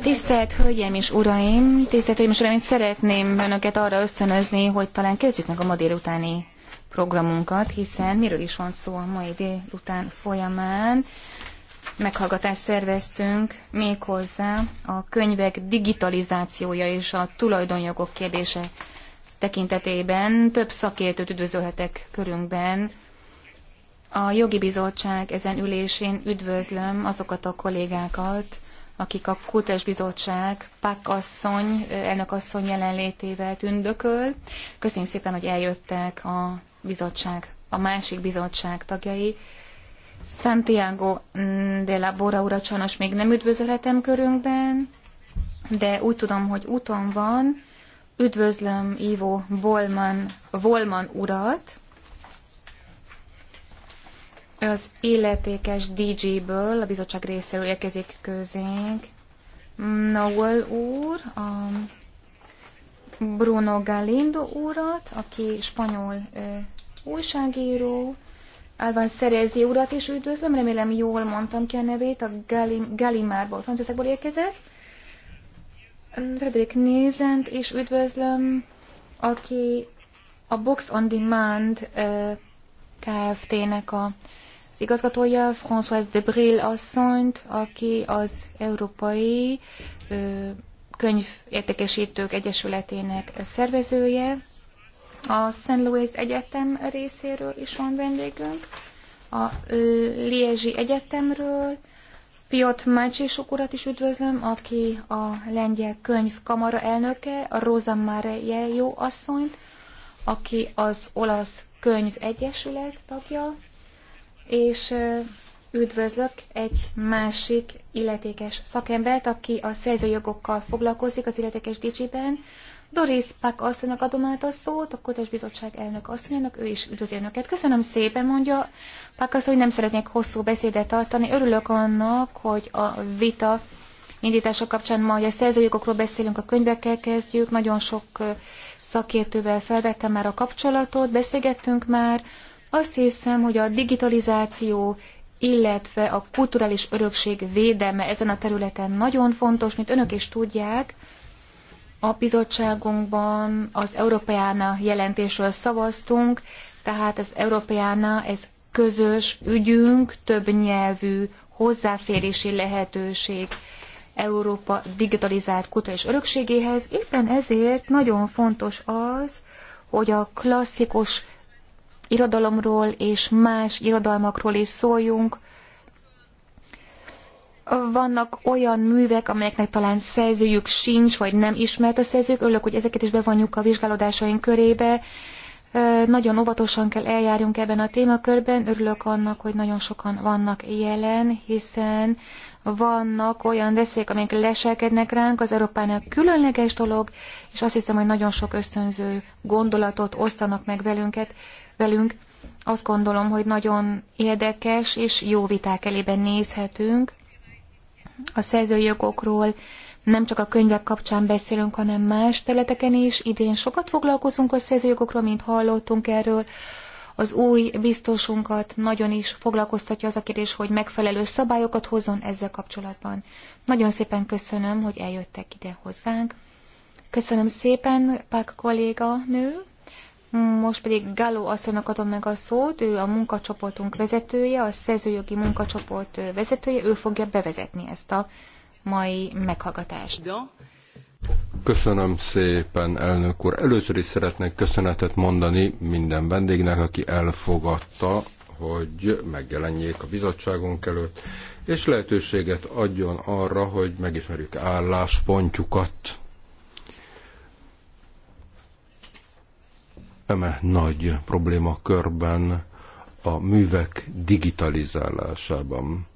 Tisztelt Hölgyeim és Uraim, tisztelt Hölgyeim és Uraim, szeretném Önöket arra ösztönözni, hogy talán kezdjük meg a ma délutáni programunkat, hiszen miről is van szó a mai délután folyamán. Meghallgatást szerveztünk méghozzá a könyvek digitalizációja és a tulajdonjogok kérdése tekintetében. Több szakértőt üdvözölhetek körünkben, a jogi bizottság ezen ülésén üdvözlöm azokat a kollégákat, akik a Kutes Bizottság Pák asszony, asszony jelenlétével tündököl. Köszönjük szépen, hogy eljöttek a bizottság, a másik bizottság tagjai. Santiago de la Bora ura sajnos még nem üdvözölhetem körünkben, de úgy tudom, hogy úton van. Üdvözlöm Ivo Bolman, Volman urat, az illetékes dj ből a bizottság részéről érkezik közénk Noel úr, a Bruno Galindo úrat, aki spanyol e, újságíró, Álván Szerezi urat is üdvözlöm, remélem jól mondtam ki a nevét, a Galim, Galimárból, Franciaországból érkezett. Frederik Nézent is üdvözlöm, aki a Box on Demand e, Kft-nek a igazgatója, Françoise de Bril asszonyt, aki az Európai ö, Könyvértékesítők Egyesületének szervezője. A St. Louis Egyetem részéről is van vendégünk, a Liezsi Egyetemről, Piotr Mácsésok urat is üdvözlöm, aki a Lengyel Könyvkamara elnöke, a Rosa Mare jó asszonyt, aki az Olasz Könyv Egyesület tagja, és üdvözlök egy másik illetékes szakembert, aki a szerzőjogokkal foglalkozik az illetékes Dicsiben. Doris Pak asszonynak adom át a szót, a Kutás Bizottság elnök asszonynak, ő is üdvözli önöket. Köszönöm szépen, mondja Pak asszony, nem szeretnék hosszú beszédet tartani. Örülök annak, hogy a vita indítása kapcsán ma, hogy a szerzőjogokról beszélünk, a könyvekkel kezdjük, nagyon sok szakértővel felvettem már a kapcsolatot, beszélgettünk már, azt hiszem, hogy a digitalizáció, illetve a kulturális örökség védelme ezen a területen nagyon fontos, mint önök is tudják. A bizottságunkban az Európeána jelentésről szavaztunk, tehát az Európeána, ez közös ügyünk, több nyelvű hozzáférési lehetőség Európa digitalizált kulturális örökségéhez. Éppen ezért nagyon fontos az, hogy a klasszikus irodalomról és más irodalmakról is szóljunk. Vannak olyan művek, amelyeknek talán szerzőjük sincs, vagy nem ismert a szerzők. Örülök, hogy ezeket is bevonjuk a vizsgálódásaink körébe. Nagyon óvatosan kell eljárjunk ebben a témakörben. Örülök annak, hogy nagyon sokan vannak jelen, hiszen vannak olyan veszélyek, amelyek leselkednek ránk, az Európának különleges dolog, és azt hiszem, hogy nagyon sok ösztönző gondolatot osztanak meg velünket velünk. Azt gondolom, hogy nagyon érdekes és jó viták elében nézhetünk. A szerzőjogokról nem csak a könyvek kapcsán beszélünk, hanem más területeken is. Idén sokat foglalkozunk a szerzőjogokról, mint hallottunk erről. Az új biztosunkat nagyon is foglalkoztatja az a kérdés, hogy megfelelő szabályokat hozzon ezzel kapcsolatban. Nagyon szépen köszönöm, hogy eljöttek ide hozzánk. Köszönöm szépen, Pák kolléga nő. Most pedig Gáló asszonynak adom meg a szót, ő a munkacsoportunk vezetője, a szerzőjogi munkacsoport vezetője, ő fogja bevezetni ezt a mai meghallgatást. Köszönöm szépen, elnök úr. Először is szeretnék köszönetet mondani minden vendégnek, aki elfogadta, hogy megjelenjék a bizottságunk előtt, és lehetőséget adjon arra, hogy megismerjük álláspontjukat eme nagy problémakörben a művek digitalizálásában.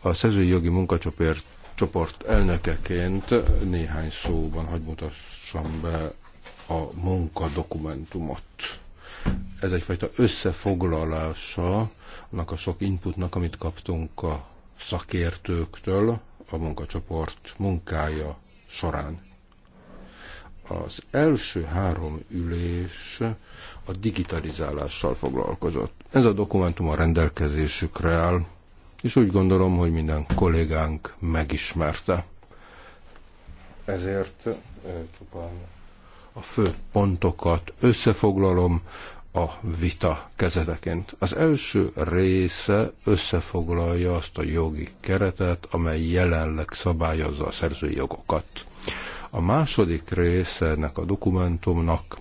A szerzői jogi munkacsoport csoport elnökeként néhány szóban hagy mutassam be a munkadokumentumot. Ez egyfajta összefoglalása annak a sok inputnak, amit kaptunk a szakértőktől a munkacsoport munkája során. Az első három ülés a digitalizálással foglalkozott. Ez a dokumentum a rendelkezésükre áll, és úgy gondolom, hogy minden kollégánk megismerte. Ezért csupán a fő pontokat összefoglalom a vita kezeteként. Az első része összefoglalja azt a jogi keretet, amely jelenleg szabályozza a szerzői jogokat. A második része ennek a dokumentumnak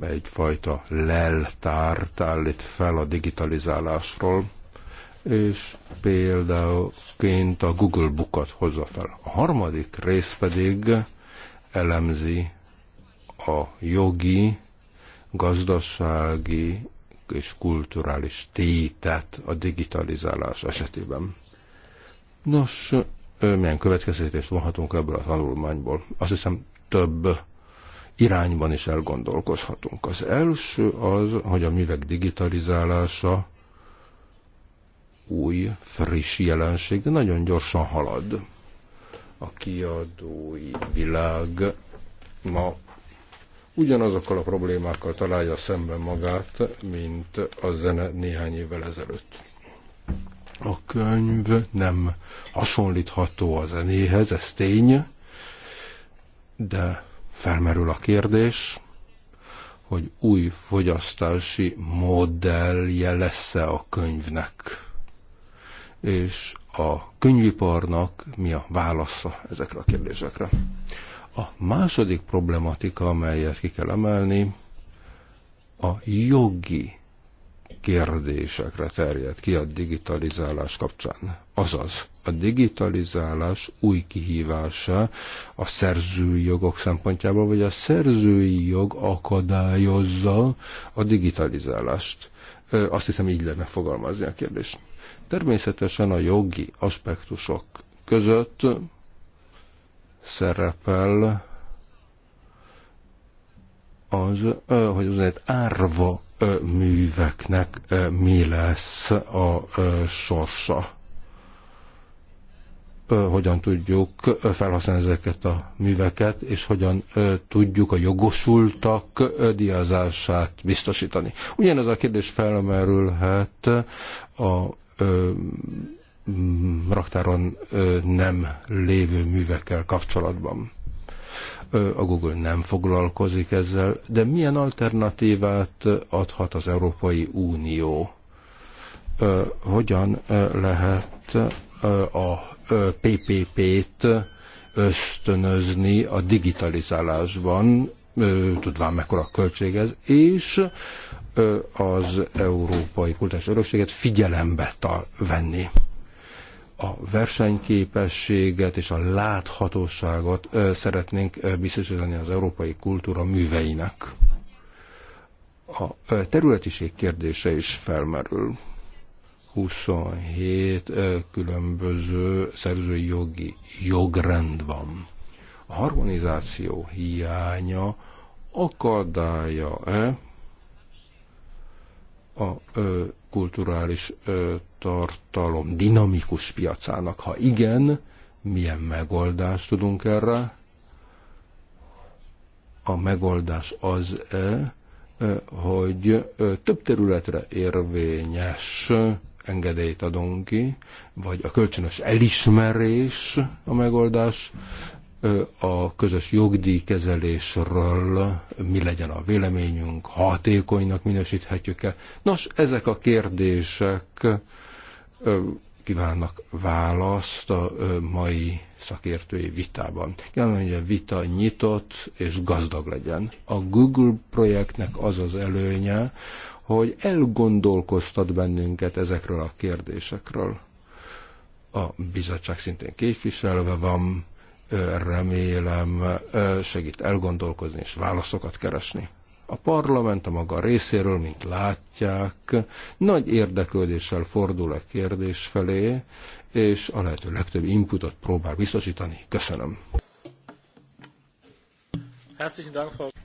egyfajta leltárt állít fel a digitalizálásról, és példaként a Google Bookot hozza fel. A harmadik rész pedig elemzi a jogi, gazdasági és kulturális tétet a digitalizálás esetében. Nos, milyen következtetést vonhatunk ebből a tanulmányból. Azt hiszem több irányban is elgondolkozhatunk. Az első az, hogy a művek digitalizálása új, friss jelenség, de nagyon gyorsan halad. A kiadói világ ma ugyanazokkal a problémákkal találja szemben magát, mint a zene néhány évvel ezelőtt. A könyv nem hasonlítható a zenéhez, ez tény, de felmerül a kérdés, hogy új fogyasztási modellje lesz-e a könyvnek, és a könyviparnak mi a válasza ezekre a kérdésekre. A második problematika, amelyet ki kell emelni, a jogi kérdésekre terjed ki a digitalizálás kapcsán. Azaz, a digitalizálás új kihívása a szerzői jogok szempontjából, vagy a szerzői jog akadályozza a digitalizálást. Azt hiszem, így lenne fogalmazni a kérdést. Természetesen a jogi aspektusok között szerepel az, hogy az árva műveknek mi lesz a sorsa. Hogyan tudjuk felhasználni ezeket a műveket, és hogyan tudjuk a jogosultak diázását biztosítani. Ugyanez a kérdés felmerülhet a raktáron nem lévő művekkel kapcsolatban a Google nem foglalkozik ezzel, de milyen alternatívát adhat az Európai Unió? Hogyan lehet a PPP-t ösztönözni a digitalizálásban, tudván mekkora költség ez, és az európai kultúrás örökséget figyelembe venni a versenyképességet és a láthatóságot szeretnénk biztosítani az európai kultúra műveinek. A területiség kérdése is felmerül. 27 különböző szerzői jogi jogrend van. A harmonizáció hiánya akadálya-e a kulturális ö, tartalom dinamikus piacának? Ha igen, milyen megoldást tudunk erre? A megoldás az-e, hogy több területre érvényes engedélyt adunk ki, vagy a kölcsönös elismerés a megoldás, a közös jogdíjkezelésről mi legyen a véleményünk, hatékonynak minősíthetjük-e. Nos, ezek a kérdések kívánnak választ a mai szakértői vitában. Kívánom, hogy a vita nyitott és gazdag legyen. A Google projektnek az az előnye, hogy elgondolkoztat bennünket ezekről a kérdésekről. A bizottság szintén képviselve van, remélem segít elgondolkozni és válaszokat keresni. A parlament a maga részéről, mint látják, nagy érdeklődéssel fordul a kérdés felé, és a lehető legtöbb inputot próbál biztosítani. Köszönöm.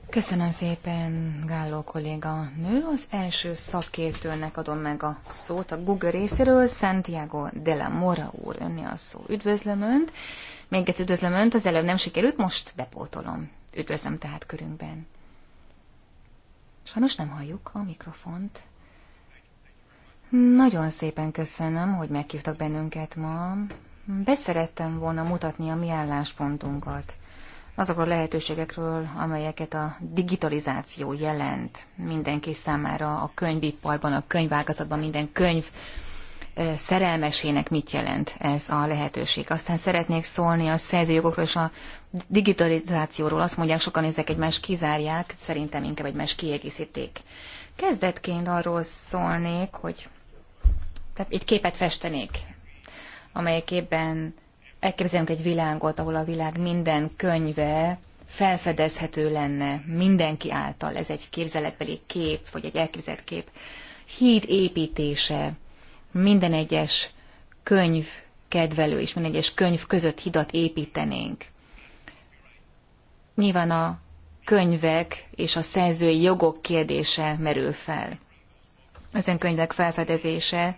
Köszönöm szépen, Gálló kolléga nő. Az első szakértőnek adom meg a szót a Google részéről, Santiago de la Mora úr, önni a szó. Üdvözlöm önt! Még egyszer üdvözlöm Önt, az előbb nem sikerült, most bepótolom. Üdvözlöm tehát körünkben. Sajnos nem halljuk a mikrofont. Nagyon szépen köszönöm, hogy meghívtak bennünket ma. Beszerettem volna mutatni a mi álláspontunkat azokról a lehetőségekről, amelyeket a digitalizáció jelent mindenki számára, a könyviparban, a könyvágazatban, minden könyv szerelmesének mit jelent ez a lehetőség. Aztán szeretnék szólni a szerzőjogokról és a digitalizációról. Azt mondják sokan, ezek egymás kizárják, szerintem inkább egymás kiegészíték. Kezdetként arról szólnék, hogy tehát egy képet festenék, amelyekében képben elképzelünk egy világot, ahol a világ minden könyve felfedezhető lenne mindenki által. Ez egy képzeletbeli kép, vagy egy elképzelt kép. Híd építése, minden egyes könyv kedvelő és minden egyes könyv között hidat építenénk. Nyilván a könyvek és a szerzői jogok kérdése merül fel. Ezen könyvek felfedezése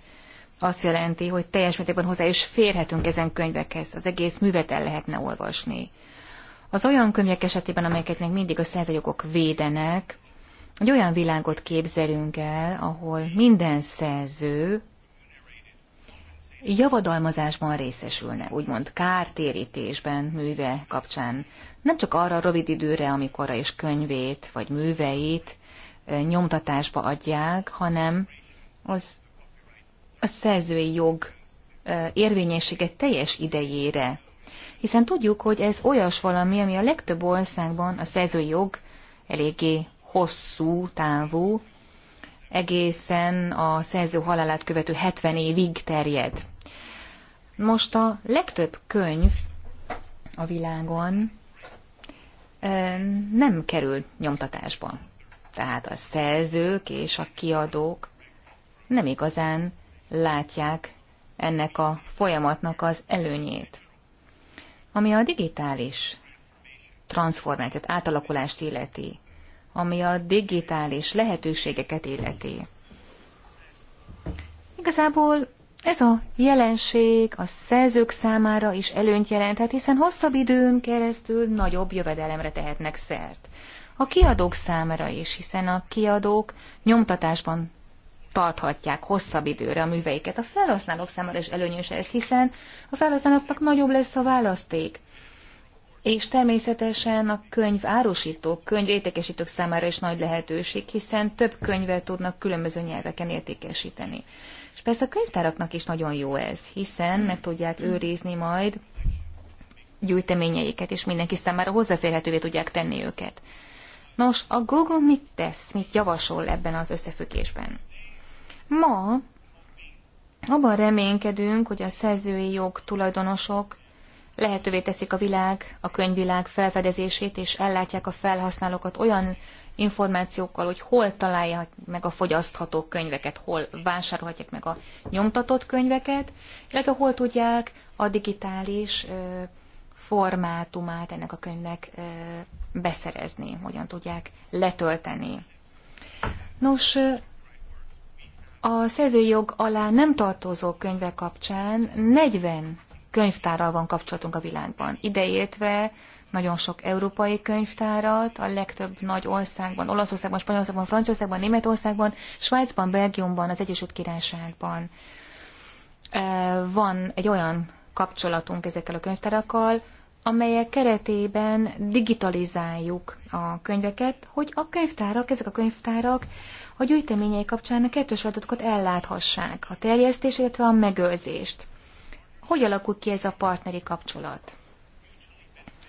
azt jelenti, hogy teljes mértékben hozzá is férhetünk ezen könyvekhez, az egész művet el lehetne olvasni. Az olyan könyvek esetében, amelyeket még mindig a szerzőjogok védenek, egy olyan világot képzelünk el, ahol minden szerző javadalmazásban részesülnek, úgymond kártérítésben, műve kapcsán. Nem csak arra a rövid időre, amikor is könyvét vagy műveit nyomtatásba adják, hanem az a szerzői jog érvényessége teljes idejére. Hiszen tudjuk, hogy ez olyas valami, ami a legtöbb országban a szerzői jog eléggé hosszú távú, egészen a szerző halálát követő 70 évig terjed. Most a legtöbb könyv a világon nem kerül nyomtatásba. Tehát a szerzők és a kiadók nem igazán látják ennek a folyamatnak az előnyét. Ami a digitális transformációt, átalakulást illeti, ami a digitális lehetőségeket illeti. Igazából ez a jelenség a szerzők számára is előnyt jelenthet, hiszen hosszabb időn keresztül nagyobb jövedelemre tehetnek szert. A kiadók számára is, hiszen a kiadók nyomtatásban tarthatják hosszabb időre a műveiket. A felhasználók számára is előnyös ez, hiszen a felhasználóknak nagyobb lesz a választék és természetesen a könyv árusítók, könyv értékesítők számára is nagy lehetőség, hiszen több könyvet tudnak különböző nyelveken értékesíteni. És persze a könyvtáraknak is nagyon jó ez, hiszen meg tudják őrizni majd gyűjteményeiket, és mindenki számára hozzáférhetővé tudják tenni őket. Nos, a Google mit tesz, mit javasol ebben az összefüggésben? Ma abban reménykedünk, hogy a szerzői jog tulajdonosok lehetővé teszik a világ, a könyvvilág felfedezését, és ellátják a felhasználókat olyan információkkal, hogy hol találják meg a fogyasztható könyveket, hol vásárolhatják meg a nyomtatott könyveket, illetve hol tudják a digitális ö, formátumát ennek a könyvnek ö, beszerezni, hogyan tudják letölteni. Nos, a szerzőjog alá nem tartozó könyve kapcsán 40 könyvtárral van kapcsolatunk a világban. Ideértve nagyon sok európai könyvtárat, a legtöbb nagy országban, Olaszországban, Spanyolországban, Franciaországban, Németországban, Svájcban, Belgiumban, az Egyesült Királyságban. Van egy olyan kapcsolatunk ezekkel a könyvtárakkal, amelyek keretében digitalizáljuk a könyveket, hogy a könyvtárak, ezek a könyvtárak a gyűjteményei kapcsán a kettős adatokat elláthassák, a terjesztés, illetve a megőrzést. Hogy alakul ki ez a partneri kapcsolat?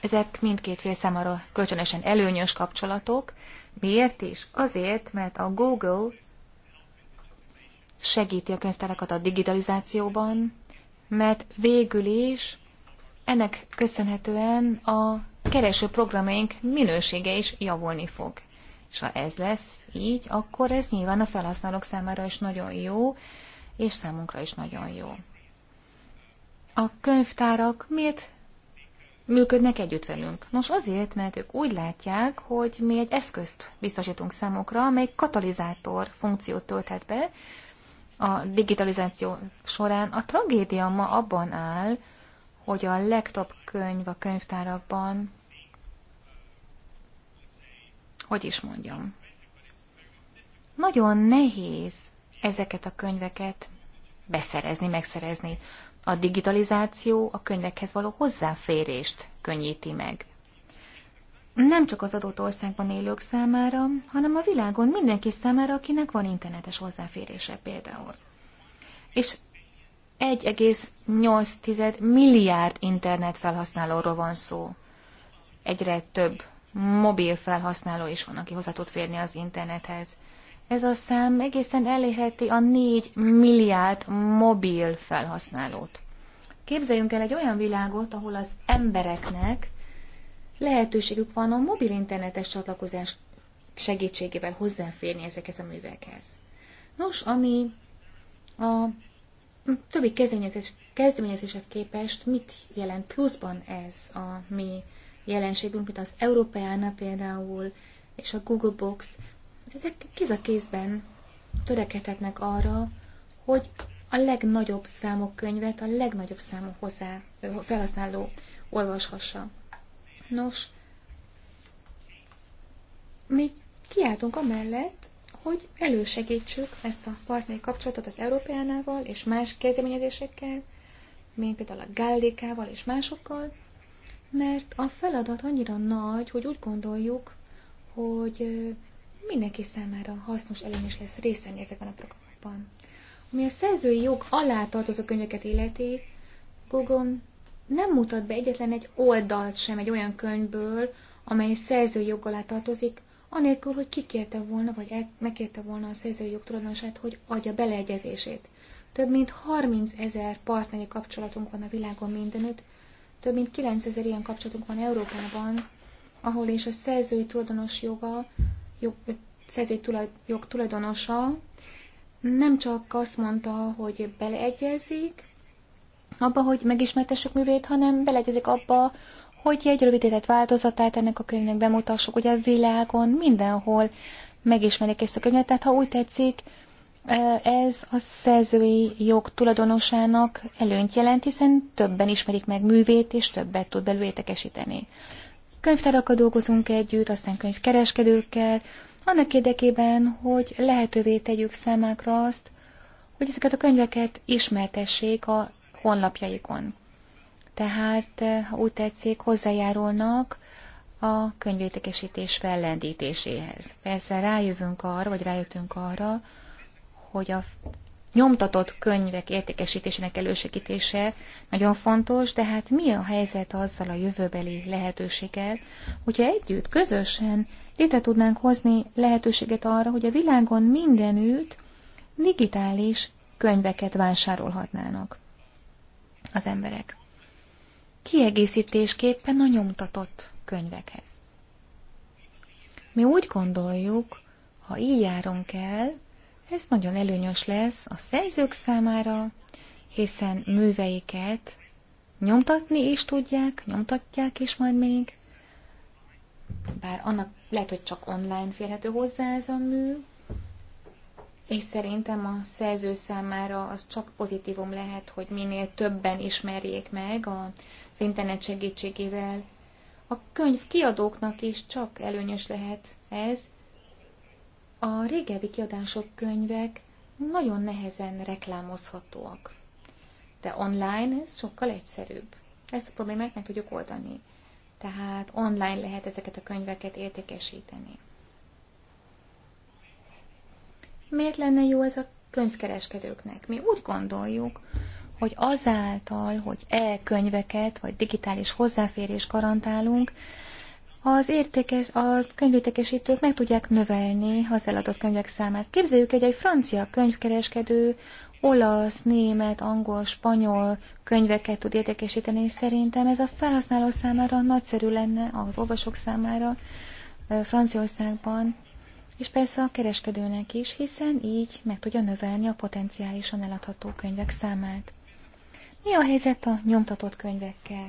Ezek mindkét fél számára kölcsönösen előnyös kapcsolatok. Miért is? Azért, mert a Google segíti a könyvtárakat a digitalizációban, mert végül is ennek köszönhetően a kereső programjaink minősége is javulni fog. És ha ez lesz így, akkor ez nyilván a felhasználók számára is nagyon jó, és számunkra is nagyon jó a könyvtárak miért működnek együtt velünk? Nos, azért, mert ők úgy látják, hogy mi egy eszközt biztosítunk számukra, amely katalizátor funkciót tölthet be a digitalizáció során. A tragédia ma abban áll, hogy a legtöbb könyv a könyvtárakban, hogy is mondjam, nagyon nehéz ezeket a könyveket beszerezni, megszerezni. A digitalizáció a könyvekhez való hozzáférést könnyíti meg. Nem csak az adott országban élők számára, hanem a világon mindenki számára, akinek van internetes hozzáférése például. És 1,8 milliárd internet felhasználóról van szó. Egyre több mobil felhasználó is van, aki hozzá tud férni az internethez. Ez a szám egészen elérheti a 4 milliárd mobil felhasználót. Képzeljünk el egy olyan világot, ahol az embereknek lehetőségük van a mobil internetes csatlakozás segítségével hozzáférni ezekhez a művekhez. Nos, ami a többi kezdeményezés, kezdeményezéshez képest mit jelent pluszban ez a mi jelenségünk, mint az Európeána például, és a Google Box ezek kéz a kézben törekedhetnek arra, hogy a legnagyobb számok könyvet a legnagyobb számú hozzá felhasználó olvashassa. Nos, mi kiáltunk amellett, hogy elősegítsük ezt a partneri kapcsolatot az Európeánával és más kezdeményezésekkel, mint például a Gallikával és másokkal, mert a feladat annyira nagy, hogy úgy gondoljuk, hogy mindenki számára hasznos is lesz részt venni ezekben a programokban. Ami a szerzői jog alá tartozó könyveket illeti, Google nem mutat be egyetlen egy oldalt sem egy olyan könyvből, amely szerzői jog alá tartozik, anélkül, hogy kikérte volna, vagy e- megkérte volna a szerzői jog tulajdonosát, hogy adja beleegyezését. Több mint 30 ezer partneri kapcsolatunk van a világon mindenütt, több mint 9 ezer ilyen kapcsolatunk van Európában, ahol és a szerzői tulajdonos joga jog, jog tulajdonosa nem csak azt mondta, hogy beleegyezik abba, hogy megismertessük művét, hanem beleegyezik abba, hogy egy rövidített változatát ennek a könyvnek bemutassuk. Ugye a világon mindenhol megismerik ezt a könyvet, tehát ha úgy tetszik, e, ez a szerzői jog tulajdonosának előnyt jelent, hiszen többen ismerik meg művét, és többet tud belőle értekesíteni könyvtárakkal dolgozunk együtt, aztán könyvkereskedőkkel, annak érdekében, hogy lehetővé tegyük számákra azt, hogy ezeket a könyveket ismertessék a honlapjaikon. Tehát, eh, ha úgy tetszik, hozzájárulnak a könyvértékesítés fellendítéséhez. Persze rájövünk arra, vagy rájöttünk arra, hogy a nyomtatott könyvek értékesítésének elősegítése nagyon fontos, de hát mi a helyzet azzal a jövőbeli lehetőséggel, hogyha együtt, közösen létre tudnánk hozni lehetőséget arra, hogy a világon mindenütt digitális könyveket vásárolhatnának az emberek. Kiegészítésképpen a nyomtatott könyvekhez. Mi úgy gondoljuk, ha így járunk el, ez nagyon előnyös lesz a szerzők számára, hiszen műveiket nyomtatni is tudják, nyomtatják is majd még, bár annak lehet, hogy csak online férhető hozzá ez a mű, és szerintem a szerző számára az csak pozitívum lehet, hogy minél többen ismerjék meg az internet segítségével. A könyv kiadóknak is csak előnyös lehet ez, a régebbi kiadások könyvek nagyon nehezen reklámozhatóak, de online ez sokkal egyszerűbb. Ezt a problémát meg tudjuk oldani. Tehát online lehet ezeket a könyveket értékesíteni. Miért lenne jó ez a könyvkereskedőknek? Mi úgy gondoljuk, hogy azáltal, hogy e-könyveket vagy digitális hozzáférés garantálunk, az értékes, a könyvértékesítők meg tudják növelni az eladott könyvek számát. Képzeljük hogy egy francia könyvkereskedő olasz, német, angol, spanyol könyveket tud értékesíteni, és szerintem ez a felhasználó számára nagyszerű lenne, az olvasók számára Franciaországban, és persze a kereskedőnek is, hiszen így meg tudja növelni a potenciálisan eladható könyvek számát. Mi a helyzet a nyomtatott könyvekkel?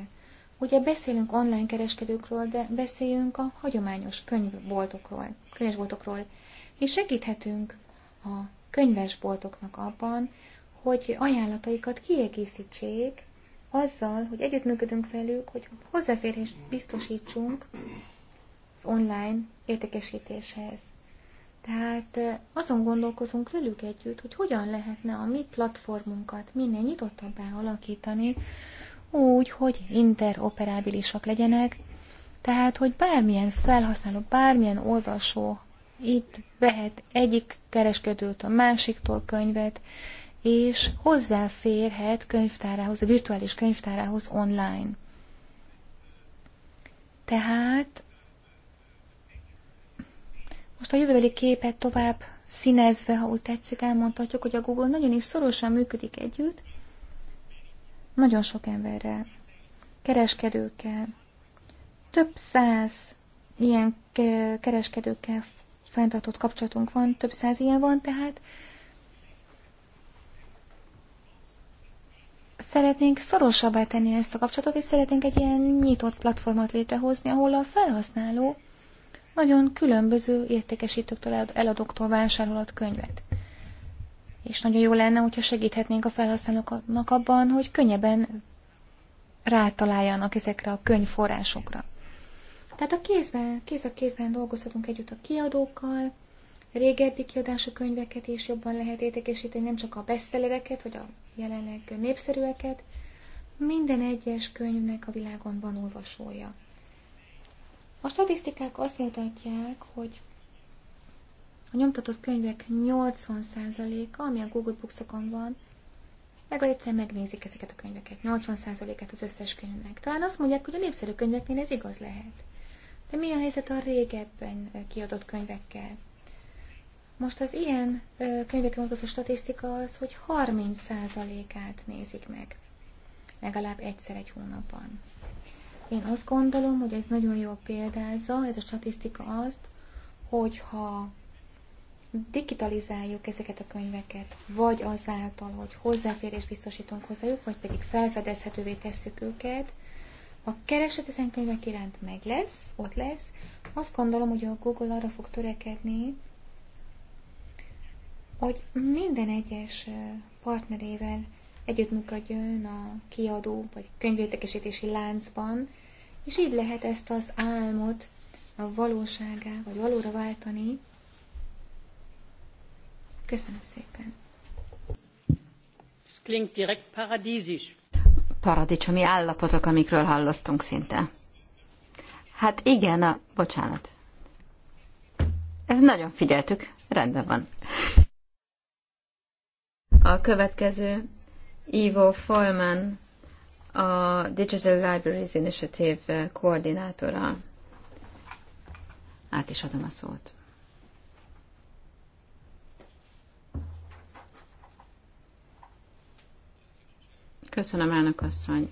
Ugye beszélünk online kereskedőkről, de beszéljünk a hagyományos könyvboltokról, könyvesboltokról. Mi segíthetünk a könyvesboltoknak abban, hogy ajánlataikat kiegészítsék azzal, hogy együttműködünk velük, hogy hozzáférést biztosítsunk az online értékesítéshez. Tehát azon gondolkozunk velük együtt, hogy hogyan lehetne a mi platformunkat minél nyitottabbá alakítani, úgy, hogy interoperábilisak legyenek, tehát, hogy bármilyen felhasználó, bármilyen olvasó itt vehet egyik kereskedőt a másiktól könyvet, és hozzáférhet könyvtárához, a virtuális könyvtárához online. Tehát most a jövőbeli képet tovább színezve, ha úgy tetszik, elmondhatjuk, hogy a Google nagyon is szorosan működik együtt, nagyon sok emberrel, kereskedőkkel, több száz ilyen kereskedőkkel fenntartott kapcsolatunk van, több száz ilyen van, tehát szeretnénk szorosabbá tenni ezt a kapcsolatot, és szeretnénk egy ilyen nyitott platformot létrehozni, ahol a felhasználó nagyon különböző értékesítőktől, eladóktól vásárolhat könyvet és nagyon jó lenne, hogyha segíthetnénk a felhasználóknak abban, hogy könnyebben rátaláljanak ezekre a könyvforrásokra. Tehát a kézben, kéz a kézben dolgozhatunk együtt a kiadókkal, régebbi kiadású könyveket is jobban lehet értékesíteni, nem csak a bestsellereket, vagy a jelenleg népszerűeket. Minden egyes könyvnek a világon van olvasója. A statisztikák azt mutatják, hogy a nyomtatott könyvek 80%-a, ami a Google Booksokon van, legalább egyszer megnézik ezeket a könyveket, 80%-át az összes könyvnek. Talán azt mondják, hogy a népszerű könyveknél ez igaz lehet. De mi a helyzet a régebben kiadott könyvekkel? Most az ilyen könyvekre vonatkozó statisztika az, hogy 30%-át nézik meg legalább egyszer egy hónapban. Én azt gondolom, hogy ez nagyon jó példázza, ez a statisztika azt, hogyha digitalizáljuk ezeket a könyveket, vagy azáltal, hogy hozzáférés biztosítunk hozzájuk, vagy pedig felfedezhetővé tesszük őket, a kereset ezen könyvek iránt meg lesz, ott lesz. Azt gondolom, hogy a Google arra fog törekedni, hogy minden egyes partnerével együttműködjön a kiadó vagy könyvértekesítési láncban, és így lehet ezt az álmot a valóságá vagy valóra váltani, Köszönöm szépen. Ez klingt direkt paradízis. Paradicsomi állapotok, amikről hallottunk szinte. Hát igen, a... bocsánat. Nagyon figyeltük, rendben van. A következő Ivo Folman, a Digital Libraries Initiative koordinátora. Át is adom a szót. Köszönöm, elnök asszony.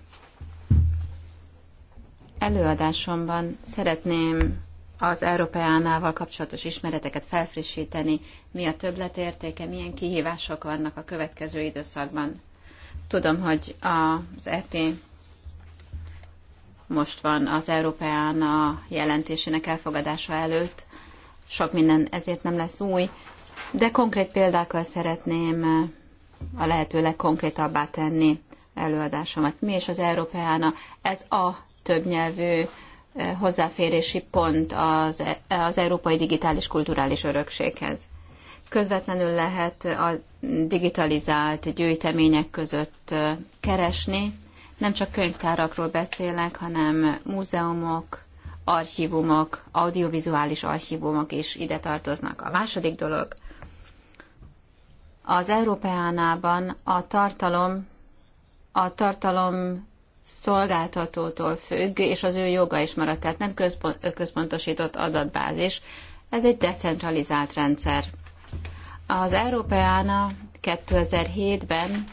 Előadásomban szeretném az Európeánával kapcsolatos ismereteket felfrissíteni, mi a többletértéke, milyen kihívások vannak a következő időszakban. Tudom, hogy az EP most van az a jelentésének elfogadása előtt, sok minden ezért nem lesz új, de konkrét példákkal szeretném a lehető legkonkrétabbá tenni előadásomat. Mi is az Európeána, ez a többnyelvű eh, hozzáférési pont az, e- az európai digitális kulturális örökséghez. Közvetlenül lehet a digitalizált gyűjtemények között eh, keresni. Nem csak könyvtárakról beszélek, hanem múzeumok, archívumok, audiovizuális archívumok is ide tartoznak. A második dolog, az Európeánában a tartalom a tartalom szolgáltatótól függ, és az ő joga is maradt, tehát nem központosított adatbázis. Ez egy decentralizált rendszer. Az Európeána 2007-ben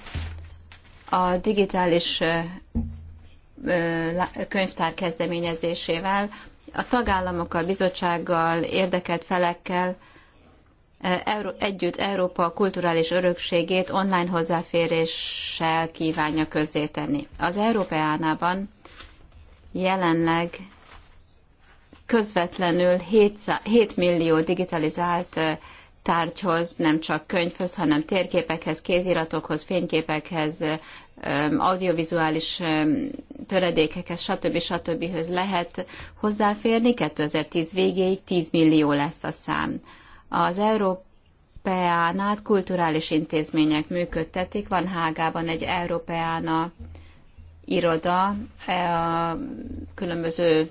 a digitális könyvtár kezdeményezésével a tagállamokkal, bizottsággal, érdekelt felekkel Euró, együtt Európa kulturális örökségét online hozzáféréssel kívánja közzétenni. Az Európeánában jelenleg közvetlenül 7 millió digitalizált tárgyhoz, nem csak könyvhöz, hanem térképekhez, kéziratokhoz, fényképekhez, audiovizuális töredékekhez, stb. stb. stb. lehet hozzáférni. 2010 végéig 10 millió lesz a szám. Az Európeánát kulturális intézmények működtetik. Van Hágában egy Európeána iroda, e, a különböző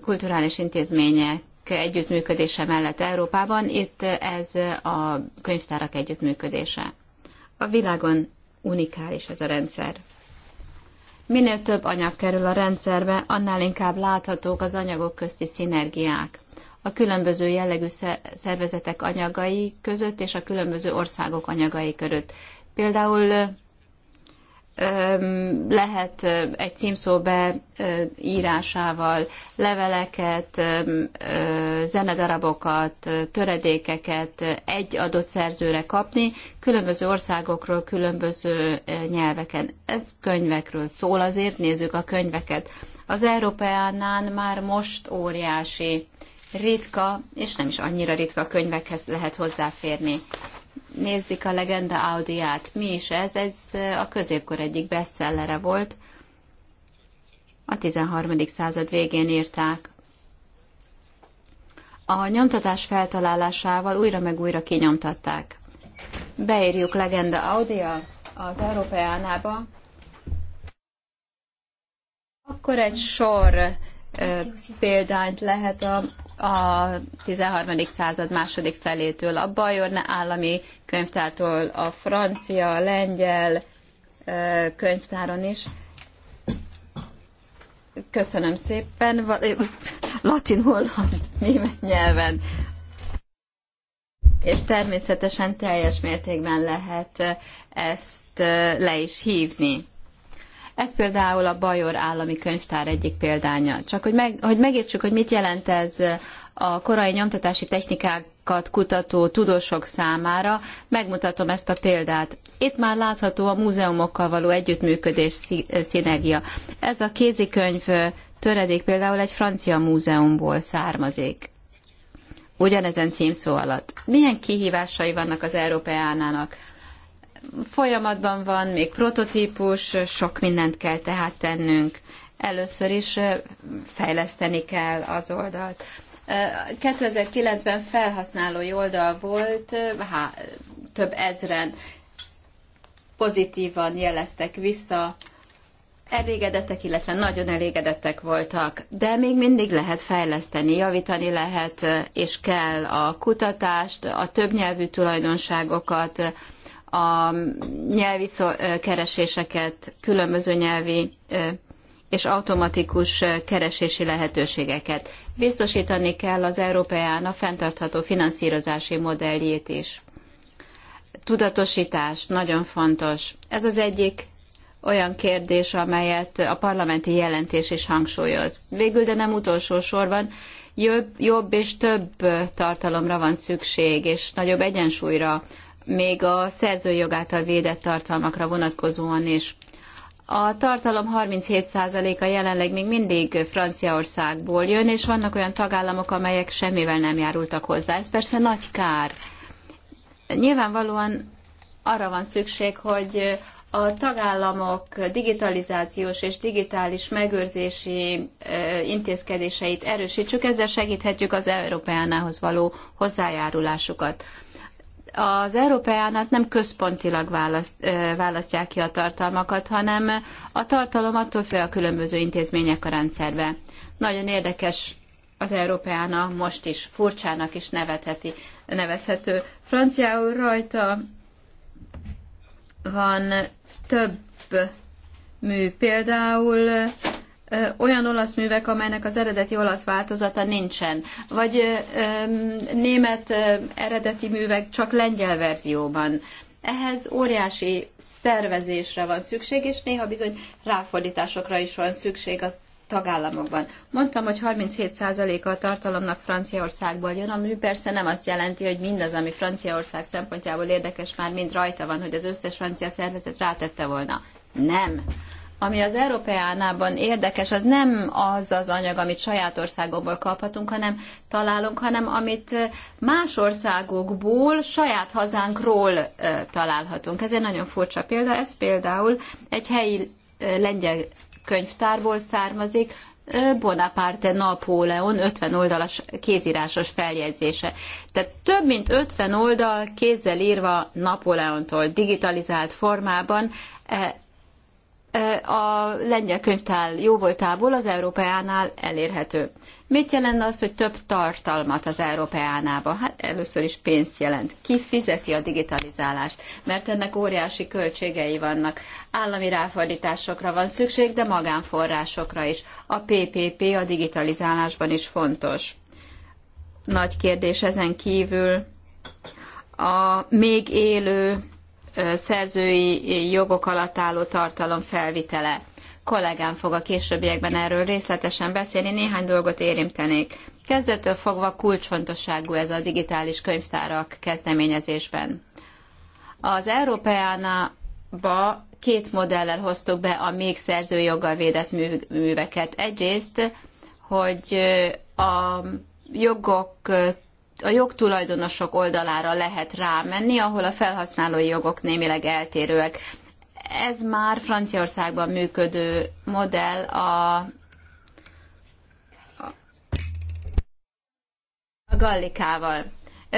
kulturális intézmények együttműködése mellett Európában. Itt ez a könyvtárak együttműködése. A világon unikális ez a rendszer. Minél több anyag kerül a rendszerbe, annál inkább láthatók az anyagok közti szinergiák a különböző jellegű szervezetek anyagai között és a különböző országok anyagai között. Például lehet egy címszó beírásával leveleket, zenedarabokat, töredékeket egy adott szerzőre kapni, különböző országokról, különböző nyelveken. Ez könyvekről szól, azért nézzük a könyveket. Az Európeánán már most óriási ritka, és nem is annyira ritka könyvekhez lehet hozzáférni. Nézzük a Legenda Audiát. Mi is ez? Ez a középkor egyik bestsellere volt. A 13. század végén írták. A nyomtatás feltalálásával újra meg újra kinyomtatták. Beírjuk Legenda Audia az Európeánába, akkor egy sor ö, példányt lehet a a 13. század második felétől, a Bajor állami könyvtártól, a francia, lengyel könyvtáron is. Köszönöm szépen, latin, holland, német nyelven. És természetesen teljes mértékben lehet ezt le is hívni. Ez például a Bajor Állami Könyvtár egyik példánya. Csak hogy, meg, hogy megértsük, hogy mit jelent ez a korai nyomtatási technikákat kutató tudósok számára. Megmutatom ezt a példát. Itt már látható a múzeumokkal való együttműködés szinergia. Ez a kézikönyv töredék például egy francia múzeumból származik. Ugyanezen címszó alatt. Milyen kihívásai vannak az Európeánának? Folyamatban van még prototípus, sok mindent kell tehát tennünk. Először is fejleszteni kell az oldalt. 2009-ben felhasználói oldal volt, há, több ezren pozitívan jeleztek vissza, elégedettek, illetve nagyon elégedettek voltak, de még mindig lehet fejleszteni, javítani lehet, és kell a kutatást, a többnyelvű tulajdonságokat, a nyelvi kereséseket, különböző nyelvi és automatikus keresési lehetőségeket. Biztosítani kell az Európeán a fenntartható finanszírozási modelljét is. Tudatosítás nagyon fontos. Ez az egyik olyan kérdés, amelyet a parlamenti jelentés is hangsúlyoz. Végül, de nem utolsó sorban, jobb, jobb és több tartalomra van szükség, és nagyobb egyensúlyra, még a szerzőjog által védett tartalmakra vonatkozóan is. A tartalom 37%-a jelenleg még mindig Franciaországból jön, és vannak olyan tagállamok, amelyek semmivel nem járultak hozzá. Ez persze nagy kár. Nyilvánvalóan arra van szükség, hogy a tagállamok digitalizációs és digitális megőrzési intézkedéseit erősítsük, ezzel segíthetjük az Európeánához való hozzájárulásukat az Európeánát nem központilag választ, választják ki a tartalmakat, hanem a tartalom attól függ a különböző intézmények a rendszerbe. Nagyon érdekes az Európeána most is, furcsának is nevetheti, nevezhető. Franciául rajta van több mű, például olyan olasz művek, amelynek az eredeti olasz változata nincsen, vagy német eredeti művek csak lengyel verzióban. Ehhez óriási szervezésre van szükség, és néha bizony ráfordításokra is van szükség a tagállamokban. Mondtam, hogy 37%-a a tartalomnak Franciaországból jön, ami persze nem azt jelenti, hogy mindaz, ami Franciaország szempontjából érdekes, már mind rajta van, hogy az összes francia szervezet rátette volna. Nem. Ami az Európeánában érdekes, az nem az az anyag, amit saját országokból kaphatunk, hanem találunk, hanem amit más országokból, saját hazánkról találhatunk. Ez egy nagyon furcsa példa. Ez például egy helyi lengyel könyvtárból származik, Bonaparte Napóleon 50 oldalas kézírásos feljegyzése. Tehát több mint 50 oldal kézzel írva Napóleontól digitalizált formában e, a lengyel könyvtár jóvoltából az Európeánál elérhető. Mit jelent az, hogy több tartalmat az Európeánába? Hát először is pénzt jelent. Ki fizeti a digitalizálást? Mert ennek óriási költségei vannak. Állami ráfordításokra van szükség, de magánforrásokra is. A PPP a digitalizálásban is fontos. Nagy kérdés ezen kívül a még élő szerzői jogok alatt álló tartalom felvitele. Kollégám fog a későbbiekben erről részletesen beszélni, néhány dolgot érintenék. Kezdettől fogva kulcsfontosságú ez a digitális könyvtárak kezdeményezésben. Az Európeánába két modellel hoztuk be a még szerzői joggal védett műveket. Egyrészt, hogy a jogok a jogtulajdonosok oldalára lehet rámenni, ahol a felhasználói jogok némileg eltérőek. Ez már Franciaországban működő modell a, a gallikával.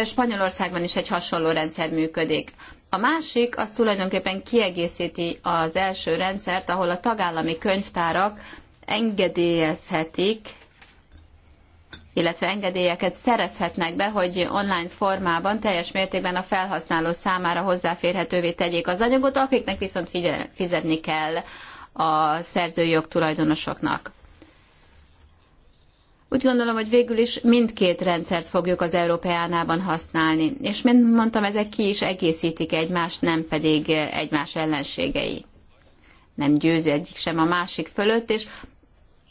Spanyolországban is egy hasonló rendszer működik. A másik az tulajdonképpen kiegészíti az első rendszert, ahol a tagállami könyvtárak engedélyezhetik illetve engedélyeket szerezhetnek be, hogy online formában teljes mértékben a felhasználó számára hozzáférhetővé tegyék az anyagot, akiknek viszont fizetni kell a szerzőjog tulajdonosoknak. Úgy gondolom, hogy végül is mindkét rendszert fogjuk az Európeánában használni, és mint mondtam, ezek ki is egészítik egymást, nem pedig egymás ellenségei. Nem győz egyik sem a másik fölött, és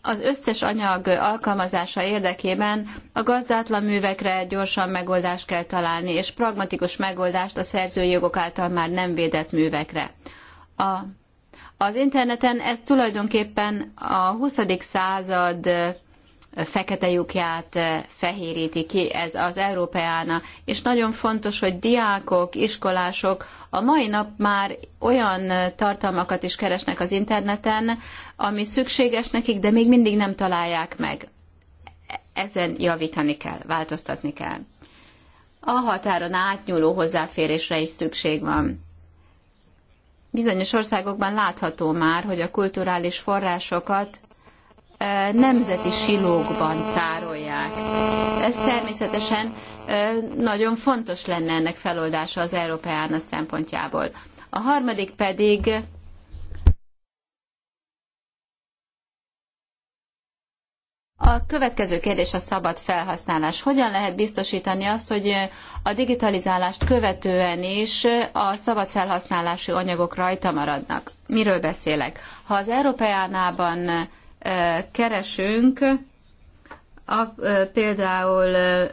az összes anyag alkalmazása érdekében a gazdátlan művekre gyorsan megoldást kell találni, és pragmatikus megoldást a szerzői jogok által már nem védett művekre. A, az interneten ez tulajdonképpen a 20. század fekete lyukját fehéríti ki, ez az Európeána. És nagyon fontos, hogy diákok, iskolások a mai nap már olyan tartalmakat is keresnek az interneten, ami szükséges nekik, de még mindig nem találják meg. Ezen javítani kell, változtatni kell. A határon átnyúló hozzáférésre is szükség van. Bizonyos országokban látható már, hogy a kulturális forrásokat nemzeti silókban tárolják. Ez természetesen nagyon fontos lenne ennek feloldása az Európeána szempontjából. A harmadik pedig A következő kérdés a szabad felhasználás. Hogyan lehet biztosítani azt, hogy a digitalizálást követően is a szabad felhasználási anyagok rajta maradnak? Miről beszélek? Ha az Európeánában keresünk, a, például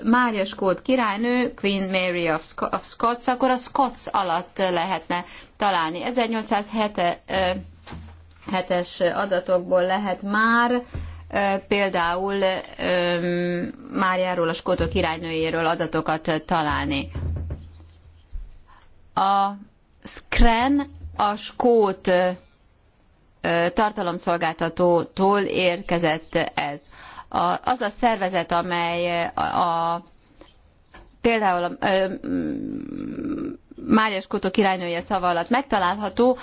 Mária Skót királynő, Queen Mary of, Sc- of Scots, akkor a Scots alatt lehetne találni. 1807-es adatokból lehet már például Máriáról, a Skótok királynőjéről adatokat találni. A Skren a Skót tartalomszolgáltatótól érkezett ez. A, az a szervezet, amely a, a például a, ö, Márias Kótó királynője szava alatt megtalálható,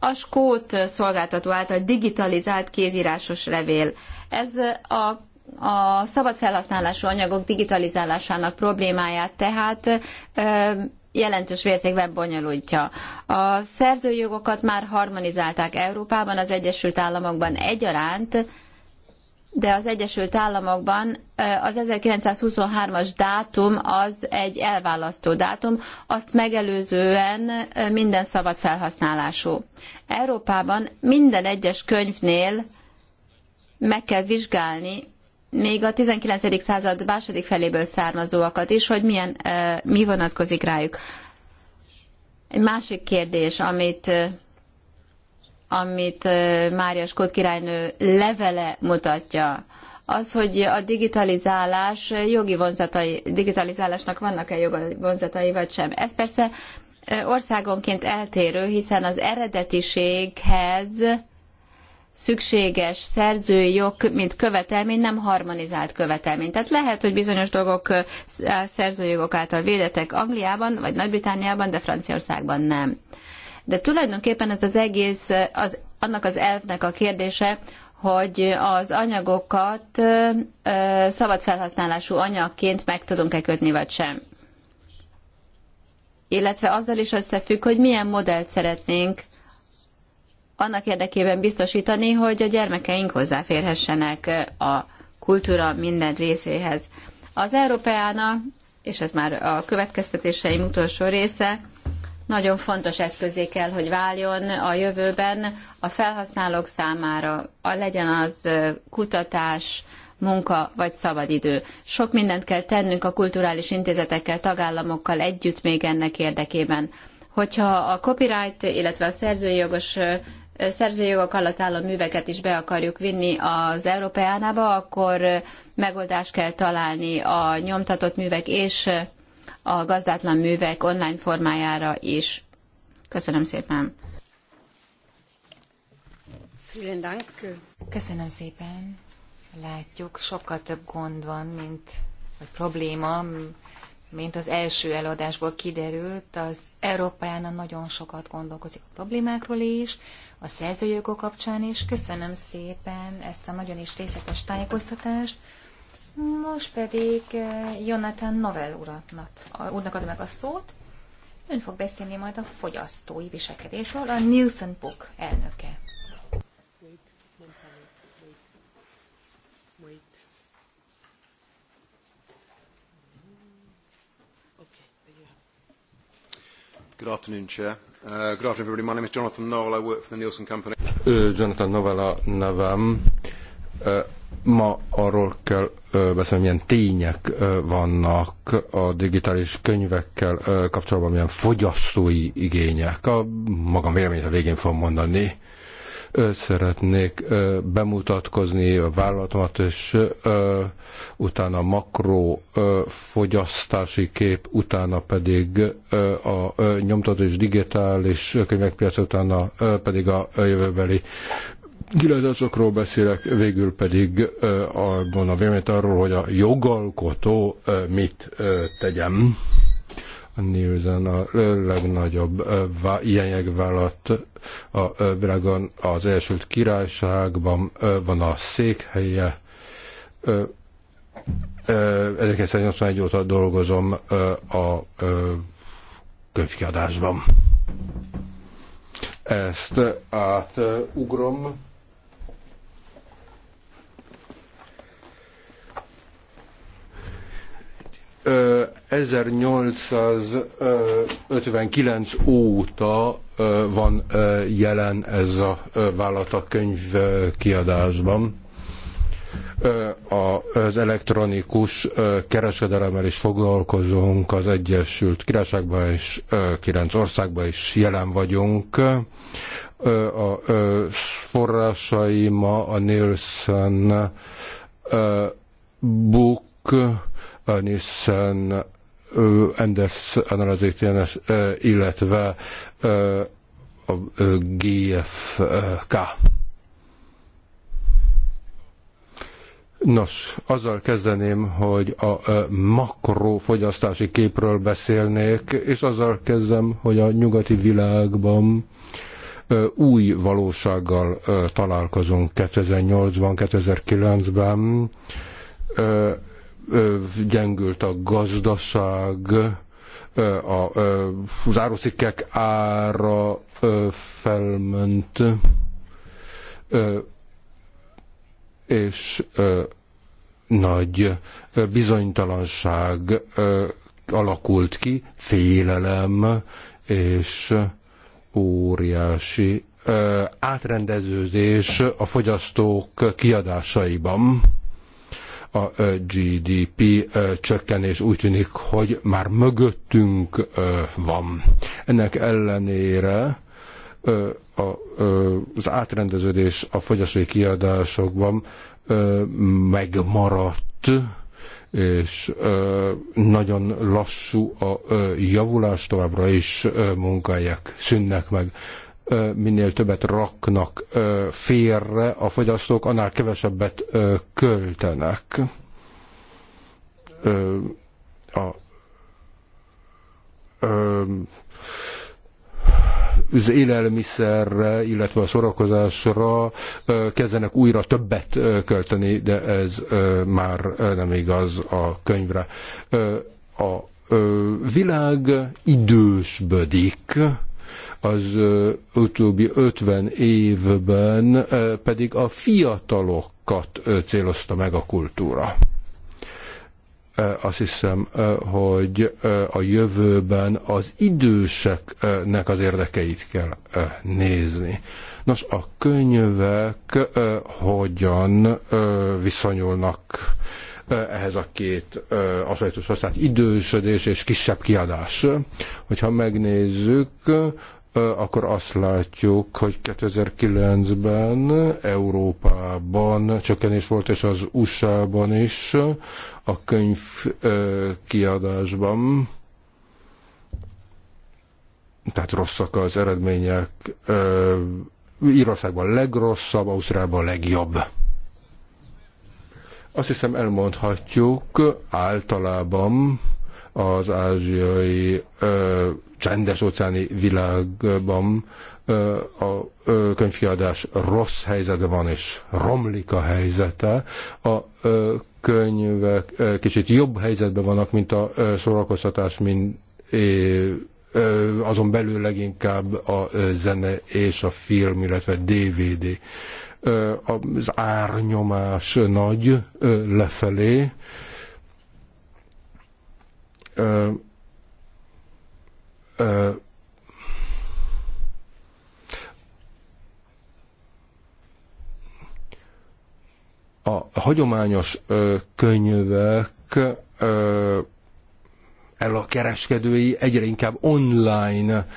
a Skót szolgáltató által digitalizált kézírásos levél. Ez a a szabad felhasználású anyagok digitalizálásának problémáját tehát jelentős mértékben bonyolultja. A szerzőjogokat már harmonizálták Európában, az Egyesült Államokban egyaránt, de az Egyesült Államokban az 1923-as dátum az egy elválasztó dátum, azt megelőzően minden szabad felhasználású. Európában minden egyes könyvnél meg kell vizsgálni, még a 19. század második feléből származóakat is, hogy milyen, mi vonatkozik rájuk. Egy másik kérdés, amit, amit Mária Skót királynő levele mutatja, az, hogy a digitalizálás jogi vonzatai, digitalizálásnak vannak-e jogi vonzatai, vagy sem. Ez persze országonként eltérő, hiszen az eredetiséghez szükséges szerzői jog, mint követelmény nem harmonizált követelmény. Tehát lehet, hogy bizonyos dolgok szerzői jogok által védetek Angliában vagy Nagy-Britániában, de Franciaországban nem. De tulajdonképpen ez az egész, az, annak az elvnek a kérdése, hogy az anyagokat ö, ö, szabad felhasználású anyagként meg tudunk-e kötni, vagy sem. Illetve azzal is összefügg, hogy milyen modellt szeretnénk annak érdekében biztosítani, hogy a gyermekeink hozzáférhessenek a kultúra minden részéhez. Az Európeána, és ez már a következtetéseim utolsó része, nagyon fontos eszközé kell, hogy váljon a jövőben a felhasználók számára, a legyen az kutatás, munka vagy szabadidő. Sok mindent kell tennünk a kulturális intézetekkel, tagállamokkal együtt még ennek érdekében. Hogyha a copyright, illetve a szerzői jogos szerzőjogok alatt álló műveket is be akarjuk vinni az Európeánába, akkor megoldást kell találni a nyomtatott művek és a gazdátlan művek online formájára is. Köszönöm szépen! Köszönöm szépen! Látjuk, sokkal több gond van, mint vagy probléma, mint az első előadásból kiderült, az Európáján nagyon sokat gondolkozik a problémákról is, a szerzőjogok kapcsán is. Köszönöm szépen ezt a nagyon is részletes tájékoztatást. Most pedig eh, Jonathan Novel uratnak, úrnak adom meg a szót. Ön fog beszélni majd a fogyasztói viselkedésről, a Nielsen Book elnöke. Good afternoon, Chair. Uh, good afternoon, everybody. My name is Jonathan Noel. I work for the Nielsen Company. Jonathan Noel a nevem. Ma arról kell beszélni, milyen tények vannak a digitális könyvekkel kapcsolatban, milyen fogyasztói igények. A magam véleményt a végén fogom mondani szeretnék bemutatkozni a vállalatomat, és utána makrofogyasztási fogyasztási kép, utána pedig a nyomtató és digitális könyvekpiac, utána pedig a jövőbeli kilátásokról beszélek, végül pedig a véleményt arról, hogy a jogalkotó mit tegyem. A Nielsen a legnagyobb ilyen jegvállalat a világon, az Egyesült Királyságban van a székhelye. 1981 óta dolgozom a könyvkiadásban. Ezt átugrom. 1859 óta van jelen ez a vállalat a könyv kiadásban. Az elektronikus kereskedelemmel is foglalkozunk, az Egyesült Királyságban és kilenc országban is jelen vagyunk. A ma a Nielsen Book Nissen, Enders analizétjenes, illetve a GFK. Nos, azzal kezdeném, hogy a makrofogyasztási képről beszélnék, és azzal kezdem, hogy a nyugati világban új valósággal találkozunk 2008-ban, 2009-ben gyengült a gazdaság, a, az árucikkek ára felment, és nagy bizonytalanság alakult ki, félelem, és óriási átrendeződés a fogyasztók kiadásaiban a GDP csökkenés úgy tűnik, hogy már mögöttünk van. Ennek ellenére az átrendeződés a fogyasztói kiadásokban megmaradt, és nagyon lassú a javulás, továbbra is munkahelyek szűnnek meg minél többet raknak félre a fogyasztók, annál kevesebbet költenek. A az élelmiszerre, illetve a szorakozásra kezdenek újra többet költeni, de ez már nem igaz a könyvre. A világ idősbödik, az utóbbi 50 évben pedig a fiatalokat célozta meg a kultúra azt hiszem, hogy a jövőben az időseknek az érdekeit kell nézni. Nos, a könyvek hogyan viszonyulnak ehhez a két aspektushoz, tehát idősödés és kisebb kiadás. Hogyha megnézzük, akkor azt látjuk, hogy 2009-ben Európában csökkenés volt, és az USA-ban is a könyv kiadásban. Tehát rosszak az eredmények. Írországban legrosszabb, Ausztriában legjobb azt hiszem elmondhatjuk általában, az ázsiai ö, csendes óceáni világban ö, a ö, könyvkiadás rossz helyzetben van, és romlik a helyzete. A ö, könyvek ö, kicsit jobb helyzetben vannak, mint a ö, szórakoztatás, mint é, ö, azon belül leginkább a ö, zene és a film, illetve DVD. Ö, az árnyomás nagy ö, lefelé, a hagyományos könyvek el a kereskedői egyre inkább online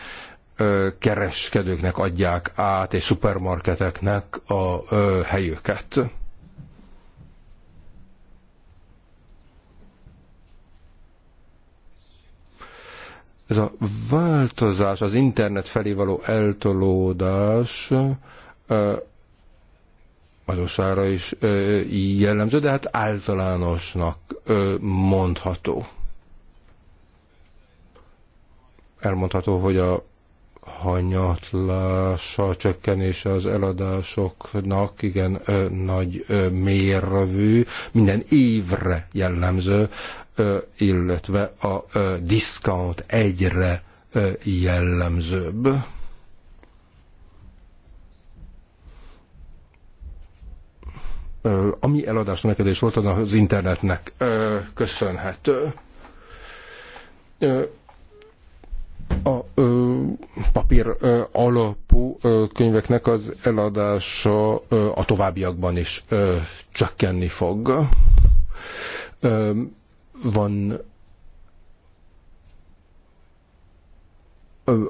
kereskedőknek adják át, és szupermarketeknek a helyüket Ez a változás, az internet felé való eltolódás azosára is jellemző, de hát általánosnak mondható. Elmondható, hogy a hanyatlása, csökkenése az eladásoknak igen nagy mérvű, minden évre jellemző, illetve a discount egyre jellemzőbb. Ami eladás növekedés volt, az internetnek köszönhető. A papír alapú könyveknek az eladása a továbbiakban is csökkenni fog van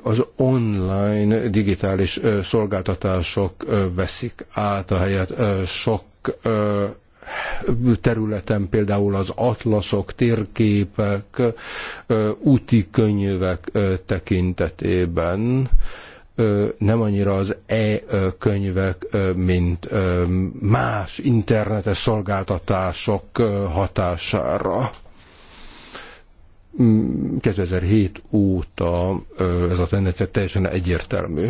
az online digitális szolgáltatások veszik át a helyet sok területen, például az atlaszok, térképek, úti könyvek tekintetében nem annyira az e-könyvek, mint más internetes szolgáltatások hatására 2007 óta ez a tendencia teljesen egyértelmű.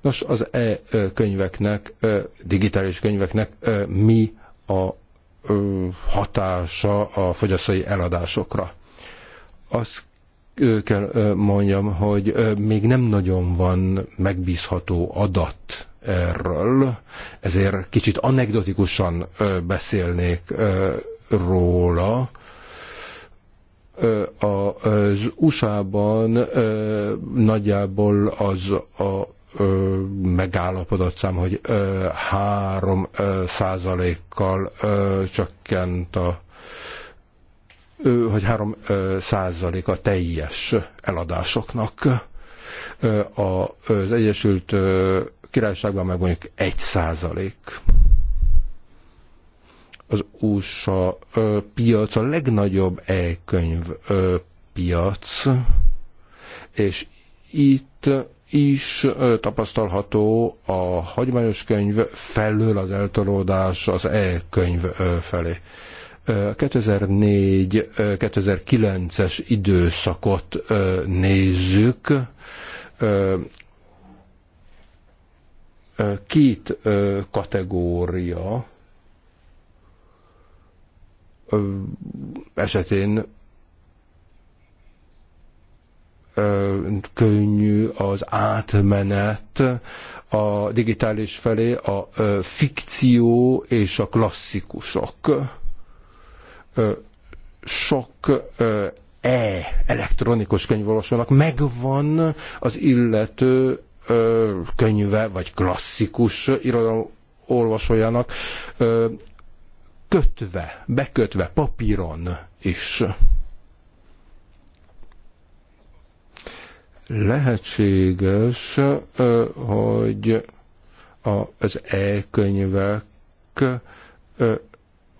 Nos, az e-könyveknek, digitális könyveknek mi a hatása a fogyasztói eladásokra? Azt kell mondjam, hogy még nem nagyon van megbízható adat erről, ezért kicsit anekdotikusan beszélnék róla, az USA-ban nagyjából az a megállapodott szám, hogy 3 százalékkal csökkent a hogy 3 százalék a teljes eladásoknak. Az Egyesült Királyságban meg mondjuk 1 százalék az USA piac a legnagyobb e-könyv piac, és itt is tapasztalható a hagyományos könyv felől az eltolódás az e-könyv felé. 2004-2009-es időszakot nézzük, két kategória esetén könnyű az átmenet a digitális felé a fikció és a klasszikusok. Sok e elektronikus könyvolvasónak megvan az illető könyve, vagy klasszikus irodalom olvasójának kötve, bekötve papíron is. Lehetséges, hogy az e-könyvek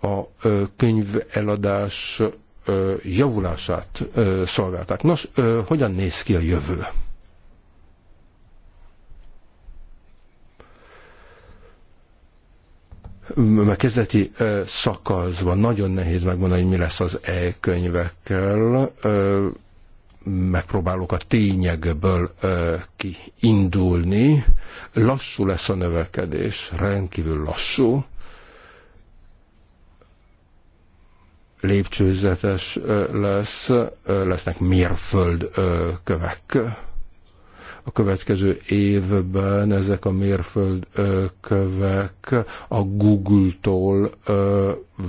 a könyv eladás javulását szolgálták. Nos, hogyan néz ki a jövő? a kezdeti szakaszban nagyon nehéz megmondani, hogy mi lesz az e-könyvekkel. Megpróbálok a tényekből kiindulni. Lassú lesz a növekedés, rendkívül lassú. Lépcsőzetes lesz, lesznek mérföldkövek. kövek a következő évben ezek a mérföldkövek a Google-tól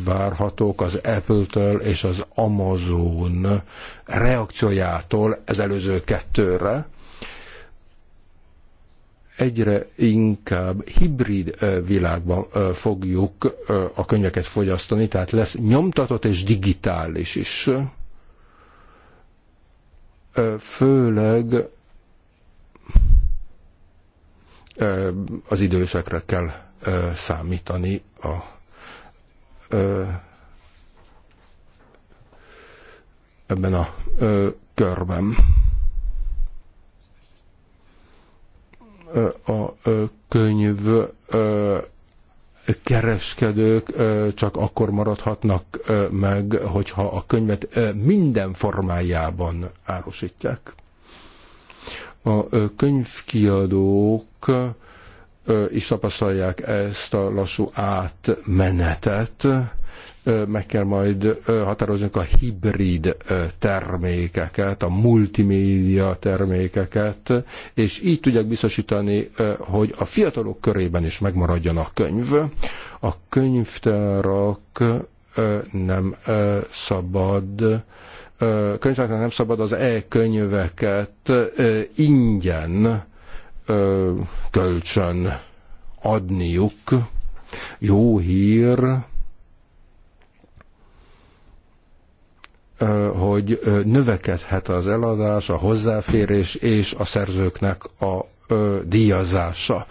várhatók, az Apple-től és az Amazon reakciójától ez előző kettőre egyre inkább hibrid világban fogjuk a könyveket fogyasztani, tehát lesz nyomtatott és digitális is. Főleg az idősekre kell számítani a ebben a körben. A könyv kereskedők csak akkor maradhatnak meg, hogyha a könyvet minden formájában árusítják. A könyvkiadók is tapasztalják ezt a lassú átmenetet. Meg kell majd határozni a hibrid termékeket, a multimédia termékeket, és így tudják biztosítani, hogy a fiatalok körében is megmaradjon a könyv. A könyvtárak nem szabad könyveknek nem szabad az e-könyveket ingyen kölcsön adniuk. Jó hír, hogy növekedhet az eladás, a hozzáférés és a szerzőknek a díjazása.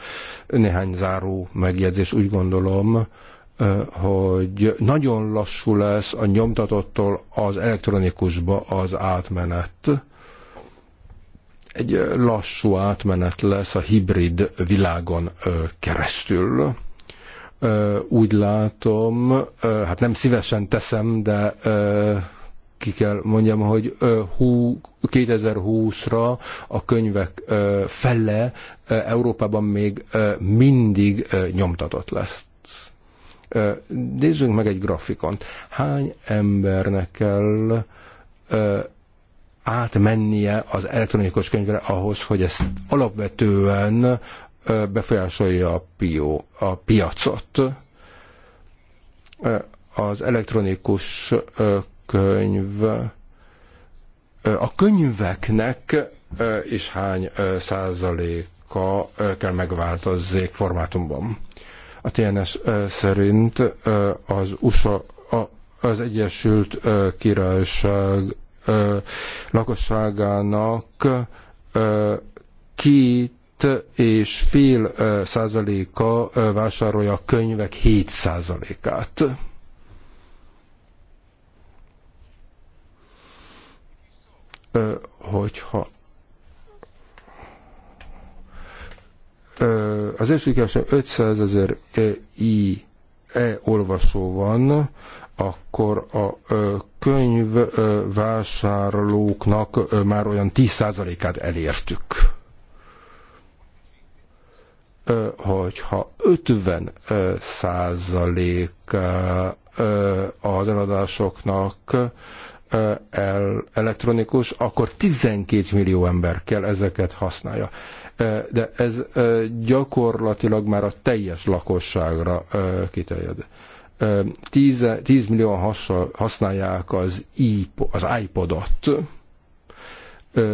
Néhány záró megjegyzés úgy gondolom, hogy nagyon lassú lesz a nyomtatottól az elektronikusba az átmenet. Egy lassú átmenet lesz a hibrid világon keresztül úgy látom, hát nem szívesen teszem, de ki kell mondjam, hogy 2020-ra a könyvek fele Európában még mindig nyomtatott lesz. Nézzünk meg egy grafikont. Hány embernek kell átmennie az elektronikus könyvre ahhoz, hogy ezt alapvetően befolyásolja a, pió, a piacot. Az elektronikus könyv a könyveknek is hány százaléka kell megváltozzék formátumban. A TNS szerint az USA, az Egyesült Királyság lakosságának két és fél százaléka vásárolja a könyvek 7 százalékát. Hogyha az első kevesen 500 ezer e i e olvasó van, akkor a könyvvásárlóknak már olyan 10%-át elértük. Hogyha 50 százalék az eladásoknak el, elektronikus, akkor 12 millió ember kell ezeket használja de ez gyakorlatilag már a teljes lakosságra kiterjed. 10, 10 millióan használják az, iPod, az iPodot.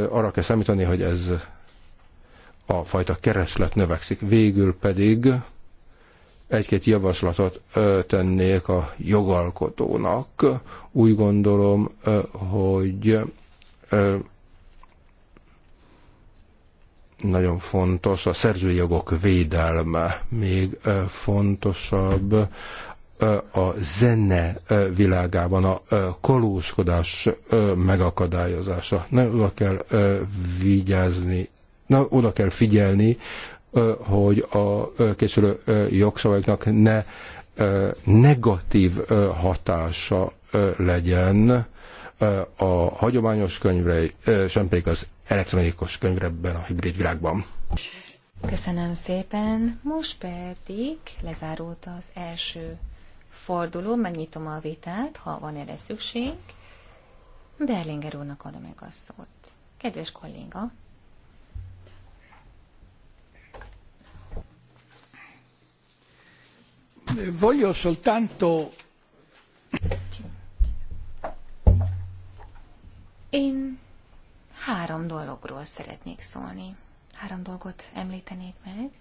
Arra kell számítani, hogy ez a fajta kereslet növekszik. Végül pedig egy-két javaslatot tennék a jogalkotónak. Úgy gondolom, hogy nagyon fontos a szerzői jogok védelme, még fontosabb a zene világában a kolóskodás megakadályozása. Ne oda kell vigyázni, ne oda kell figyelni, hogy a készülő jogszabályoknak ne negatív hatása legyen a hagyományos könyvre, sem pedig az elektronikus könyvben a hibrid világban. Köszönöm szépen. Most pedig lezárult az első forduló, megnyitom a vitát, ha van erre szükség. Berlinger úrnak adom meg a szót. Kedves kolléga! Voglio soltanto... Én Három dologról szeretnék szólni. Három dolgot említenék meg.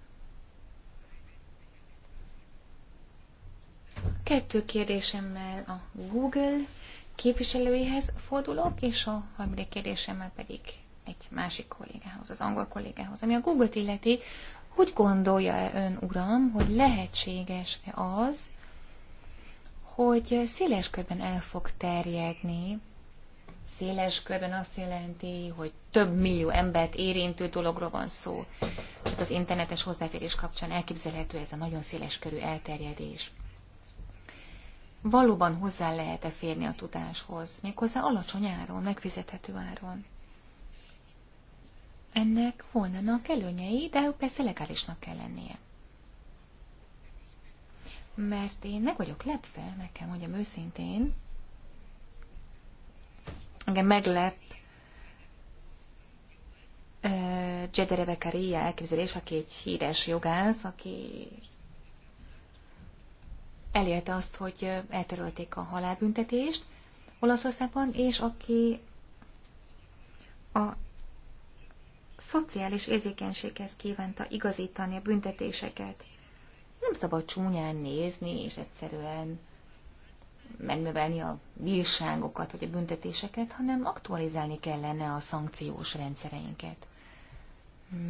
Kettő kérdésemmel a Google képviselőihez fordulok, és a harmadik kérdésemmel pedig egy másik kollégához, az angol kollégához. Ami a Google-t illeti, hogy gondolja -e ön, uram, hogy lehetséges-e az, hogy széles körben el fog terjedni széles körben azt jelenti, hogy több millió embert érintő dologról van szó. Tehát az internetes hozzáférés kapcsán elképzelhető ez a nagyon széles körű elterjedés. Valóban hozzá lehet-e férni a tudáshoz, méghozzá alacsony áron, megfizethető áron. Ennek volnának előnyei, de persze legálisnak kell lennie. Mert én meg vagyok lepve, meg kell mondjam őszintén, Engem meglep uh, Jedi Rebecca elképzelés, aki egy híres jogász, aki elérte azt, hogy eltörölték a halálbüntetést Olaszországban, és aki a szociális érzékenységhez kívánta igazítani a büntetéseket. Nem szabad csúnyán nézni, és egyszerűen megnövelni a bírságokat vagy a büntetéseket, hanem aktualizálni kellene a szankciós rendszereinket.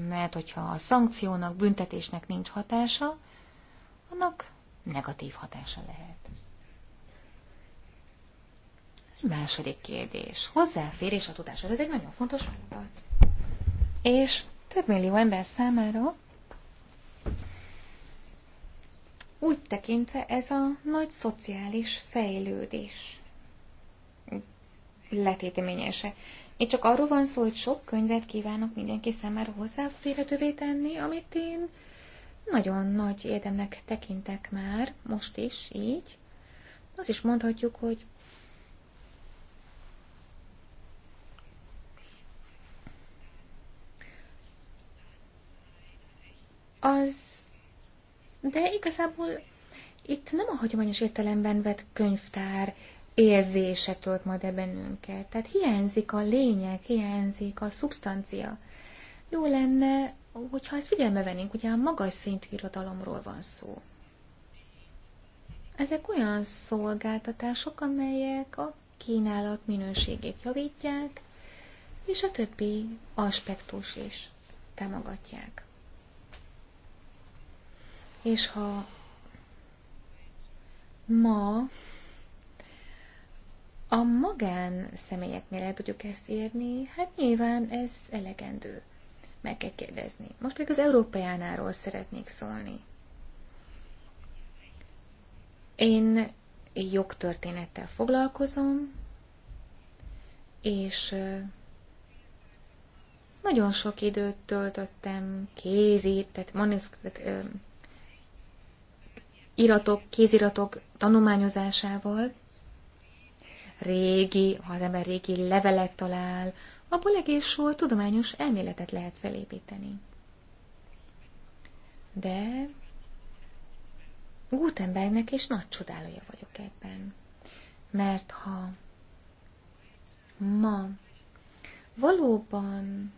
Mert hogyha a szankciónak, büntetésnek nincs hatása, annak negatív hatása lehet. Egy második kérdés. Hozzáférés a tudáshoz. Ez egy nagyon fontos mondat. És több millió ember számára Úgy tekintve ez a nagy szociális fejlődés letéteményese. Én csak arról van szó, hogy sok könyvet kívánok mindenki számára hozzáférhetővé tenni, amit én nagyon nagy érdemnek tekintek már, most is így. Az is mondhatjuk, hogy az de igazából itt nem a hagyományos értelemben vett könyvtár érzése tölt majd -e bennünket. Tehát hiányzik a lényeg, hiányzik a szubstancia. Jó lenne, hogyha ezt figyelme vennénk, ugye a magas szintű irodalomról van szó. Ezek olyan szolgáltatások, amelyek a kínálat minőségét javítják, és a többi aspektus is támogatják és ha ma a magán személyeknél el tudjuk ezt érni, hát nyilván ez elegendő. Meg kell kérdezni. Most pedig az Európeánáról szeretnék szólni. Én jogtörténettel foglalkozom, és nagyon sok időt töltöttem kézi, tehát, tehát iratok, kéziratok tanulmányozásával, régi, ha az ember régi levelet talál, abból egész sor tudományos elméletet lehet felépíteni. De Gutenbergnek is nagy csodálója vagyok ebben. Mert ha ma valóban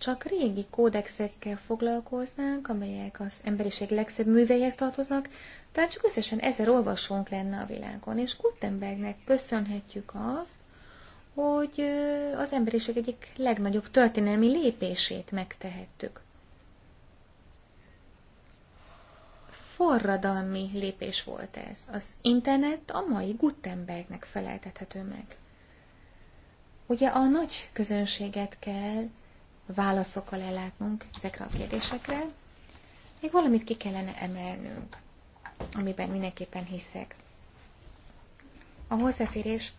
csak régi kódexekkel foglalkoznánk, amelyek az emberiség legszebb műveihez tartoznak, tehát csak összesen ezer olvasónk lenne a világon. És Gutenbergnek köszönhetjük azt, hogy az emberiség egyik legnagyobb történelmi lépését megtehettük. Forradalmi lépés volt ez. Az internet a mai Gutenbergnek feleltethető meg. Ugye a nagy közönséget kell válaszokkal ellátnunk ezekre a kérdésekre. Még valamit ki kellene emelnünk, amiben mindenképpen hiszek. A hozzáférés,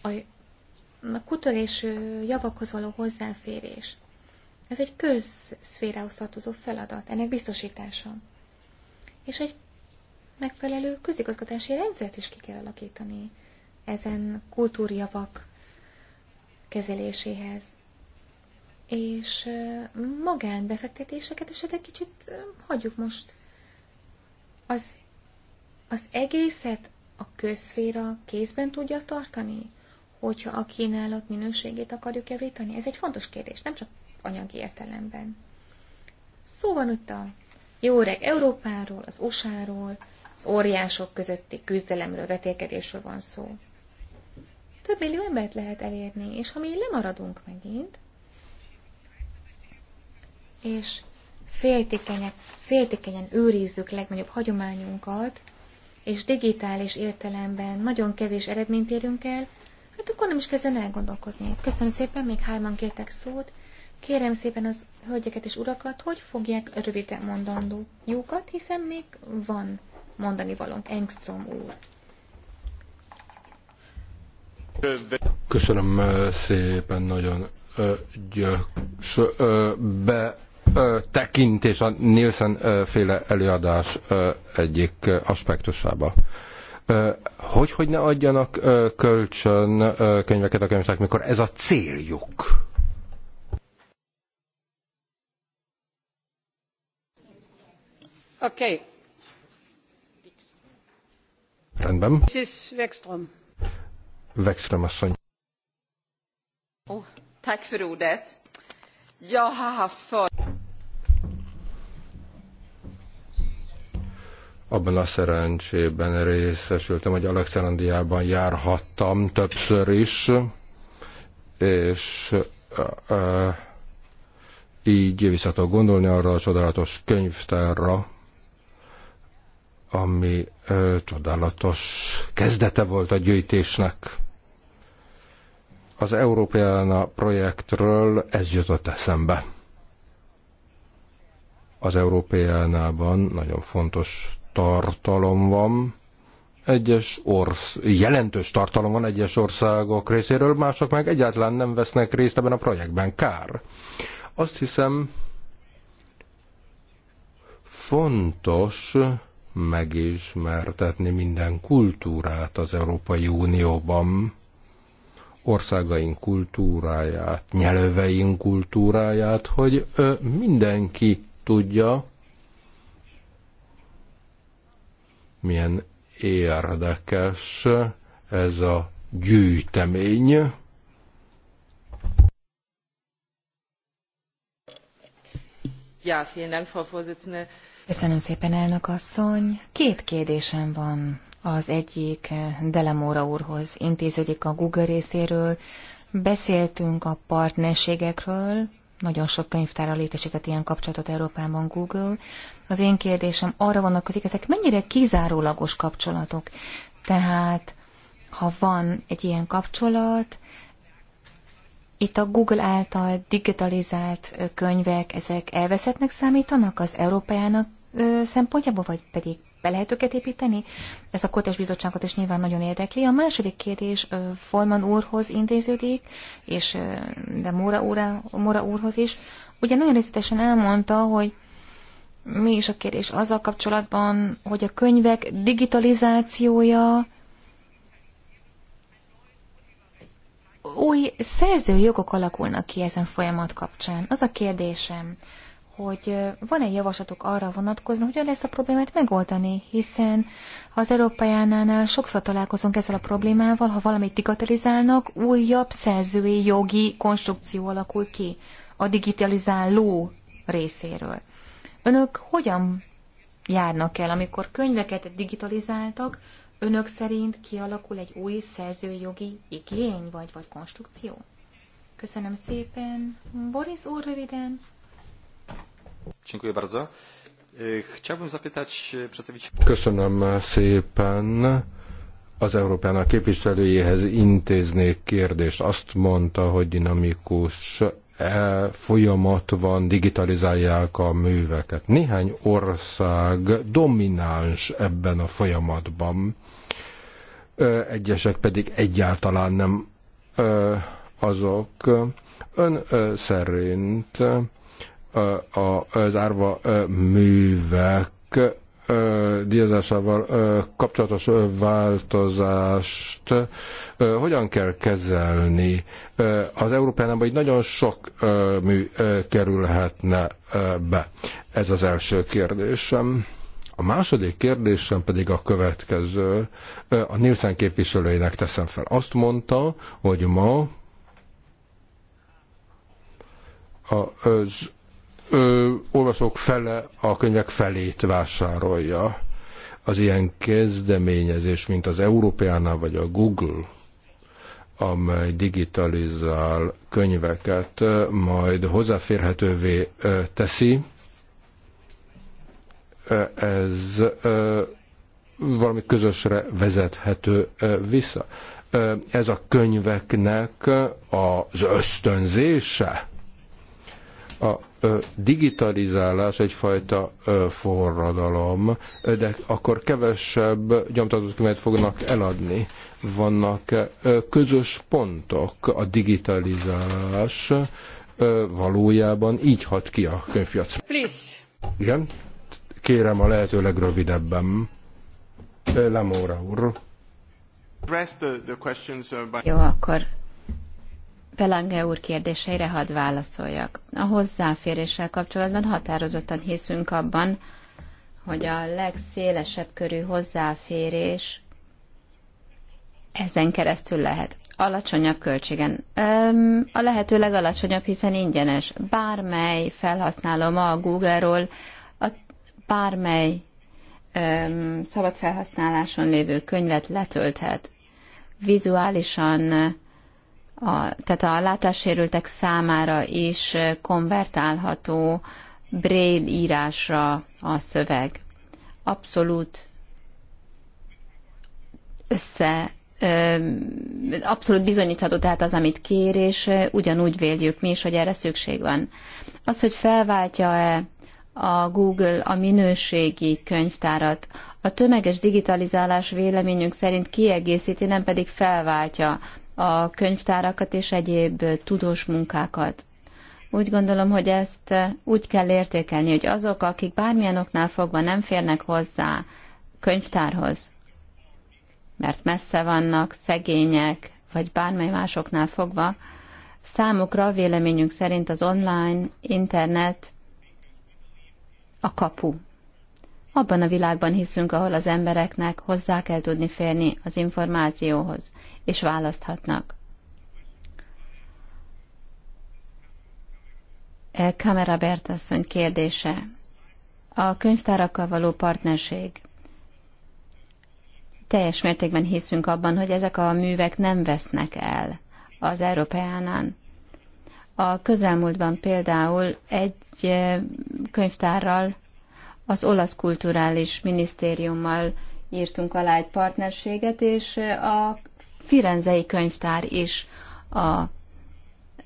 a, a kutolés javakhoz való hozzáférés. Ez egy közszférához tartozó feladat, ennek biztosítása. És egy megfelelő közigazgatási rendszert is ki kell alakítani ezen kultúrjavak kezeléséhez és magánbefektetéseket esetleg kicsit hagyjuk most. Az, az egészet a közféra kézben tudja tartani, hogyha a kínálat minőségét akarjuk javítani? Ez egy fontos kérdés, nem csak anyagi értelemben. Szó van itt a jó reg Európáról, az usa az óriások közötti küzdelemről, vetélkedésről van szó. Több millió embert lehet elérni, és ha mi lemaradunk megint, és féltékenyen, féltékenyen őrizzük legnagyobb hagyományunkat, és digitális értelemben nagyon kevés eredményt érünk el, hát akkor nem is kezdem elgondolkozni. Köszönöm szépen, még hárman kértek szót. Kérem szépen az hölgyeket és urakat, hogy fogják rövidre mondandó jókat, hiszen még van mondani valónk. Engstrom úr. Köszönöm szépen, nagyon gyöks. Be tekintés a Nielsen féle előadás egyik aspektusába. Hogy, hogy ne adjanak kölcsön könyveket a könyvtárak, mikor ez a céljuk? Okay. Rendben. Mrs. Wexström. Wexström asszony. Oh, tack för ordet. Jag har haft för... abban a szerencsében részesültem, hogy Alexandriában járhattam többször is, és e, így visszatok gondolni arra a csodálatos könyvtárra, ami e, csodálatos kezdete volt a gyűjtésnek. Az a projektről ez jutott eszembe. Az Európai nagyon fontos tartalom van, egyes orsz, jelentős tartalom van egyes országok részéről, mások meg egyáltalán nem vesznek részt ebben a projektben. Kár. Azt hiszem, fontos megismertetni minden kultúrát az Európai Unióban, országaink kultúráját, nyelveink kultúráját, hogy mindenki tudja, milyen érdekes ez a gyűjtemény. Ja, vielen Dank, Frau Vorsitzende. Köszönöm szépen, elnök asszony. Két kérdésem van. Az egyik Delemóra úrhoz intéződik a Google részéről. Beszéltünk a partnerségekről, nagyon sok könyvtárral létesített ilyen kapcsolatot Európában Google. Az én kérdésem arra vonatkozik, ezek mennyire kizárólagos kapcsolatok. Tehát, ha van egy ilyen kapcsolat, itt a Google által digitalizált könyvek, ezek elveszettnek számítanak az európaiának szempontjából, vagy pedig be lehet őket építeni? Ez a Kotes Bizottságot is nyilván nagyon érdekli. A második kérdés Folman úrhoz intéződik, és de Móra, úrá, Móra úrhoz is. Ugye nagyon részletesen elmondta, hogy mi is a kérdés azzal kapcsolatban, hogy a könyvek digitalizációja új szerzőjogok alakulnak ki ezen folyamat kapcsán. Az a kérdésem, hogy van-e javaslatok arra vonatkozóan, hogyan lesz a problémát megoldani, hiszen az Európai Ánánál sokszor találkozunk ezzel a problémával, ha valamit digitalizálnak, újabb szerzői jogi konstrukció alakul ki a digitalizáló részéről. Önök hogyan járnak el, amikor könyveket digitalizáltak, önök szerint kialakul egy új szerzőjogi igény vagy, vagy konstrukció? Köszönöm szépen. Boris úr, röviden. Dziękuję bardzo. E, chciałbym zapytać e, przedstawiciela... Köszönöm szépen. Az Európának képviselőjéhez intéznék kérdést. Azt mondta, hogy dinamikus folyamat van, digitalizálják a műveket. Néhány ország domináns ebben a folyamatban, egyesek pedig egyáltalán nem azok. Ön szerint az árva művek díjazásával kapcsolatos változást hogyan kell kezelni? Az Európában egy nagyon sok mű kerülhetne be. Ez az első kérdésem. A második kérdésem pedig a következő. A Nielsen képviselőinek teszem fel. Azt mondta, hogy ma az ö, olvasók fele a könyvek felét vásárolja. Az ilyen kezdeményezés, mint az Európeánál vagy a Google, amely digitalizál könyveket, majd hozzáférhetővé teszi, ez valami közösre vezethető vissza. Ez a könyveknek az ösztönzése, a digitalizálás egyfajta forradalom, de akkor kevesebb gyomtatott könyvet fognak eladni. Vannak közös pontok a digitalizálás valójában így hat ki a könyvpiac. Please. Igen? Kérem a lehető legrövidebben. Lemóra úr. Uh, Jó, akkor Pelange úr kérdéseire hadd válaszoljak. A hozzáféréssel kapcsolatban határozottan hiszünk abban, hogy a legszélesebb körű hozzáférés ezen keresztül lehet. Alacsonyabb költségen. A lehető legalacsonyabb, hiszen ingyenes. Bármely felhasználó ma a Google-ról, a bármely öm, szabad felhasználáson lévő könyvet letölthet. Vizuálisan a, tehát a látássérültek számára is konvertálható braille írásra a szöveg. Abszolút össze abszolút bizonyítható, tehát az, amit kér, és ugyanúgy véljük mi is, hogy erre szükség van. Az, hogy felváltja-e a Google a minőségi könyvtárat, a tömeges digitalizálás véleményünk szerint kiegészíti, nem pedig felváltja a könyvtárakat és egyéb tudós munkákat. Úgy gondolom, hogy ezt úgy kell értékelni, hogy azok, akik bármilyen oknál fogva nem férnek hozzá könyvtárhoz, mert messze vannak, szegények, vagy bármely másoknál fogva, számukra véleményünk szerint az online, internet a kapu. Abban a világban hiszünk, ahol az embereknek hozzá kell tudni férni az információhoz és választhatnak. E, Kamera Bertasszony kérdése. A könyvtárakkal való partnerség. Teljes mértékben hiszünk abban, hogy ezek a művek nem vesznek el az Európeánán. A közelmúltban például egy e, könyvtárral, az olasz kulturális minisztériummal írtunk alá egy partnerséget, és e, a Firenzei könyvtár is a,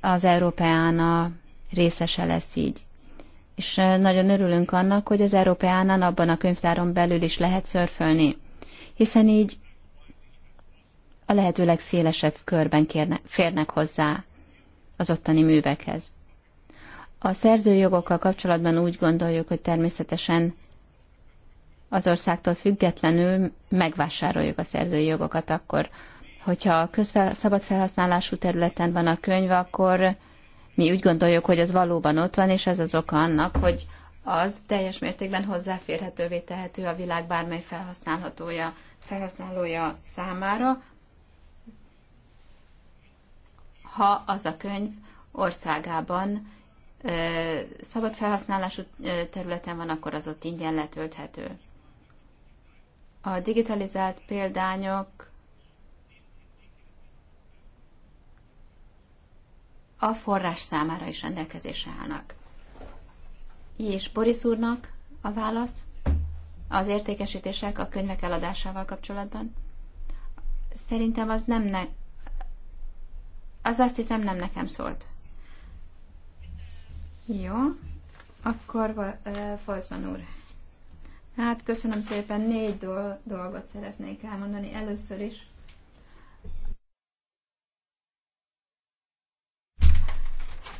az Európeána részese lesz így. És nagyon örülünk annak, hogy az Európeánán abban a könyvtáron belül is lehet szörfölni, hiszen így a lehető legszélesebb körben kérne, férnek hozzá az ottani művekhez. A szerzőjogokkal kapcsolatban úgy gondoljuk, hogy természetesen az országtól függetlenül megvásároljuk a szerzői jogokat akkor, hogyha a közfel, szabad felhasználású területen van a könyv, akkor mi úgy gondoljuk, hogy az valóban ott van, és ez az oka annak, hogy az teljes mértékben hozzáférhetővé tehető a világ bármely felhasználhatója, felhasználója számára, ha az a könyv országában ö, szabad felhasználású területen van, akkor az ott ingyen letölthető. A digitalizált példányok a forrás számára is rendelkezésre állnak. És Boris úrnak a válasz az értékesítések a könyvek eladásával kapcsolatban? Szerintem az nem ne... Az azt hiszem nem nekem szólt. Jó, akkor Foltman úr. Hát köszönöm szépen, négy dolgot szeretnék elmondani. Először is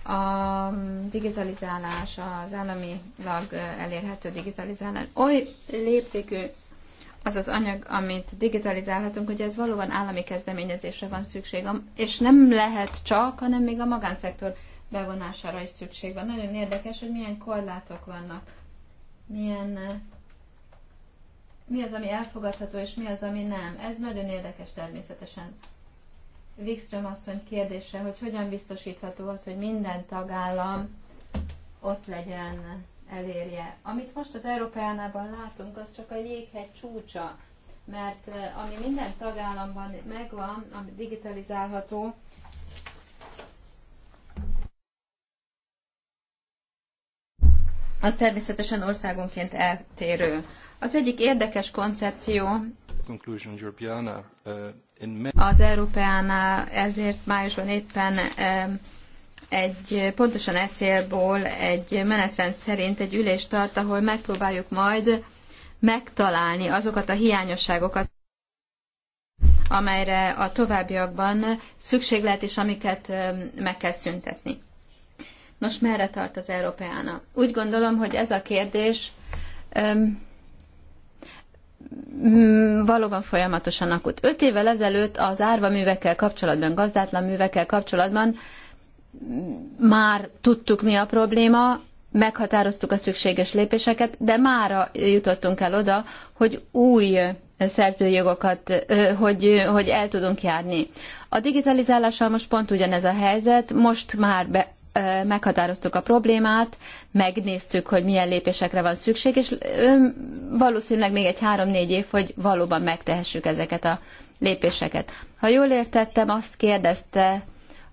a digitalizálás, az államilag elérhető digitalizálás oly léptékű az az anyag, amit digitalizálhatunk, hogy ez valóban állami kezdeményezésre van szükség, és nem lehet csak, hanem még a magánszektor bevonására is szükség van. Nagyon érdekes, hogy milyen korlátok vannak, milyen mi az, ami elfogadható, és mi az, ami nem. Ez nagyon érdekes természetesen. Wikström asszony kérdése, hogy hogyan biztosítható az, hogy minden tagállam ott legyen, elérje. Amit most az Európeánában látunk, az csak a jéghegy csúcsa, mert ami minden tagállamban megvan, ami digitalizálható, az természetesen országonként eltérő. Az egyik érdekes koncepció uh, az Európeánál ezért májusban éppen um, egy pontosan e célból egy menetrend szerint egy ülést tart, ahol megpróbáljuk majd megtalálni azokat a hiányosságokat, amelyre a továbbiakban szükség lehet, és amiket um, meg kell szüntetni. Nos, merre tart az Európeána? Úgy gondolom, hogy ez a kérdés um, Hmm, valóban folyamatosan akut. Öt évvel ezelőtt az árva művekkel kapcsolatban, gazdátlan művekkel kapcsolatban már tudtuk mi a probléma, meghatároztuk a szükséges lépéseket, de mára jutottunk el oda, hogy új szerzőjogokat, hogy, hogy el tudunk járni. A digitalizálással most pont ugyanez a helyzet, most már be, meghatároztuk a problémát, megnéztük, hogy milyen lépésekre van szükség, és valószínűleg még egy három-négy év, hogy valóban megtehessük ezeket a lépéseket. Ha jól értettem, azt kérdezte,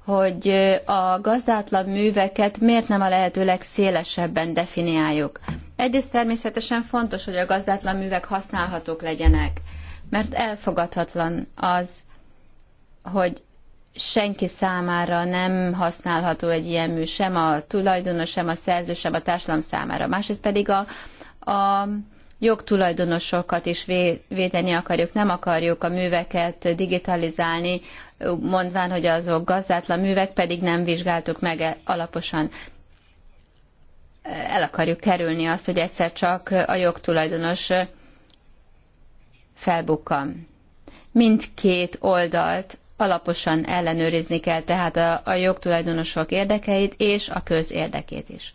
hogy a gazdátlan műveket miért nem a lehető legszélesebben definiáljuk. Egyrészt természetesen fontos, hogy a gazdátlan művek használhatók legyenek, mert elfogadhatlan az, hogy senki számára nem használható egy ilyen mű, sem a tulajdonos, sem a szerző, sem a társadalom számára. Másrészt pedig a, a jogtulajdonosokat is védeni akarjuk, nem akarjuk a műveket digitalizálni, mondván, hogy azok gazdátlan művek, pedig nem vizsgáltuk meg e- alaposan. El akarjuk kerülni azt, hogy egyszer csak a jogtulajdonos felbukkan. Mindkét oldalt alaposan ellenőrizni kell tehát a, a jogtulajdonosok érdekeit és a közérdekét is.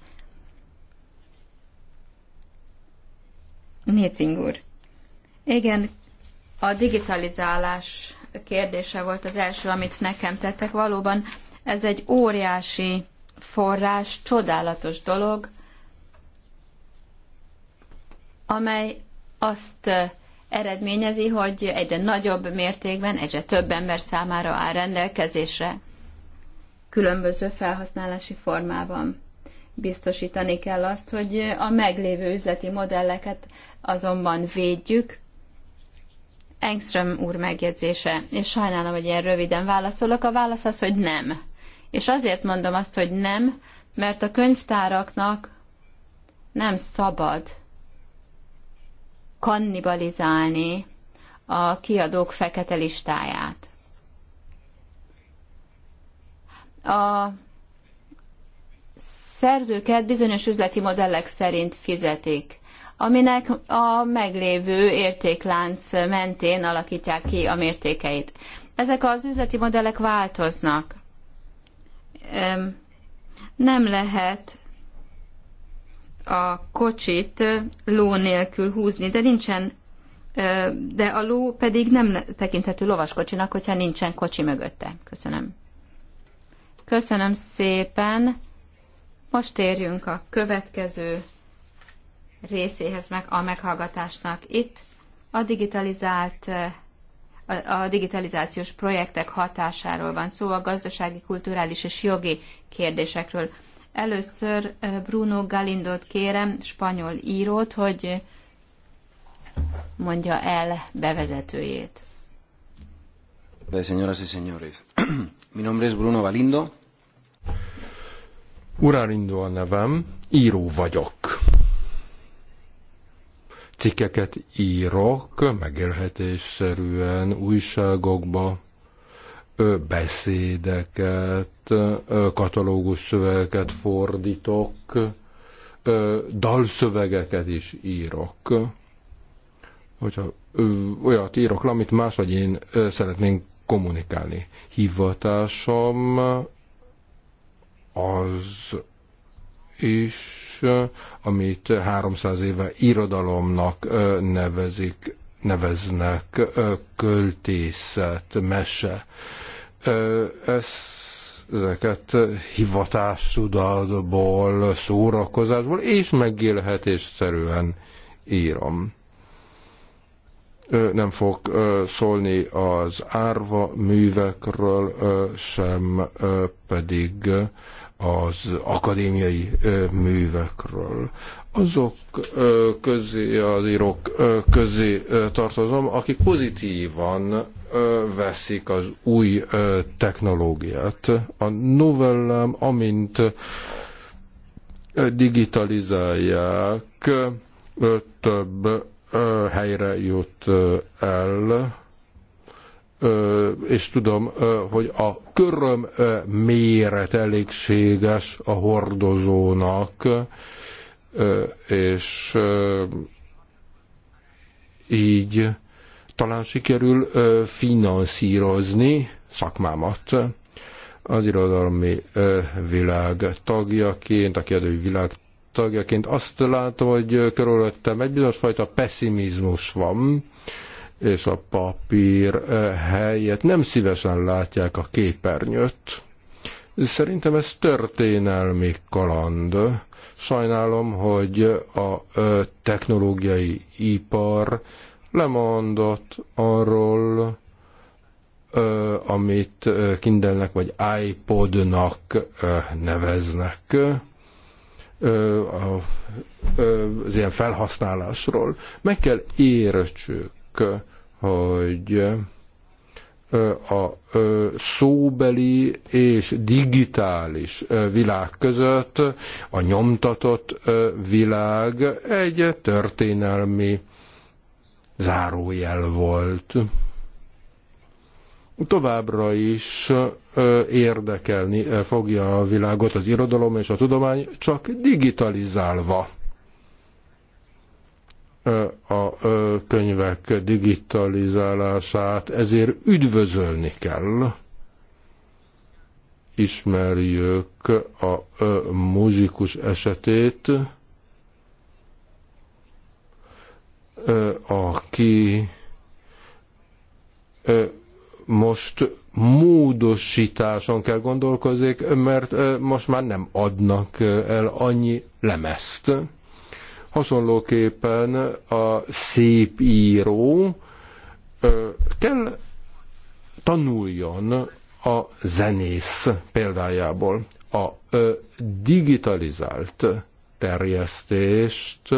Nécing úr. Igen, a digitalizálás kérdése volt az első, amit nekem tettek. Valóban ez egy óriási forrás, csodálatos dolog, amely azt eh, eredményezi, hogy egyre nagyobb mértékben, egyre több ember számára áll rendelkezésre különböző felhasználási formában. Biztosítani kell azt, hogy a meglévő üzleti modelleket azonban védjük. Engström úr megjegyzése, és sajnálom, hogy ilyen röviden válaszolok, a válasz az, hogy nem. És azért mondom azt, hogy nem, mert a könyvtáraknak nem szabad kannibalizálni a kiadók fekete listáját. A szerzőket bizonyos üzleti modellek szerint fizetik aminek a meglévő értéklánc mentén alakítják ki a mértékeit. Ezek az üzleti modellek változnak. Nem lehet a kocsit ló nélkül húzni, de nincsen de a ló pedig nem tekinthető lovaskocsinak, hogyha nincsen kocsi mögötte. Köszönöm. Köszönöm szépen. Most térjünk a következő részéhez meg a meghallgatásnak. Itt a digitalizált a digitalizációs projektek hatásáról van szó, a gazdasági, kulturális és jogi kérdésekről. Először eh, Bruno Galindot kérem, spanyol írót, hogy mondja el bevezetőjét. De señoras y señores, mi nombre es Bruno Galindo, Urárindó a nevem, író vagyok. Cikkeket írok, megélhetésszerűen újságokba, beszédeket, katalógus szövegeket fordítok, dalszövegeket is írok. Hogyha olyat írok, amit máshogy én szeretnénk kommunikálni. Hivatásom az is, amit 300 éve irodalomnak nevezik, neveznek költészet, mese. Ez, ezeket hivatásudatból, szórakozásból és megélhetésszerűen írom. Nem fog szólni az árva művekről, sem pedig az akadémiai művekről. Azok közé, az írók közé tartozom, akik pozitívan veszik az új technológiát. A novellám, amint digitalizálják, több helyre jut el, és tudom, hogy a köröm méret elégséges a hordozónak, és így talán sikerül finanszírozni szakmámat az irodalmi világ tagjaként, a kiadói világ tagjaként. Azt látom, hogy körülöttem egy bizonyos fajta pessimizmus van, és a papír eh, helyet nem szívesen látják a képernyőt. Szerintem ez történelmi kaland. Sajnálom, hogy a eh, technológiai ipar lemondott arról, eh, amit kindelnek vagy iPodnak neveznek az ilyen felhasználásról. Meg kell értsük, hogy a szóbeli és digitális világ között a nyomtatott világ egy történelmi zárójel volt. Továbbra is érdekelni fogja a világot az irodalom és a tudomány, csak digitalizálva a könyvek digitalizálását, ezért üdvözölni kell. Ismerjük a muzsikus esetét, aki most módosításon kell gondolkozik, mert most már nem adnak el annyi lemezt. Hasonlóképpen a szép író kell tanuljon a zenész példájából. A digitalizált terjesztést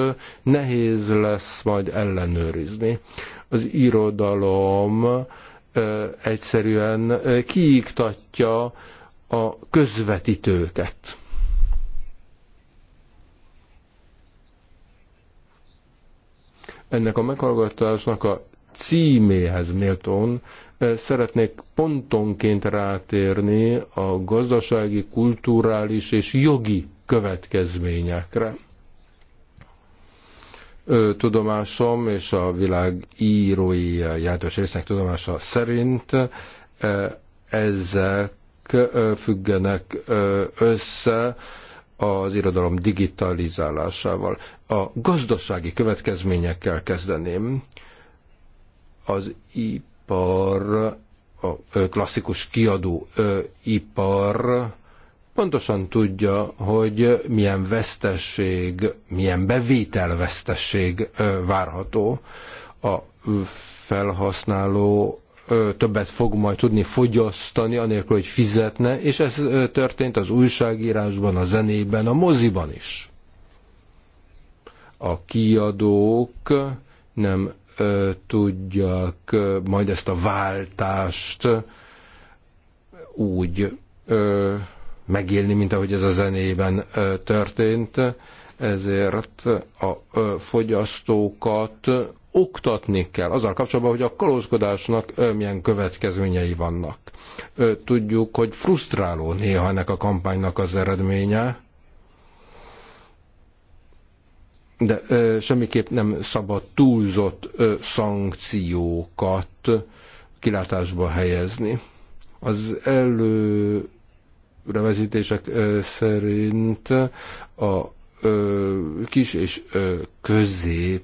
nehéz lesz majd ellenőrizni. Az irodalom egyszerűen kiiktatja a közvetítőket. Ennek a meghallgatásnak a címéhez méltón eh, szeretnék pontonként rátérni a gazdasági, kulturális és jogi következményekre. Tudomásom és a világ írói jelentős résznek tudomása szerint eh, ezek eh, függenek össze az irodalom digitalizálásával. A gazdasági következményekkel kezdeném. Az ipar, a klasszikus kiadó ipar pontosan tudja, hogy milyen vesztesség, milyen bevételvesztesség várható a felhasználó többet fog majd tudni fogyasztani, anélkül, hogy fizetne, és ez történt az újságírásban, a zenében, a moziban is. A kiadók nem ö, tudják ö, majd ezt a váltást úgy ö, megélni, mint ahogy ez a zenében ö, történt, ezért a ö, fogyasztókat oktatni kell azzal kapcsolatban, hogy a kalózkodásnak milyen következményei vannak. Tudjuk, hogy frusztráló néha ennek a kampánynak az eredménye, de semmiképp nem szabad túlzott szankciókat kilátásba helyezni. Az elő revezítések szerint a kis és közép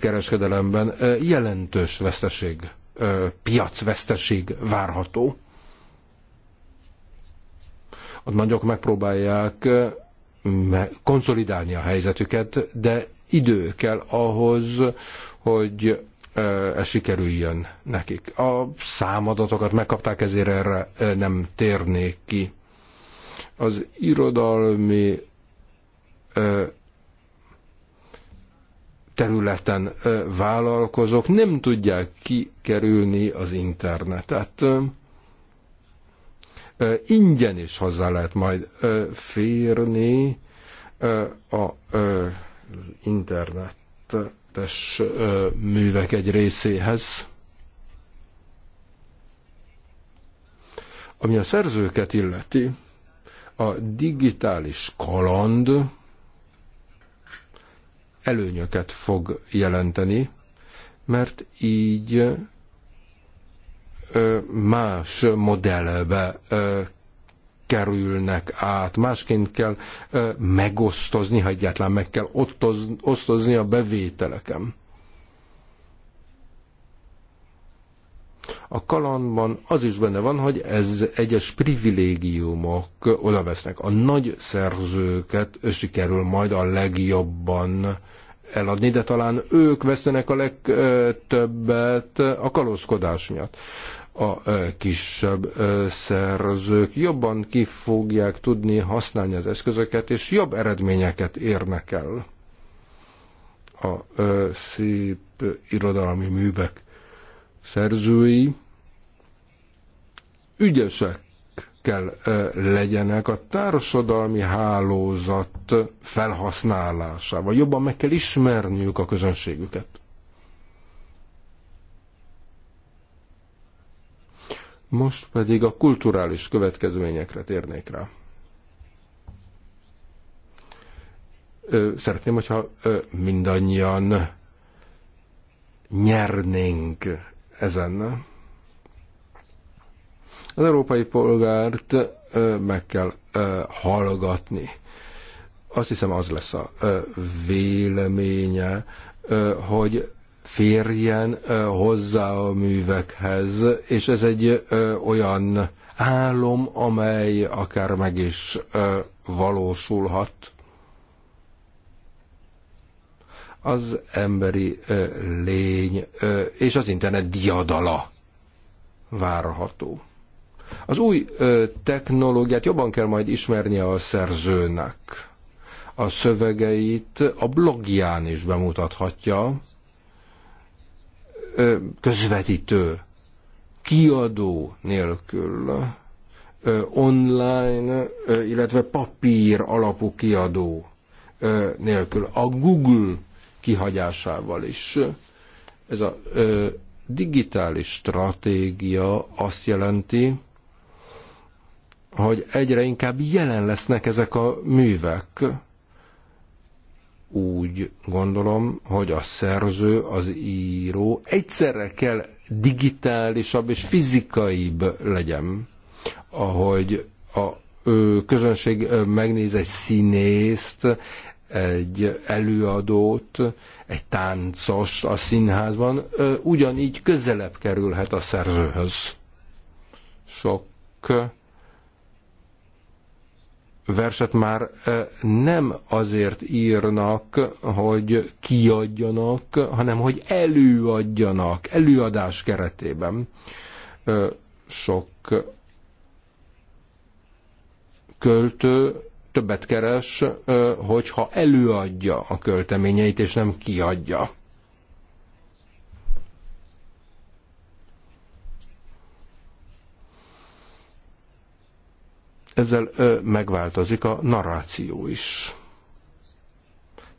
kereskedelemben jelentős veszteség, piacveszteség várható. A nagyok megpróbálják konszolidálni a helyzetüket, de idő kell ahhoz, hogy ez sikerüljön nekik. A számadatokat megkapták, ezért erre nem térnék ki. Az irodalmi területen vállalkozók nem tudják kikerülni az internetet. Ingyen is hozzá lehet majd férni az internetes művek egy részéhez. Ami a szerzőket illeti, a digitális kaland, előnyöket fog jelenteni, mert így más modellbe kerülnek át. Másként kell megosztozni, ha egyáltalán meg kell osztozni a bevételekem. A kalandban az is benne van, hogy ez egyes privilégiumok oda vesznek. A nagy szerzőket sikerül majd a legjobban eladni, de talán ők vesztenek a legtöbbet a kalózkodás miatt. A kisebb szerzők jobban ki fogják tudni használni az eszközöket, és jobb eredményeket érnek el. A szép irodalmi művek szerzői ügyesek kell legyenek a társadalmi hálózat felhasználásával. Jobban meg kell ismerniük a közönségüket. Most pedig a kulturális következményekre térnék rá. Szeretném, hogyha mindannyian nyernénk ezen. Az európai polgárt meg kell hallgatni. Azt hiszem az lesz a véleménye, hogy férjen hozzá a művekhez, és ez egy olyan álom, amely akár meg is valósulhat az emberi ö, lény ö, és az internet diadala várható. Az új ö, technológiát jobban kell majd ismernie a szerzőnek. A szövegeit a blogján is bemutathatja. Ö, közvetítő, kiadó nélkül, ö, online, ö, illetve papír alapú kiadó ö, nélkül. A Google kihagyásával is. Ez a ö, digitális stratégia azt jelenti, hogy egyre inkább jelen lesznek ezek a művek. Úgy gondolom, hogy a szerző, az író egyszerre kell digitálisabb és fizikaibb legyen, ahogy a közönség megnéz egy színészt, egy előadót, egy táncos a színházban, ugyanígy közelebb kerülhet a szerzőhöz. Sok verset már nem azért írnak, hogy kiadjanak, hanem hogy előadjanak, előadás keretében. Sok költő többet keres, hogyha előadja a költeményeit, és nem kiadja. Ezzel megváltozik a narráció is.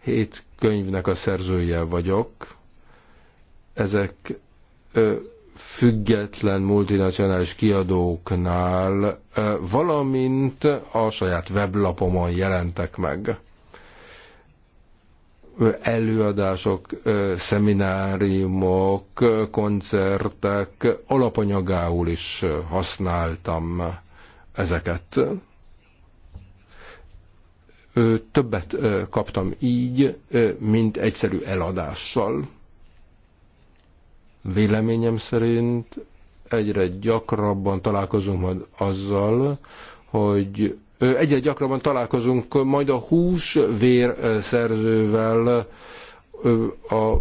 Hét könyvnek a szerzője vagyok. Ezek független multinacionális kiadóknál, valamint a saját weblapomon jelentek meg. Előadások, szemináriumok, koncertek, alapanyagául is használtam ezeket. Többet kaptam így, mint egyszerű eladással Véleményem szerint egyre gyakrabban találkozunk majd azzal, hogy egyre gyakrabban találkozunk majd a húsvér szerzővel a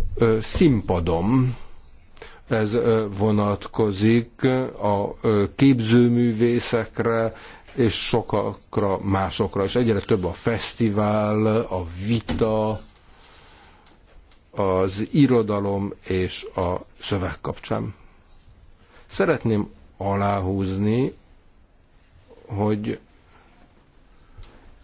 színpadom. Ez vonatkozik a képzőművészekre, és sokakra másokra, és egyre több a fesztivál, a vita, az irodalom és a szöveg kapcsán. Szeretném aláhúzni, hogy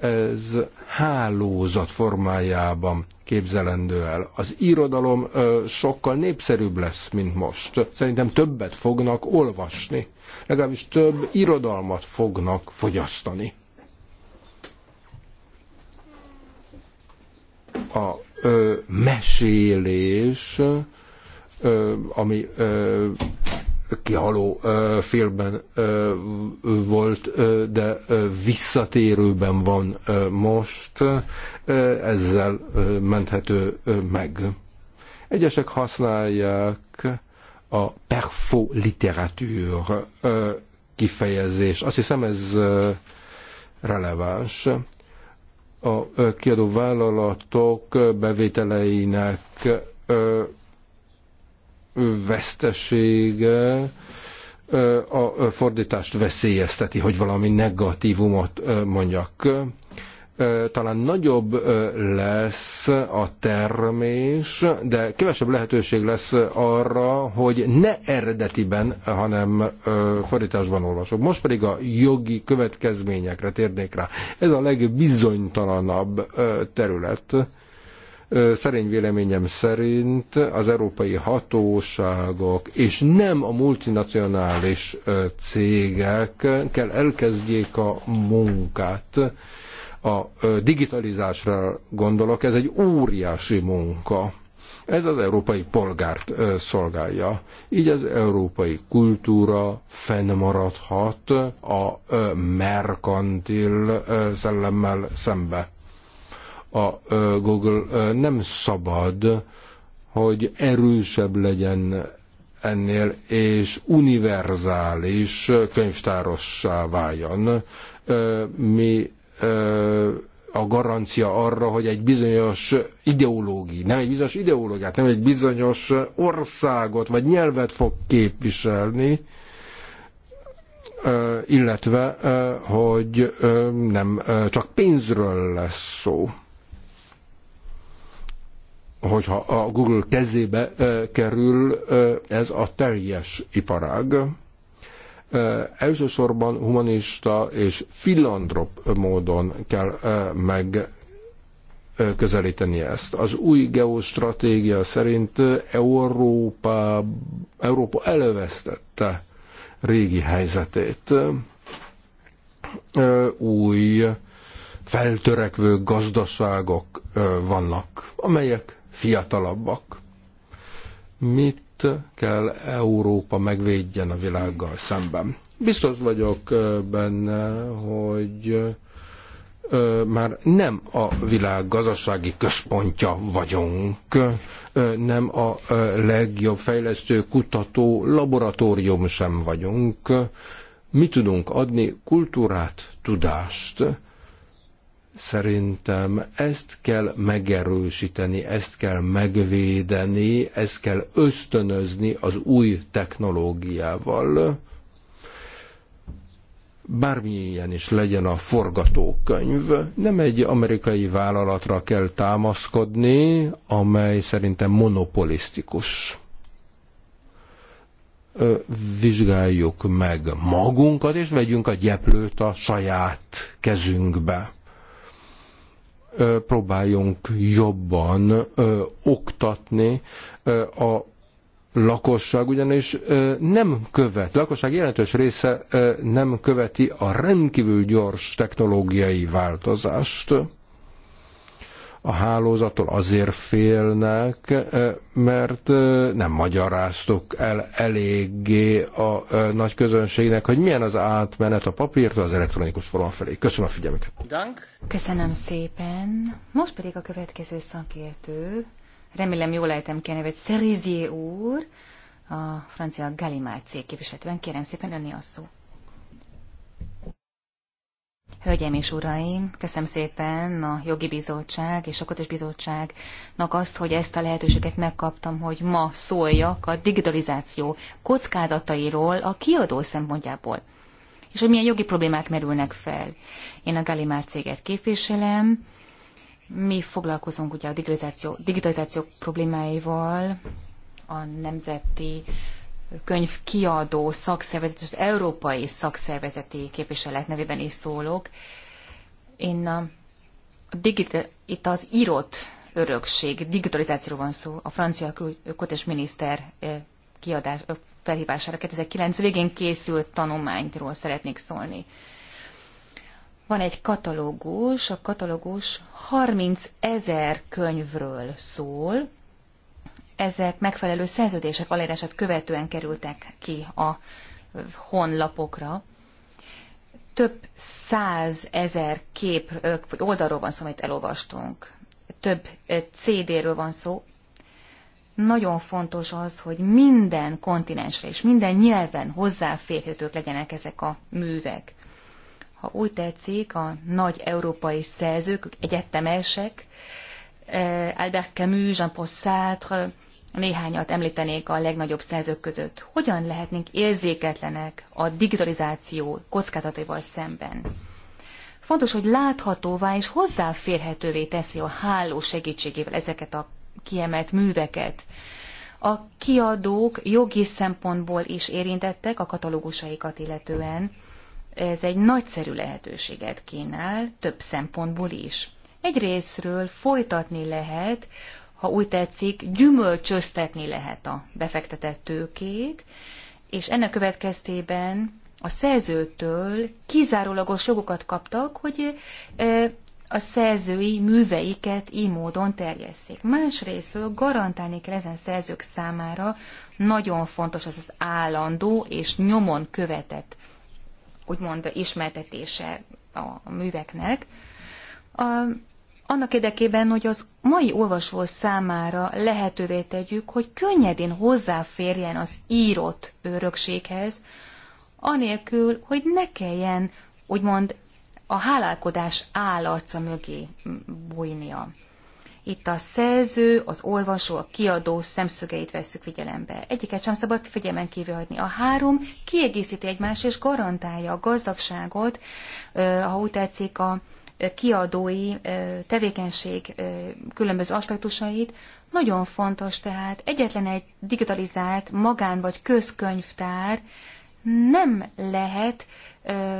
ez hálózat formájában képzelendő el. Az irodalom sokkal népszerűbb lesz, mint most. Szerintem többet fognak olvasni, legalábbis több irodalmat fognak fogyasztani. A ö, mesélés, ö, ami ö, kihaló ö, filmben ö, volt, ö, de ö, visszatérőben van ö, most, ö, ezzel ö, menthető ö, meg. Egyesek használják a perfo literatúr kifejezést. Azt hiszem ez releváns a kiadó vállalatok bevételeinek vesztesége a fordítást veszélyezteti, hogy valami negatívumot mondjak talán nagyobb lesz a termés, de kevesebb lehetőség lesz arra, hogy ne eredetiben, hanem fordításban olvasok. Most pedig a jogi következményekre térnék rá. Ez a legbizonytalanabb terület. Szerény véleményem szerint az európai hatóságok és nem a multinacionális cégek kell elkezdjék a munkát, a digitalizásra gondolok, ez egy óriási munka. Ez az európai polgárt szolgálja. Így az európai kultúra fennmaradhat a merkantil szellemmel szembe. A Google nem szabad, hogy erősebb legyen ennél, és univerzális könyvtárossá váljon. Mi a garancia arra, hogy egy bizonyos ideológia, nem egy bizonyos ideológiát, nem egy bizonyos országot vagy nyelvet fog képviselni, illetve hogy nem csak pénzről lesz szó hogyha a Google kezébe kerül ez a teljes iparág elsősorban humanista és filantrop módon kell meg közelíteni ezt. Az új geostratégia szerint Európa, Európa elvesztette régi helyzetét. Új feltörekvő gazdaságok vannak, amelyek fiatalabbak. Mit kell Európa megvédjen a világgal szemben. Biztos vagyok benne, hogy már nem a világ gazdasági központja vagyunk, nem a legjobb fejlesztő kutató laboratórium sem vagyunk. Mi tudunk adni kultúrát, tudást, Szerintem ezt kell megerősíteni, ezt kell megvédeni, ezt kell ösztönözni az új technológiával. Bármilyen is legyen a forgatókönyv, nem egy amerikai vállalatra kell támaszkodni, amely szerintem monopolisztikus vizsgáljuk meg magunkat, és vegyünk a gyeplőt a saját kezünkbe próbáljunk jobban oktatni a lakosság ugyanis nem követ, lakosság jelentős része nem követi a rendkívül gyors technológiai változást a hálózattól azért félnek, mert nem magyaráztuk el eléggé a nagy közönségnek, hogy milyen az átmenet a papírtól az elektronikus forma felé. Köszönöm a figyelmüket. Köszönöm szépen. Most pedig a következő szakértő, remélem jól lehetem ki a nevet, Szerizé úr, a francia Galimár cég képviseletben. Kérem szépen, önni a szó. Hölgyeim és uraim, köszönöm szépen a Jogi Bizottság és a Kotos Bizottságnak azt, hogy ezt a lehetőséget megkaptam, hogy ma szóljak a digitalizáció kockázatairól a kiadó szempontjából, és hogy milyen jogi problémák merülnek fel. Én a Galimár céget képviselem, mi foglalkozunk ugye a digitalizáció, digitalizáció problémáival, a nemzeti könyvkiadó szakszervezet, az európai szakszervezeti képviselet nevében is szólok. Én a digita, itt az írott örökség, digitalizációról van szó, a francia kötés miniszter kiadás, felhívására 2009 végén készült tanulmányról szeretnék szólni. Van egy katalógus, a katalógus 30 ezer könyvről szól, ezek megfelelő szerződések aláírását követően kerültek ki a honlapokra. Több száz kép, vagy oldalról van szó, amit elolvastunk. Több CD-ről van szó. Nagyon fontos az, hogy minden kontinensre és minden nyelven hozzáférhetők legyenek ezek a művek. Ha úgy tetszik, a nagy európai szerzők, egyetemesek, Eh, Albert Camus, Jean-Paul Sartre, néhányat említenék a legnagyobb szerzők között. Hogyan lehetnénk érzéketlenek a digitalizáció kockázataival szemben? Fontos, hogy láthatóvá és hozzáférhetővé teszi a háló segítségével ezeket a kiemelt műveket. A kiadók jogi szempontból is érintettek a katalógusaikat illetően. Ez egy nagyszerű lehetőséget kínál, több szempontból is egy részről folytatni lehet, ha úgy tetszik, gyümölcsöztetni lehet a befektetett tőkét, és ennek következtében a szerzőtől kizárólagos jogokat kaptak, hogy a szerzői műveiket így módon terjesszék. Másrésztről garantálni kell ezen szerzők számára nagyon fontos az az állandó és nyomon követett, úgymond ismertetése a műveknek. A annak érdekében, hogy az mai olvasó számára lehetővé tegyük, hogy könnyedén hozzáférjen az írott örökséghez, anélkül, hogy ne kelljen, úgymond, a hálálkodás állarca mögé bújnia. Itt a szerző, az olvasó, a kiadó szemszögeit vesszük figyelembe. Egyiket sem szabad figyelmen kívül hagyni. A három kiegészíti egymást és garantálja a gazdagságot, ha úgy tetszik, a, kiadói tevékenység különböző aspektusait. Nagyon fontos tehát egyetlen egy digitalizált magán vagy közkönyvtár nem lehet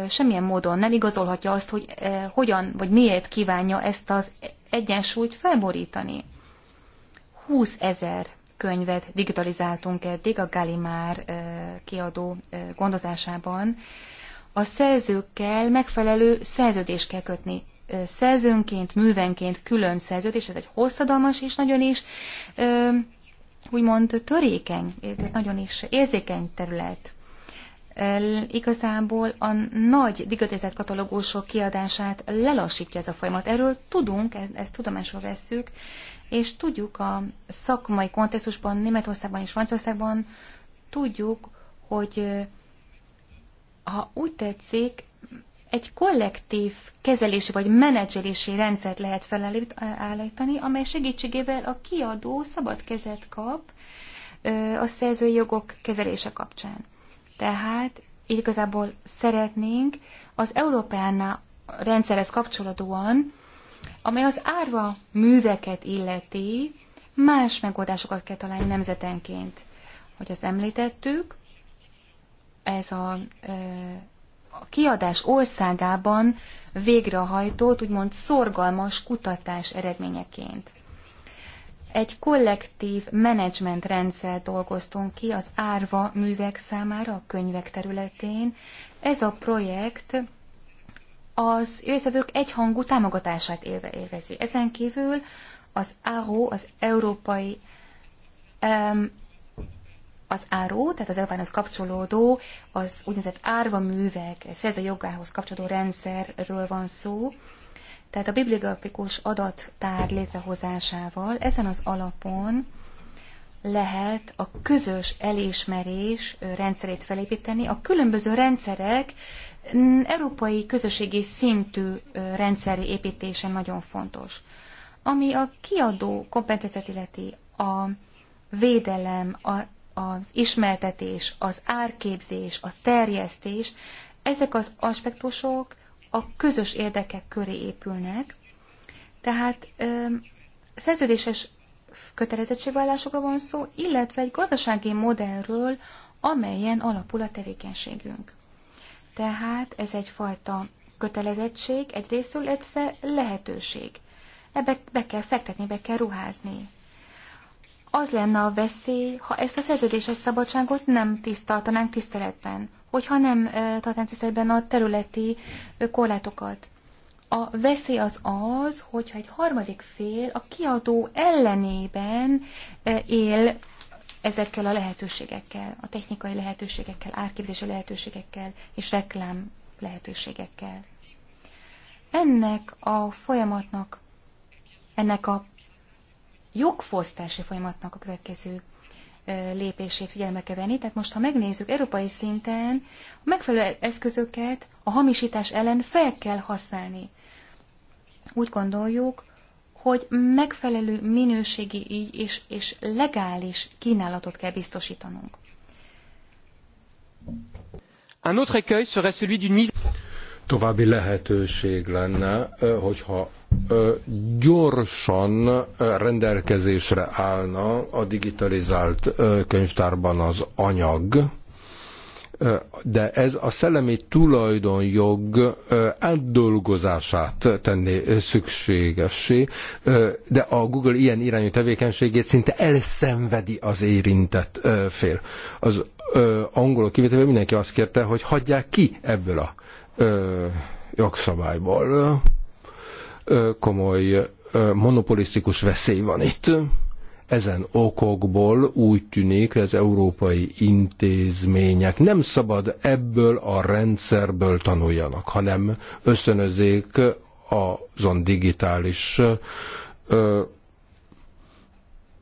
semmilyen módon nem igazolhatja azt, hogy hogyan vagy miért kívánja ezt az egyensúlyt felborítani. 20 ezer könyvet digitalizáltunk eddig a Galimár kiadó gondozásában. A szerzőkkel megfelelő szerződést kell kötni szerzőnként, művenként külön és ez egy hosszadalmas és nagyon is úgymond törékeny, tehát nagyon is érzékeny terület. Igazából a nagy digitalizált katalogusok kiadását lelassítja ez a folyamat. Erről tudunk, ezt, ezt tudomásul vesszük, és tudjuk a szakmai kontextusban, Németországban és Franciaországban tudjuk, hogy ha úgy tetszik, egy kollektív kezelési vagy menedzselési rendszert lehet felállítani, amely segítségével a kiadó szabad kezet kap a szerzői jogok kezelése kapcsán. Tehát igazából szeretnénk az Európán rendszerhez kapcsolatúan, amely az árva műveket illeti, más megoldásokat kell találni nemzetenként. Hogy az említettük, ez a a kiadás országában végrehajtott, úgymond szorgalmas kutatás eredményeként. Egy kollektív menedzsment rendszer dolgoztunk ki az árva művek számára a könyvek területén. Ez a projekt az részvevők egyhangú támogatását élve élvezi. Ezen kívül az ARO, az Európai um, az áró, tehát az elványhoz kapcsolódó, az úgynevezett árva művek, szerző jogához kapcsolódó rendszerről van szó. Tehát a bibliografikus adattár létrehozásával ezen az alapon lehet a közös elismerés rendszerét felépíteni, a különböző rendszerek mm, európai közösségi szintű rendszeri építése nagyon fontos. Ami a kiadó kompetenciát illeti, a védelem, a az ismertetés, az árképzés, a terjesztés, ezek az aspektusok a közös érdekek köré épülnek, tehát ö, szerződéses kötelezettségvállásokra van szó, illetve egy gazdasági modellről, amelyen alapul a tevékenységünk. Tehát ez egyfajta kötelezettség, egyrészt illetve lehetőség. Ebbe be kell fektetni, be kell ruházni az lenne a veszély, ha ezt a szerződéses szabadságot nem tartanánk tiszteletben, hogyha nem tartanánk tiszteletben a területi korlátokat. A veszély az az, hogyha egy harmadik fél a kiadó ellenében él ezekkel a lehetőségekkel, a technikai lehetőségekkel, árképzési lehetőségekkel és reklám lehetőségekkel. Ennek a folyamatnak, ennek a jogfosztási folyamatnak a következő lépését figyelme kell venni. Tehát most, ha megnézzük európai szinten, a megfelelő eszközöket a hamisítás ellen fel kell használni. Úgy gondoljuk, hogy megfelelő minőségi és, és legális kínálatot kell biztosítanunk. Un autre écueil serait celui d'une mise További lehetőség lenne, hogyha gyorsan rendelkezésre állna a digitalizált könyvtárban az anyag, de ez a szellemi tulajdonjog átdolgozását tenné szükségessé, de a Google ilyen irányú tevékenységét szinte elszenvedi az érintett fél. Az angolok kivételével mindenki azt kérte, hogy hagyják ki ebből a jogszabályból komoly monopolisztikus veszély van itt. Ezen okokból úgy tűnik, hogy az európai intézmények nem szabad ebből a rendszerből tanuljanak, hanem ösztönözzék azon digitális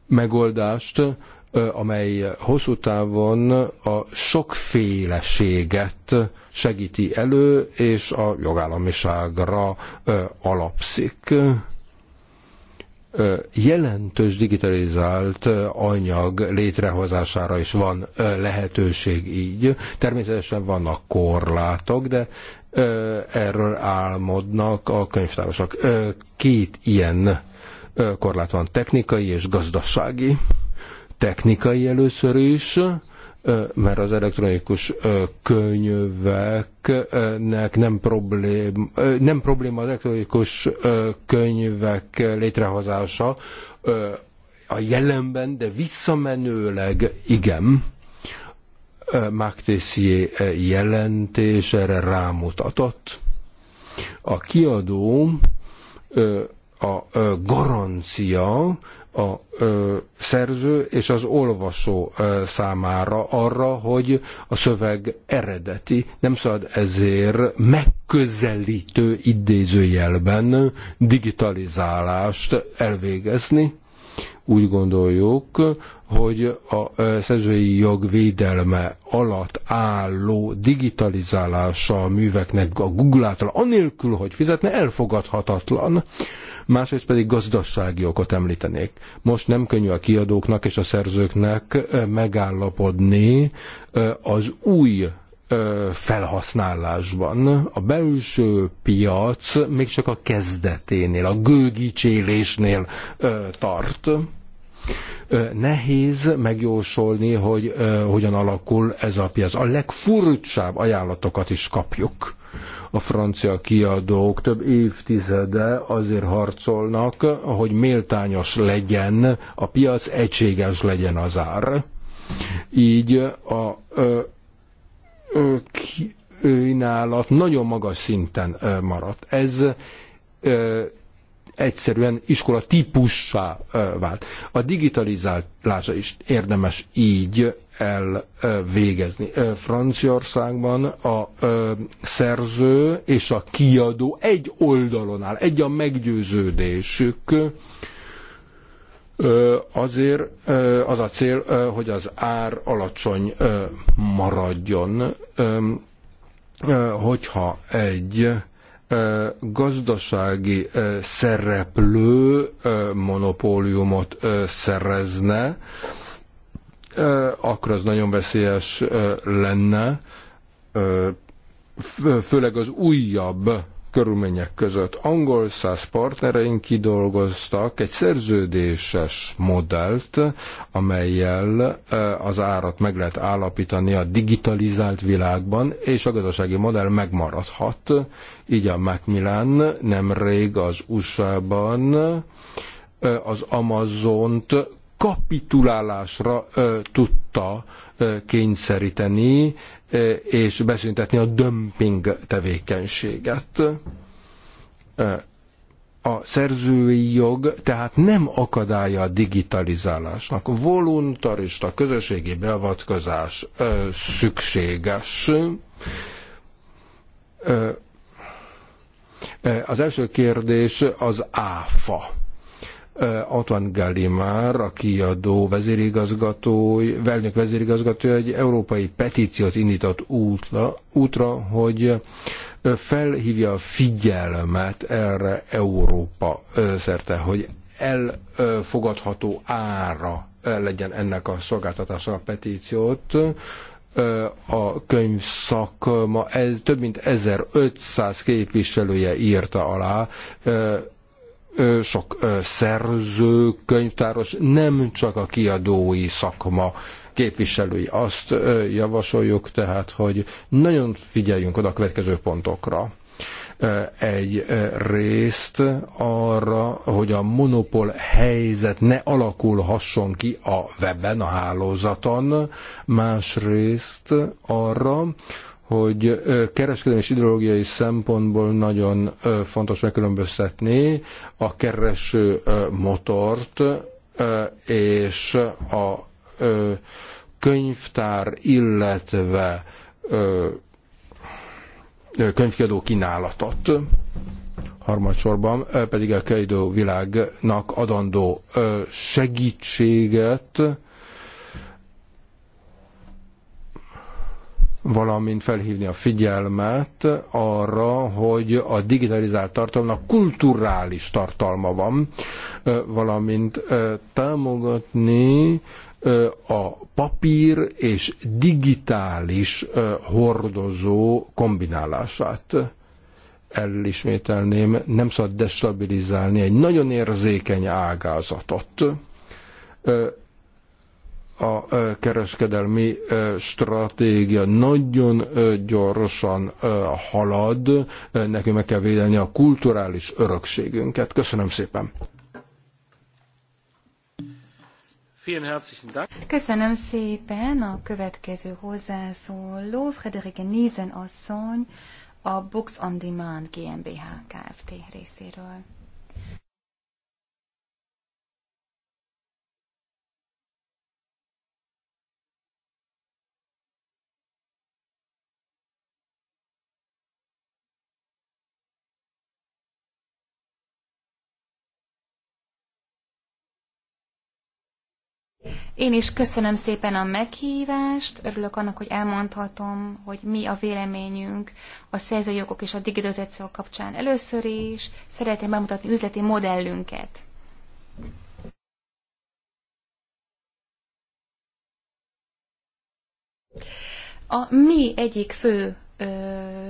megoldást, amely hosszú távon a sokféleséget segíti elő, és a jogállamiságra alapszik jelentős digitalizált anyag létrehozására is van lehetőség így. Természetesen vannak korlátok, de erről álmodnak a könyvtárosok. Két ilyen korlát van, technikai és gazdasági technikai először is, mert az elektronikus könyveknek nem probléma, nem probléma az elektronikus könyvek létrehozása a jelenben, de visszamenőleg igen. Marc Tessier jelentés erre rámutatott. A kiadó a garancia a ö, szerző és az olvasó ö, számára arra, hogy a szöveg eredeti, nem szabad ezért megközelítő idézőjelben digitalizálást elvégezni. Úgy gondoljuk, hogy a szerzői jog védelme alatt álló digitalizálása a műveknek a Google által, anélkül, hogy fizetne, elfogadhatatlan másrészt pedig gazdasági okot említenék. Most nem könnyű a kiadóknak és a szerzőknek megállapodni az új felhasználásban. A belső piac még csak a kezdeténél, a gőgicsélésnél tart. Nehéz megjósolni, hogy hogyan alakul ez a piac. A legfurcsább ajánlatokat is kapjuk a francia kiadók több évtizede azért harcolnak, hogy méltányos legyen a piac, egységes legyen az ár. Így a ö, kínálat nagyon magas szinten maradt. Ez ö, egyszerűen iskola típussá vált. A digitalizálása is érdemes így elvégezni. Franciaországban a szerző és a kiadó egy oldalon áll, egy a meggyőződésük, azért az a cél, hogy az ár alacsony maradjon. Hogyha egy gazdasági szereplő monopóliumot szerezne, akkor az nagyon veszélyes lenne, főleg az újabb körülmények között. Angol száz partnereink kidolgoztak egy szerződéses modellt, amelyel az árat meg lehet állapítani a digitalizált világban, és a gazdasági modell megmaradhat. Így a Macmillan nemrég az USA-ban az Amazont kapitulálásra tudta kényszeríteni és beszüntetni a dömping tevékenységet. A szerzői jog tehát nem akadálya a digitalizálásnak. Voluntarista közösségi beavatkozás szükséges. Az első kérdés az áfa Antoine Gallimár, a kiadó vezérigazgatói, velnök vezérigazgató egy európai petíciót indított útla, útra, hogy felhívja a figyelmet erre Európa szerte, hogy elfogadható ára legyen ennek a szolgáltatása a petíciót. A könyvszakma ez, több mint 1500 képviselője írta alá, sok szerző, könyvtáros, nem csak a kiadói szakma képviselői. Azt javasoljuk tehát, hogy nagyon figyeljünk oda a következő pontokra egy részt arra, hogy a monopól helyzet ne alakulhasson ki a webben, a hálózaton, másrészt arra, hogy kereskedelmi és ideológiai szempontból nagyon fontos megkülönböztetni a kereső motort és a könyvtár, illetve könyvkiadó kínálatot. Harmadsorban pedig a Kaido világnak adandó segítséget, valamint felhívni a figyelmet arra, hogy a digitalizált tartalomnak kulturális tartalma van, valamint támogatni a papír és digitális hordozó kombinálását. Elismételném, nem szabad destabilizálni egy nagyon érzékeny ágazatot a kereskedelmi stratégia nagyon gyorsan halad, nekünk meg kell védeni a kulturális örökségünket. Köszönöm szépen! Köszönöm szépen a következő hozzászóló, Frederik Nézen asszony, a Books on Demand GmbH Kft. részéről. Én is köszönöm szépen a meghívást, örülök annak, hogy elmondhatom, hogy mi a véleményünk a szerzőjogok és a digitalizáció kapcsán először is. Szeretném bemutatni üzleti modellünket. A mi egyik fő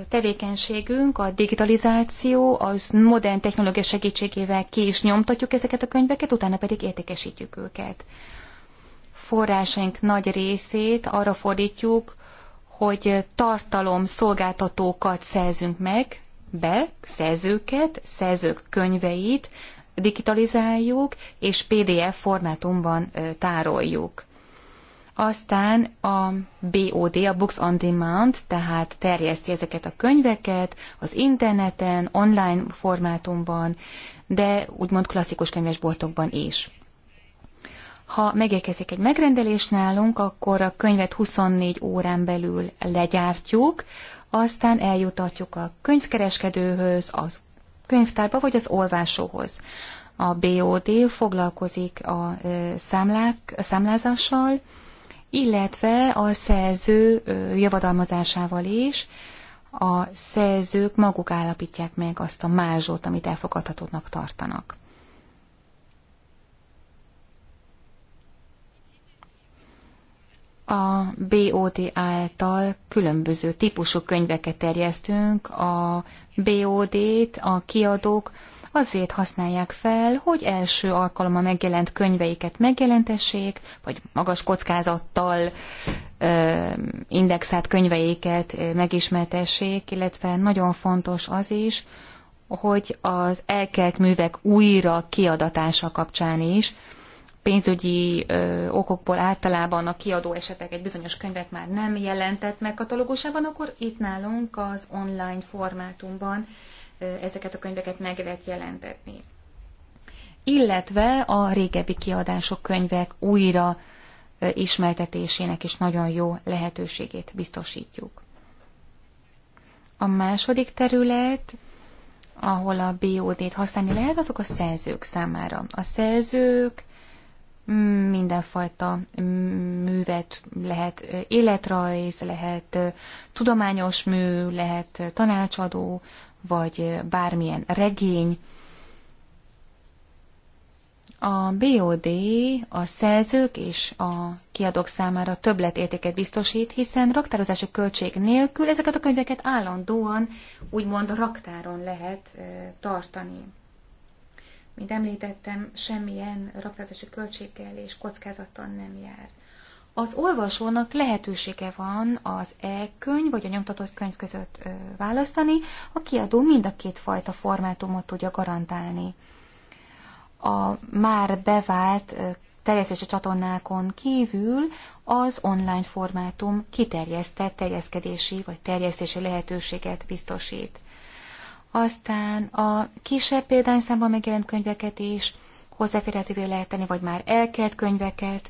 tevékenységünk, a digitalizáció, az modern technológia segítségével ki is nyomtatjuk ezeket a könyveket, utána pedig értékesítjük őket forrásaink nagy részét arra fordítjuk, hogy tartalom szolgáltatókat szerzünk meg, be, szerzőket, szerzők könyveit, digitalizáljuk, és PDF formátumban tároljuk. Aztán a BOD, a Books on Demand, tehát terjeszti ezeket a könyveket az interneten, online formátumban, de úgymond klasszikus könyvesboltokban is. Ha megérkezik egy megrendelés nálunk, akkor a könyvet 24 órán belül legyártjuk, aztán eljutatjuk a könyvkereskedőhöz, a könyvtárba vagy az olvásóhoz. A BOD foglalkozik a, számlák, a számlázással, illetve a szerző javadalmazásával is. A szerzők maguk állapítják meg azt a mázsot, amit elfogadhatónak tartanak. a BOT által különböző típusú könyveket terjesztünk, a BOD-t a kiadók azért használják fel, hogy első alkalommal megjelent könyveiket megjelentessék, vagy magas kockázattal ö, indexált könyveiket megismertessék, illetve nagyon fontos az is, hogy az elkelt művek újra kiadatása kapcsán is pénzügyi ö, okokból általában a kiadó esetek egy bizonyos könyvet már nem jelentett meg katalógusában, akkor itt nálunk az online formátumban ö, ezeket a könyveket meg lehet jelentetni. Illetve a régebbi kiadások könyvek újra ö, ismertetésének is nagyon jó lehetőségét biztosítjuk. A második terület, ahol a BOD-t használni lehet, azok a szerzők számára. A szerzők mindenfajta művet lehet életrajz, lehet tudományos mű, lehet tanácsadó, vagy bármilyen regény. A BOD a szerzők és a kiadók számára többletértéket biztosít, hiszen raktározási költség nélkül ezeket a könyveket állandóan úgymond raktáron lehet tartani. Mint említettem, semmilyen raktázási költséggel és kockázattal nem jár. Az olvasónak lehetősége van az e-könyv vagy a nyomtatott könyv között választani, a kiadó mind a két fajta formátumot tudja garantálni. A már bevált terjesztési csatornákon kívül az online formátum kiterjesztett terjeszkedési vagy terjesztési lehetőséget biztosít. Aztán a kisebb példányszámban megjelent könyveket is hozzáférhetővé lehet tenni, vagy már elkelt könyveket.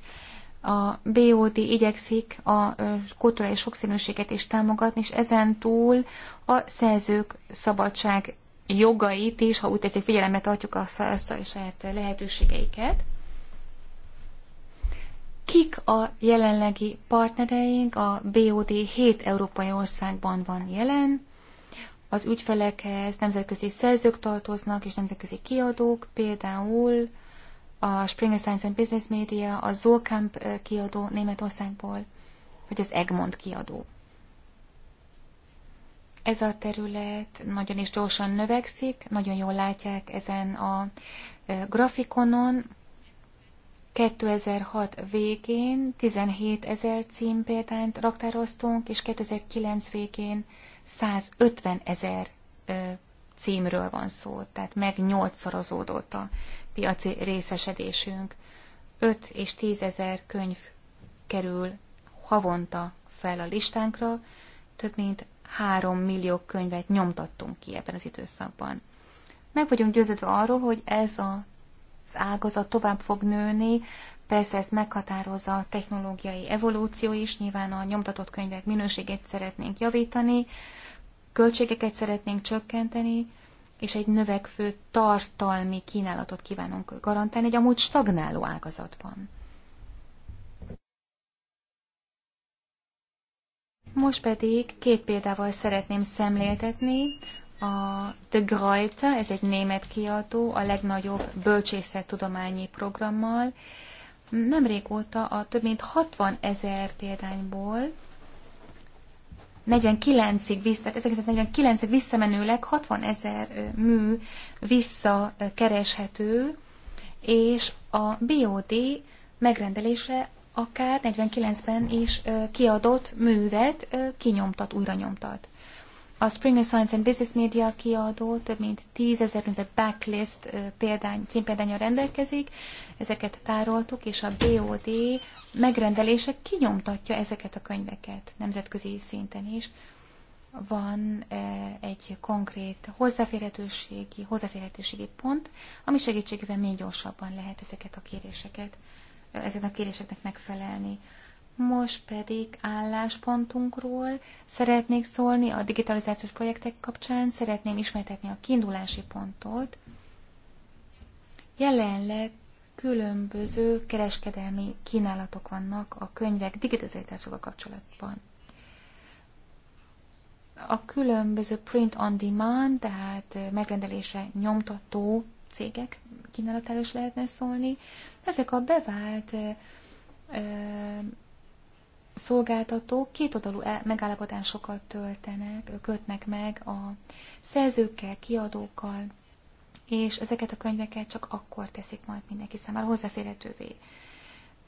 A BOD igyekszik a kulturális sokszínűséget is támogatni, és ezen túl a szerzők szabadság jogait is, ha úgy tetszik, figyelembe tartjuk a saját lehetőségeiket. Kik a jelenlegi partnereink? A BOD 7 európai országban van jelen, az ügyfelekhez nemzetközi szerzők tartoznak, és nemzetközi kiadók, például a Springer Science and Business Media, a Zolkamp kiadó Németországból, vagy az Egmont kiadó. Ez a terület nagyon is gyorsan növekszik, nagyon jól látják ezen a grafikonon. 2006 végén 17 ezer cím példányt raktároztunk, és 2009 végén 150 ezer címről van szó, tehát meg nyolcszorozódott a piaci részesedésünk. 5 és 10 ezer könyv kerül havonta fel a listánkra, több mint 3 millió könyvet nyomtattunk ki ebben az időszakban. Meg vagyunk győződve arról, hogy ez a az ágazat tovább fog nőni, Persze ezt meghatározza a technológiai evolúció is, nyilván a nyomtatott könyvek minőségét szeretnénk javítani, költségeket szeretnénk csökkenteni, és egy növekvő tartalmi kínálatot kívánunk garantálni egy amúgy stagnáló ágazatban. Most pedig két példával szeretném szemléltetni a The Gruyte, ez egy német kiadó, a legnagyobb bölcsészettudományi programmal, nem óta a több mint 60 ezer példányból 49-ig, vissza, tehát 49 ig visszamenőleg 60 ezer mű visszakereshető, és a BOD megrendelése akár 49-ben is kiadott művet kinyomtat, újra nyomtat. A Springer Science and Business Media kiadó több mint tízezer úgynevezett backlist példány, címpéldánya rendelkezik, ezeket tároltuk, és a BOD megrendelése kinyomtatja ezeket a könyveket nemzetközi szinten is. Van egy konkrét hozzáférhetőségi, hozzáférhetőségi pont, ami segítségével még gyorsabban lehet ezeket a kéréseket, ezeknek a kéréseknek megfelelni. Most pedig álláspontunkról szeretnék szólni a digitalizációs projektek kapcsán, szeretném ismertetni a kiindulási pontot. Jelenleg különböző kereskedelmi kínálatok vannak a könyvek digitalizációval kapcsolatban. A különböző print on demand, tehát megrendelése nyomtató cégek kínálatáról is lehetne szólni. Ezek a bevált szolgáltatók kétoldalú eh, megállapodásokat töltenek, kötnek meg a szerzőkkel, kiadókkal, és ezeket a könyveket csak akkor teszik majd mindenki számára hozzáférhetővé.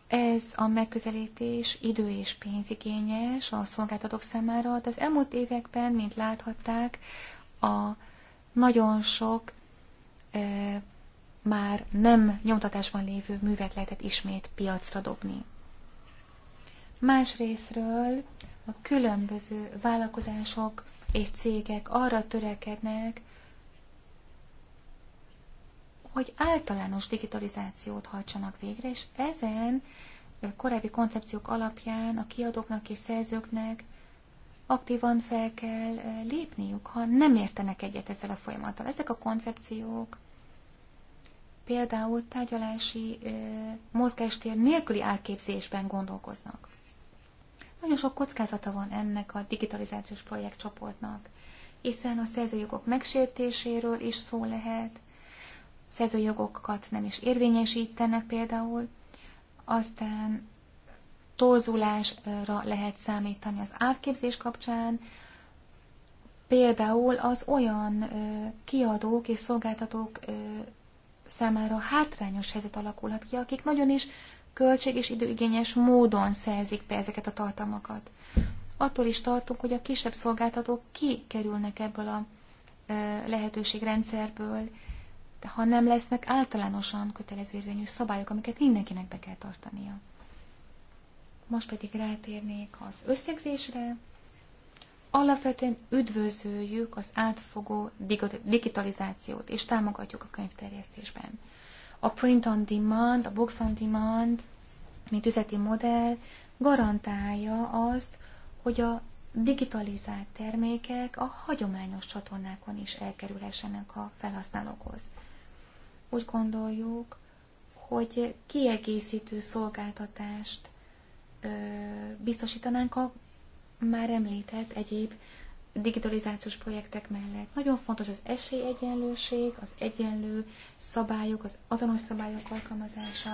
Ez a megközelítés idő és pénzigényes a szolgáltatók számára, de az elmúlt években, mint láthatták, a nagyon sok e, már nem nyomtatásban lévő művet lehetett ismét piacra dobni. Másrésztről a különböző vállalkozások és cégek arra törekednek, hogy általános digitalizációt hajtsanak végre, és ezen korábbi koncepciók alapján a kiadóknak és szerzőknek aktívan fel kell lépniük, ha nem értenek egyet ezzel a folyamattal. Ezek a koncepciók például tárgyalási mozgástér nélküli árképzésben gondolkoznak. Nagyon sok kockázata van ennek a digitalizációs projektcsoportnak, hiszen a szerzőjogok megsértéséről is szó lehet, szerzőjogokat nem is érvényesítenek például, aztán torzulásra lehet számítani az árképzés kapcsán, például az olyan kiadók és szolgáltatók számára hátrányos helyzet alakulhat ki, akik nagyon is költség és időigényes módon szerzik be ezeket a tartalmakat. Attól is tartunk, hogy a kisebb szolgáltatók kikerülnek ebből a lehetőségrendszerből, ha nem lesznek általánosan kötelező érvényű szabályok, amiket mindenkinek be kell tartania. Most pedig rátérnék az összegzésre. Alapvetően üdvözöljük az átfogó digitalizációt, és támogatjuk a könyvterjesztésben a print on demand, a box on demand, mint üzleti modell garantálja azt, hogy a digitalizált termékek a hagyományos csatornákon is elkerülhessenek a felhasználókhoz. Úgy gondoljuk, hogy kiegészítő szolgáltatást ö, biztosítanánk a már említett egyéb digitalizációs projektek mellett. Nagyon fontos az esélyegyenlőség, az egyenlő szabályok, az azonos szabályok alkalmazása,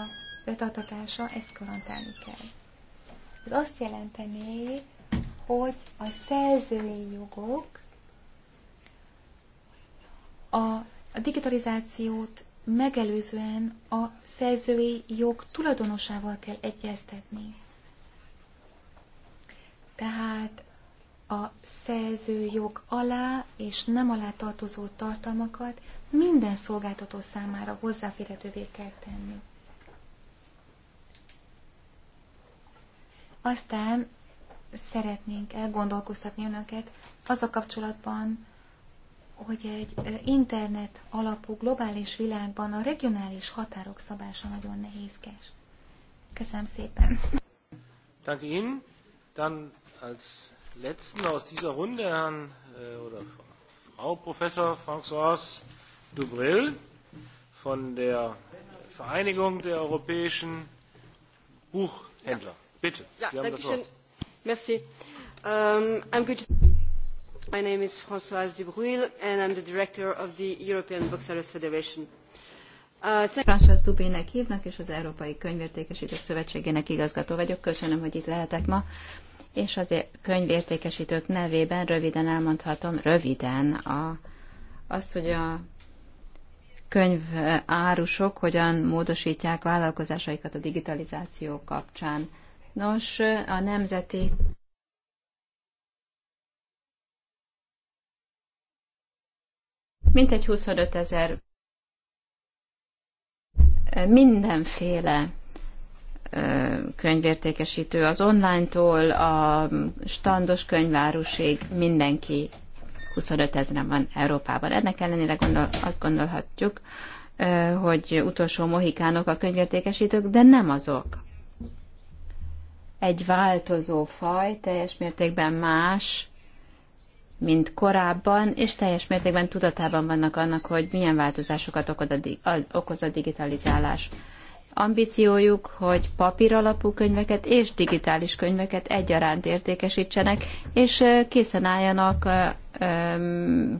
betartatása, ezt garantálni kell. Ez azt jelenteni, hogy a szerzői jogok a, a digitalizációt megelőzően a szerzői jog tulajdonosával kell egyeztetni. Tehát a szerzőjog alá és nem alá tartozó tartalmakat minden szolgáltató számára hozzáférhetővé kell tenni. Aztán szeretnénk elgondolkoztatni önöket az a kapcsolatban, hogy egy internet alapú globális világban a regionális határok szabása nagyon nehézkes. Köszönöm szépen. Danke Ihnen. Dann als letzten aus dieser Runde, Herrn äh, oder Frau Professor Françoise Dubril von der Vereinigung der europäischen Buchhändler. Ja. Bitte, ja, Sie haben das Wort. Merci. Um, I'm good. My name is Françoise Dubril and I'm the director of the European Booksellers Federation. Uh, François Dubének hívnak, és az Európai Könyvértékesítők Szövetségének igazgató vagyok. Köszönöm, hogy itt lehetek ma és az könyvértékesítők nevében röviden elmondhatom, röviden a, azt, hogy a könyvárusok hogyan módosítják vállalkozásaikat a digitalizáció kapcsán. Nos, a nemzeti mintegy 25 ezer mindenféle könyvértékesítő az online-tól, a standos könyvárusig mindenki 25 ezeren van Európában. Ennek ellenére gondol, azt gondolhatjuk, hogy utolsó mohikánok a könyvértékesítők, de nem azok. Egy változó faj, teljes mértékben más, mint korábban, és teljes mértékben tudatában vannak annak, hogy milyen változásokat okoz a digitalizálás ambíciójuk, hogy papír alapú könyveket és digitális könyveket egyaránt értékesítsenek, és készen álljanak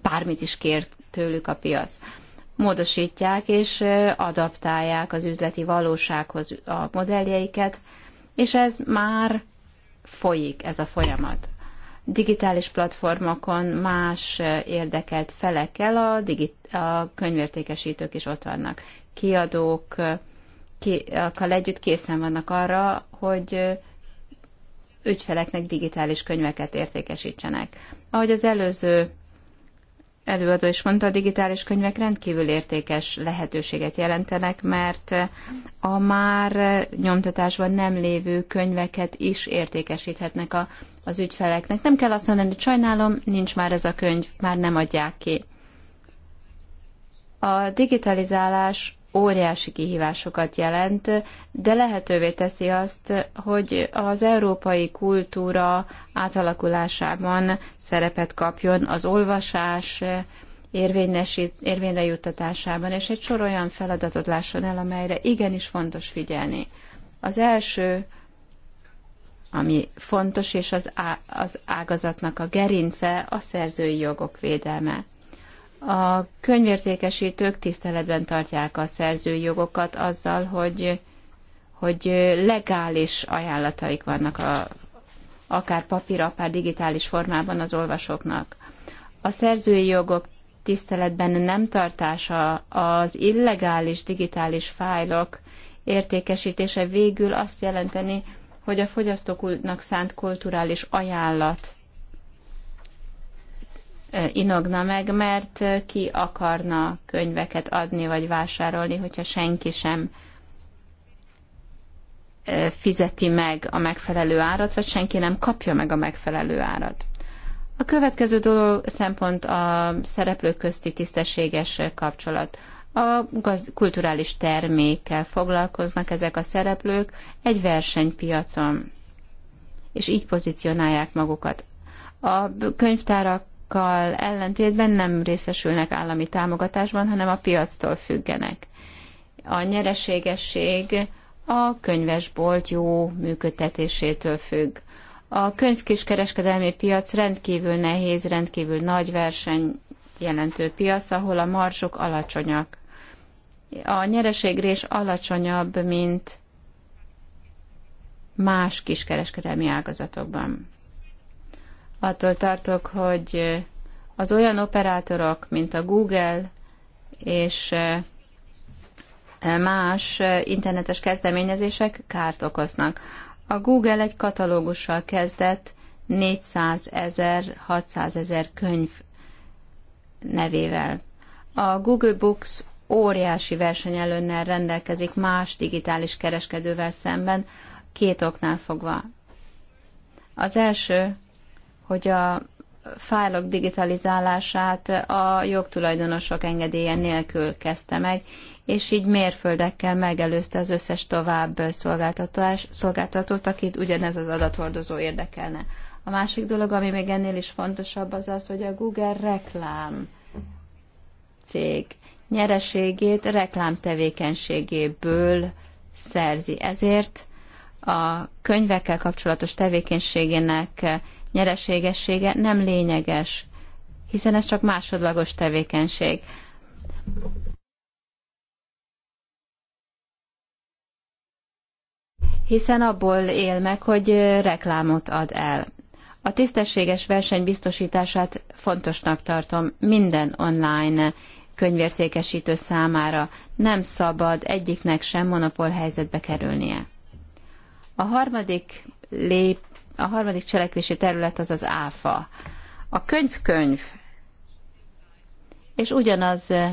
bármit is kér tőlük a piac. Módosítják és adaptálják az üzleti valósághoz a modelljeiket, és ez már folyik, ez a folyamat. Digitális platformokon más érdekelt felekkel a, digi- a könyvértékesítők is ott vannak. Kiadók, együtt készen vannak arra, hogy ügyfeleknek digitális könyveket értékesítsenek. Ahogy az előző előadó is mondta, a digitális könyvek rendkívül értékes lehetőséget jelentenek, mert a már nyomtatásban nem lévő könyveket is értékesíthetnek a, az ügyfeleknek. Nem kell azt mondani, hogy sajnálom, nincs már ez a könyv, már nem adják ki. A digitalizálás óriási kihívásokat jelent, de lehetővé teszi azt, hogy az európai kultúra átalakulásában szerepet kapjon az olvasás érvényre juttatásában, és egy sor olyan feladatot lásson el, amelyre igenis fontos figyelni. Az első, ami fontos, és az, á, az ágazatnak a gerince, a szerzői jogok védelme. A könyvértékesítők tiszteletben tartják a szerzői jogokat azzal, hogy, hogy legális ajánlataik vannak a, akár papír, akár digitális formában az olvasóknak. A szerzői jogok tiszteletben nem tartása az illegális digitális fájlok értékesítése végül azt jelenteni, hogy a fogyasztóknak szánt kulturális ajánlat inogna meg, mert ki akarna könyveket adni vagy vásárolni, hogyha senki sem fizeti meg a megfelelő árat, vagy senki nem kapja meg a megfelelő árat. A következő dolog szempont a szereplők közti tisztességes kapcsolat. A kulturális termékkel foglalkoznak ezek a szereplők egy versenypiacon, és így pozícionálják magukat. A könyvtárak bankokkal ellentétben nem részesülnek állami támogatásban, hanem a piactól függenek. A nyereségesség a könyvesbolt jó működtetésétől függ. A könyvkiskereskedelmi piac rendkívül nehéz, rendkívül nagy verseny jelentő piac, ahol a marzsok alacsonyak. A nyereségrés alacsonyabb, mint más kiskereskedelmi ágazatokban attól tartok, hogy az olyan operátorok, mint a Google és más internetes kezdeményezések kárt okoznak. A Google egy katalógussal kezdett 400 ezer, 600 ezer könyv nevével. A Google Books óriási versenyelőnnel rendelkezik más digitális kereskedővel szemben, két oknál fogva. Az első, hogy a fájlok digitalizálását a jogtulajdonosok engedélye nélkül kezdte meg, és így mérföldekkel megelőzte az összes tovább szolgáltatás, szolgáltatót, akit ugyanez az adathordozó érdekelne. A másik dolog, ami még ennél is fontosabb, az az, hogy a Google reklám cég nyereségét reklám tevékenységéből szerzi. Ezért a könyvekkel kapcsolatos tevékenységének nyereségessége nem lényeges, hiszen ez csak másodlagos tevékenység. Hiszen abból él meg, hogy reklámot ad el. A tisztességes verseny biztosítását fontosnak tartom minden online könyvértékesítő számára. Nem szabad egyiknek sem monopól helyzetbe kerülnie. A harmadik lép, a harmadik cselekvési terület az az áfa. A könyv-könyv, és ugyanaz eh,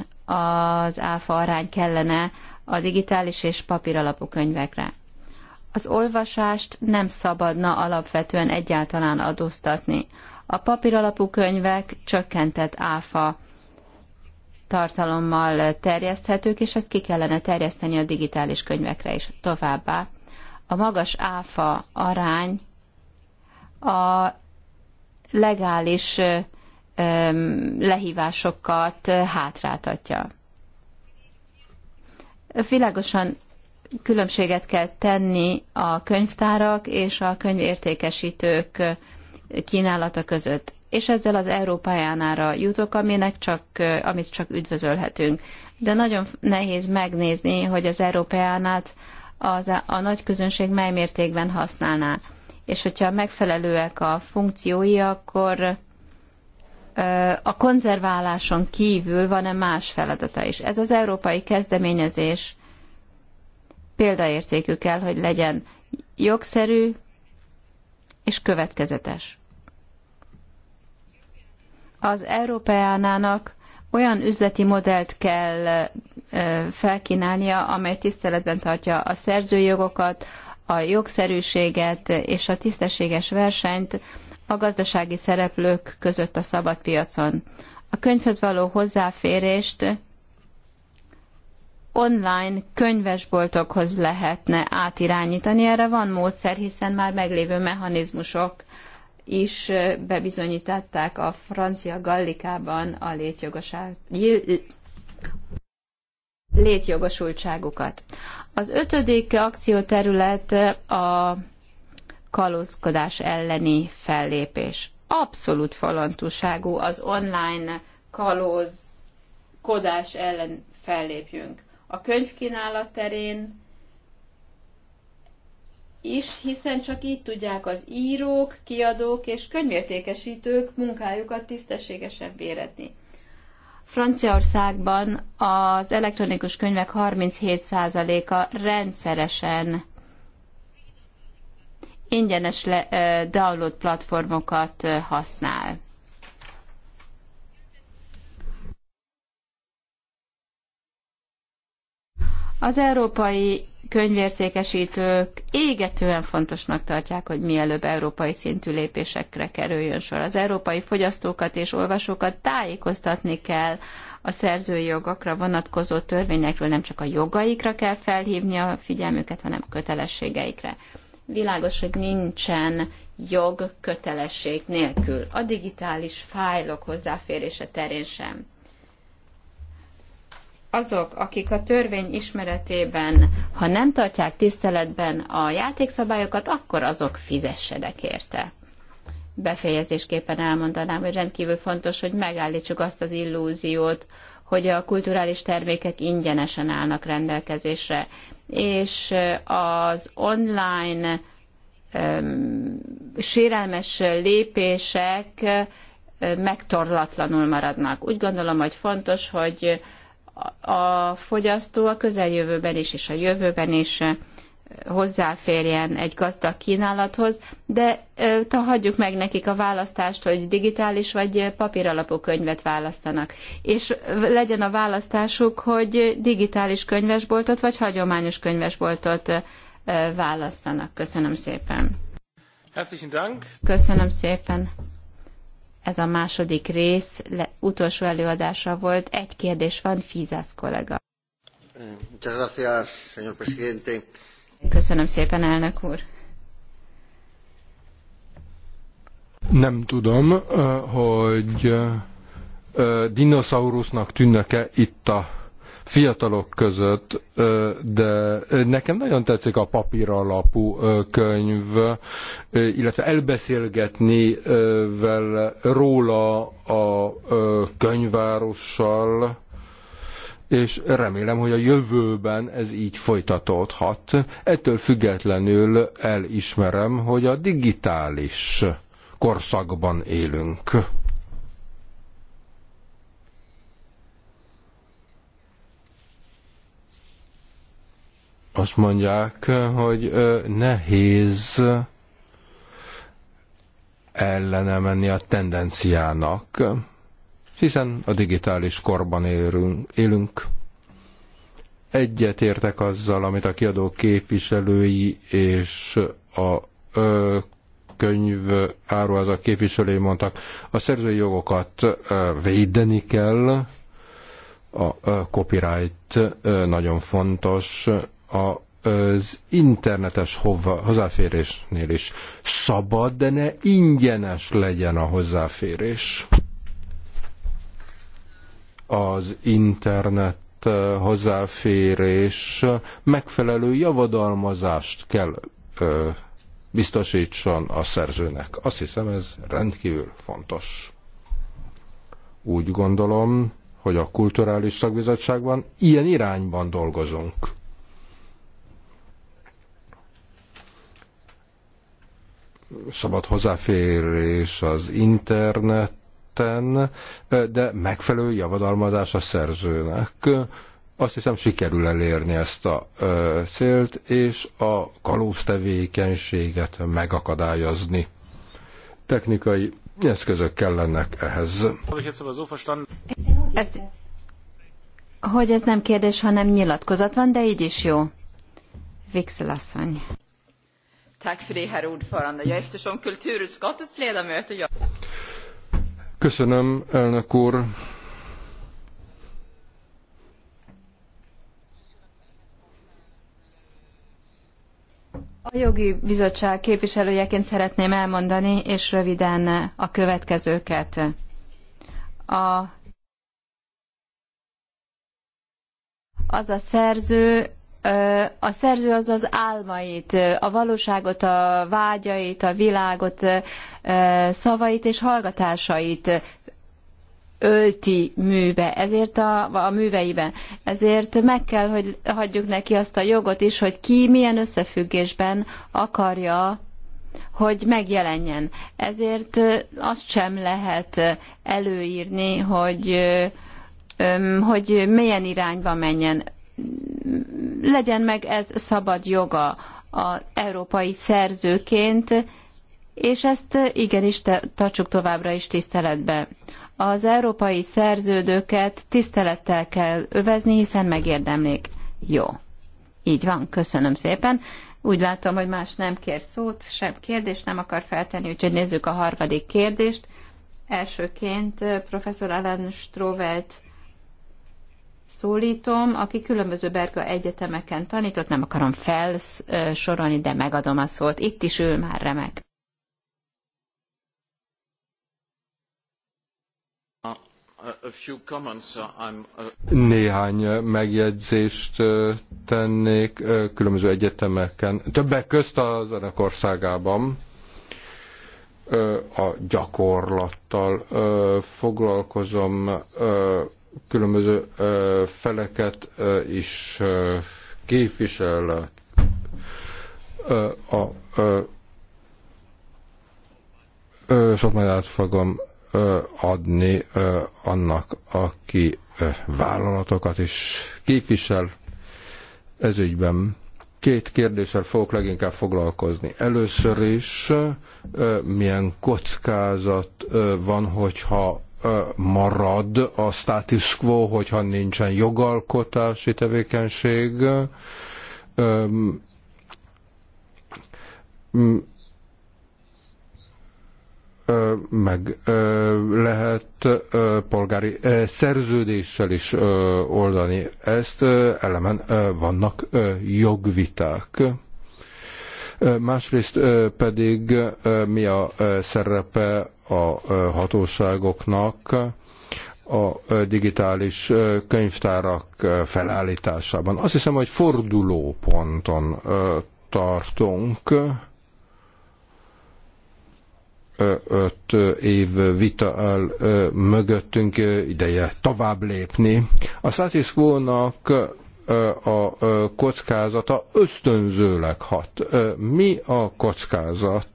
az áfa arány kellene a digitális és papíralapú könyvekre. Az olvasást nem szabadna alapvetően egyáltalán adóztatni. A papíralapú könyvek csökkentett áfa tartalommal terjeszthetők, és ezt ki kellene terjeszteni a digitális könyvekre is. Továbbá a magas áfa arány a legális lehívásokat hátráltatja. Világosan különbséget kell tenni a könyvtárak és a könyvértékesítők kínálata között. És ezzel az Európájánára jutok, aminek csak, amit csak üdvözölhetünk. De nagyon nehéz megnézni, hogy az Európájánát az, a nagy közönség mely mértékben használná és hogyha megfelelőek a funkciói, akkor a konzerváláson kívül van-e más feladata is. Ez az európai kezdeményezés példaértékű kell, hogy legyen jogszerű és következetes. Az Európeánának olyan üzleti modellt kell felkínálnia, amely tiszteletben tartja a szerzőjogokat, a jogszerűséget és a tisztességes versenyt a gazdasági szereplők között a szabad piacon. A könyvhöz való hozzáférést online könyvesboltokhoz lehetne átirányítani. Erre van módszer, hiszen már meglévő mechanizmusok is bebizonyították a francia gallikában a létjogosá... létjogosultságukat. Az ötödik akcióterület a kalózkodás elleni fellépés. Abszolút falantúságú az online kalózkodás ellen fellépjünk. A könyvkínálat terén is, hiszen csak így tudják az írók, kiadók és könyvértékesítők munkájukat tisztességesen véredni. Franciaországban az elektronikus könyvek 37%-a rendszeresen ingyenes le, download platformokat használ. Az európai könyvértékesítők égetően fontosnak tartják, hogy mielőbb európai szintű lépésekre kerüljön sor. Az európai fogyasztókat és olvasókat tájékoztatni kell a szerzői jogokra vonatkozó törvényekről, nem csak a jogaikra kell felhívni a figyelmüket, hanem a kötelességeikre. Világos, hogy nincsen jog kötelesség nélkül. A digitális fájlok hozzáférése terén sem azok, akik a törvény ismeretében, ha nem tartják tiszteletben a játékszabályokat, akkor azok fizessenek érte. Befejezésképpen elmondanám, hogy rendkívül fontos, hogy megállítsuk azt az illúziót, hogy a kulturális termékek ingyenesen állnak rendelkezésre, és az online um, sérelmes lépések megtorlatlanul maradnak. Úgy gondolom, hogy fontos, hogy a fogyasztó a közeljövőben is és a jövőben is hozzáférjen egy gazdag kínálathoz, de ta hagyjuk meg nekik a választást, hogy digitális vagy papíralapú könyvet választanak. És legyen a választásuk, hogy digitális könyvesboltot vagy hagyományos könyvesboltot választanak. Köszönöm szépen. Köszönöm szépen ez a második rész le, utolsó előadása volt. Egy kérdés van, Fizász kollega. Köszönöm szépen, elnök úr. Nem tudom, eh, hogy eh, eh, dinoszaurusznak tűnnek-e itt a fiatalok között, de nekem nagyon tetszik a papír alapú könyv, illetve elbeszélgetni vele róla a könyvvárossal, és remélem, hogy a jövőben ez így folytatódhat. Ettől függetlenül elismerem, hogy a digitális korszakban élünk. azt mondják, hogy nehéz ellene menni a tendenciának, hiszen a digitális korban élünk. élünk. Egyet értek azzal, amit a kiadó képviselői és a ö, könyv áruházak képviselői mondtak. A szerzői jogokat ö, védeni kell, a copyright nagyon fontos, a az internetes hozzáférésnél is szabad, de ne ingyenes legyen a hozzáférés. Az internet hozzáférés megfelelő javadalmazást kell ö, biztosítson a szerzőnek. Azt hiszem ez rendkívül fontos. Úgy gondolom, hogy a kulturális szakbizottságban ilyen irányban dolgozunk szabad hozzáférés az interneten, de megfelelő javadalmazás a szerzőnek. Azt hiszem sikerül elérni ezt a célt, és a kalóz tevékenységet megakadályozni. Technikai eszközök kellenek ehhez. Ezt, hogy ez nem kérdés, hanem nyilatkozat van, de így is jó. Vixel asszony. Tack för det, herr ordförande. Ja, eftersom kulturutskottets ledamöter... Jag... Köszönöm, elnök úr. A jogi bizottság képviselőjeként szeretném elmondani, és röviden a következőket. A, az a szerző, a szerző az az álmait, a valóságot, a vágyait, a világot, szavait és hallgatásait ölti műbe, ezért a, a műveiben. Ezért meg kell, hogy hagyjuk neki azt a jogot is, hogy ki milyen összefüggésben akarja, hogy megjelenjen. Ezért azt sem lehet előírni, hogy hogy milyen irányba menjen legyen meg ez szabad joga az európai szerzőként, és ezt igenis tartsuk továbbra is tiszteletben. Az európai szerződőket tisztelettel kell övezni, hiszen megérdemlik. Jó. Így van, köszönöm szépen. Úgy látom, hogy más nem kér szót, sem kérdést nem akar feltenni, úgyhogy nézzük a harmadik kérdést. Elsőként eh, professzor Alan Strovelt szólítom, aki különböző Berga egyetemeken tanított, nem akarom felsorolni, de megadom a szót. Itt is ül már remek. Néhány megjegyzést tennék különböző egyetemeken, többek közt az önök országában a gyakorlattal foglalkozom különböző feleket is képvisel a sok mindent fogom adni annak, aki vállalatokat is képvisel ez ügyben. Két kérdéssel fogok leginkább foglalkozni. Először is, milyen kockázat van, hogyha marad a status quo, hogyha nincsen jogalkotási tevékenység. meg lehet polgári szerződéssel is oldani ezt, elemen vannak jogviták. Másrészt pedig mi a szerepe a hatóságoknak a digitális könyvtárak felállításában. Azt hiszem, hogy fordulóponton tartunk öt év vita el mögöttünk ideje tovább lépni. A status quo-nak a kockázata ösztönzőleg hat. Mi a kockázat?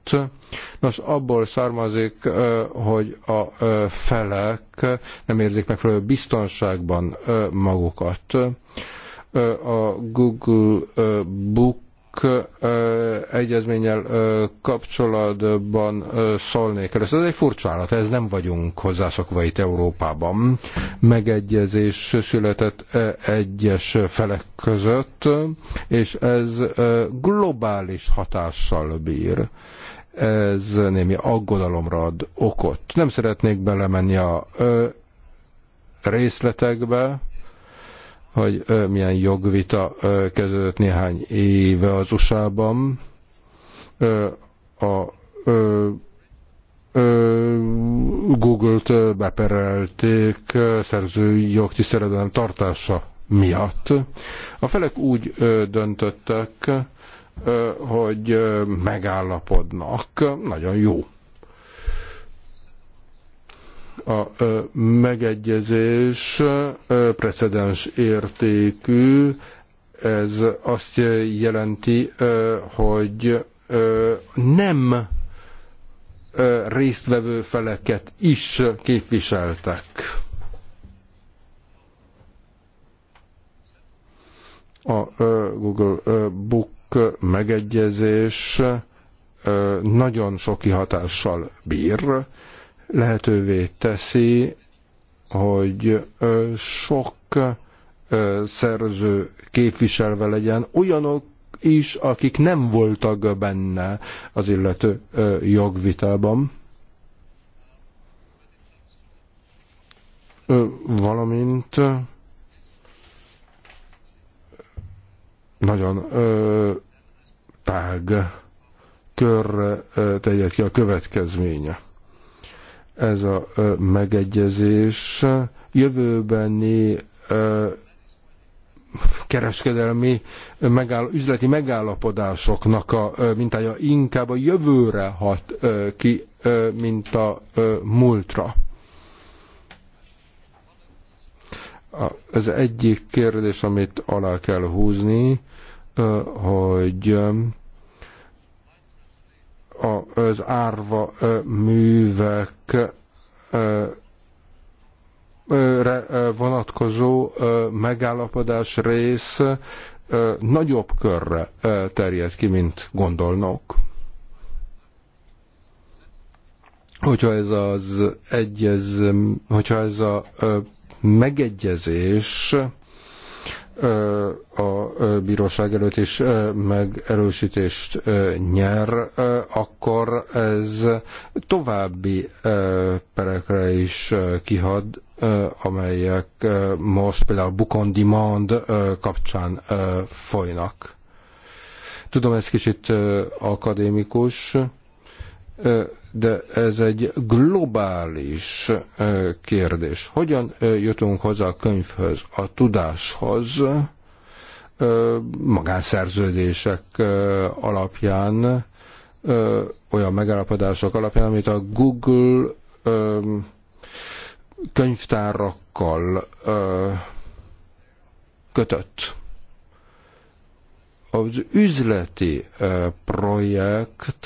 Nos, abból származik, hogy a felek nem érzik meg megfelelő biztonságban magukat. A Google Book egyezménnyel kapcsolatban szólnék először. Ez egy furcsa állat, ez nem vagyunk hozzászokva itt Európában. Megegyezés született egyes felek között, és ez globális hatással bír. Ez némi aggodalomra ad okot. Nem szeretnék belemenni a részletekbe, hogy milyen jogvita kezdődött néhány éve az USA-ban. A Google-t beperelték szerzői jogtiszteletben tartása miatt. A felek úgy döntöttek, hogy megállapodnak. Nagyon jó a megegyezés precedens értékű, ez azt jelenti, hogy nem résztvevő feleket is képviseltek. A Google Book megegyezés nagyon sok kihatással bír, lehetővé teszi, hogy sok szerző képviselve legyen, olyanok is, akik nem voltak benne az illető jogvitában. Valamint nagyon tág kör tegye ki a következménye ez a megegyezés jövőbeni kereskedelmi megáll, üzleti megállapodásoknak a mintája inkább a jövőre hat ki, mint a múltra. Ez egyik kérdés, amit alá kell húzni, hogy az árva művek vonatkozó megállapodás rész nagyobb körre terjed ki, mint gondolnok. Hogyha ez az egyez, hogyha ez a megegyezés a bíróság előtt is megerősítést nyer, akkor ez további perekre is kihad, amelyek most például Bukon Demand kapcsán folynak. Tudom, ez kicsit akadémikus, de ez egy globális kérdés. Hogyan jutunk hozzá a könyvhöz, a tudáshoz, magánszerződések alapján, olyan megállapodások alapján, amit a Google könyvtárakkal kötött az üzleti projekt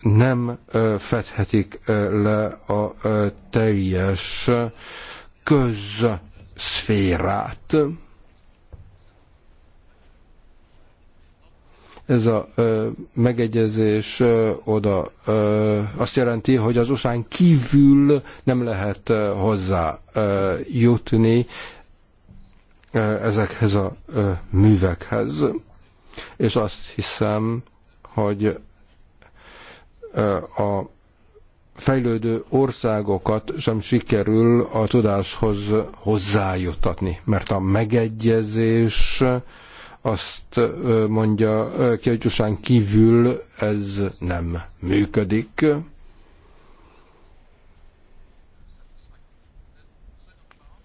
nem fedhetik le a teljes közszférát. ez a ö, megegyezés ö, oda ö, azt jelenti, hogy az usa kívül nem lehet ö, hozzá ö, jutni ö, ezekhez a ö, művekhez. És azt hiszem, hogy a fejlődő országokat sem sikerül a tudáshoz hozzájuttatni, mert a megegyezés azt mondja Kiotyusán kívül ez nem működik.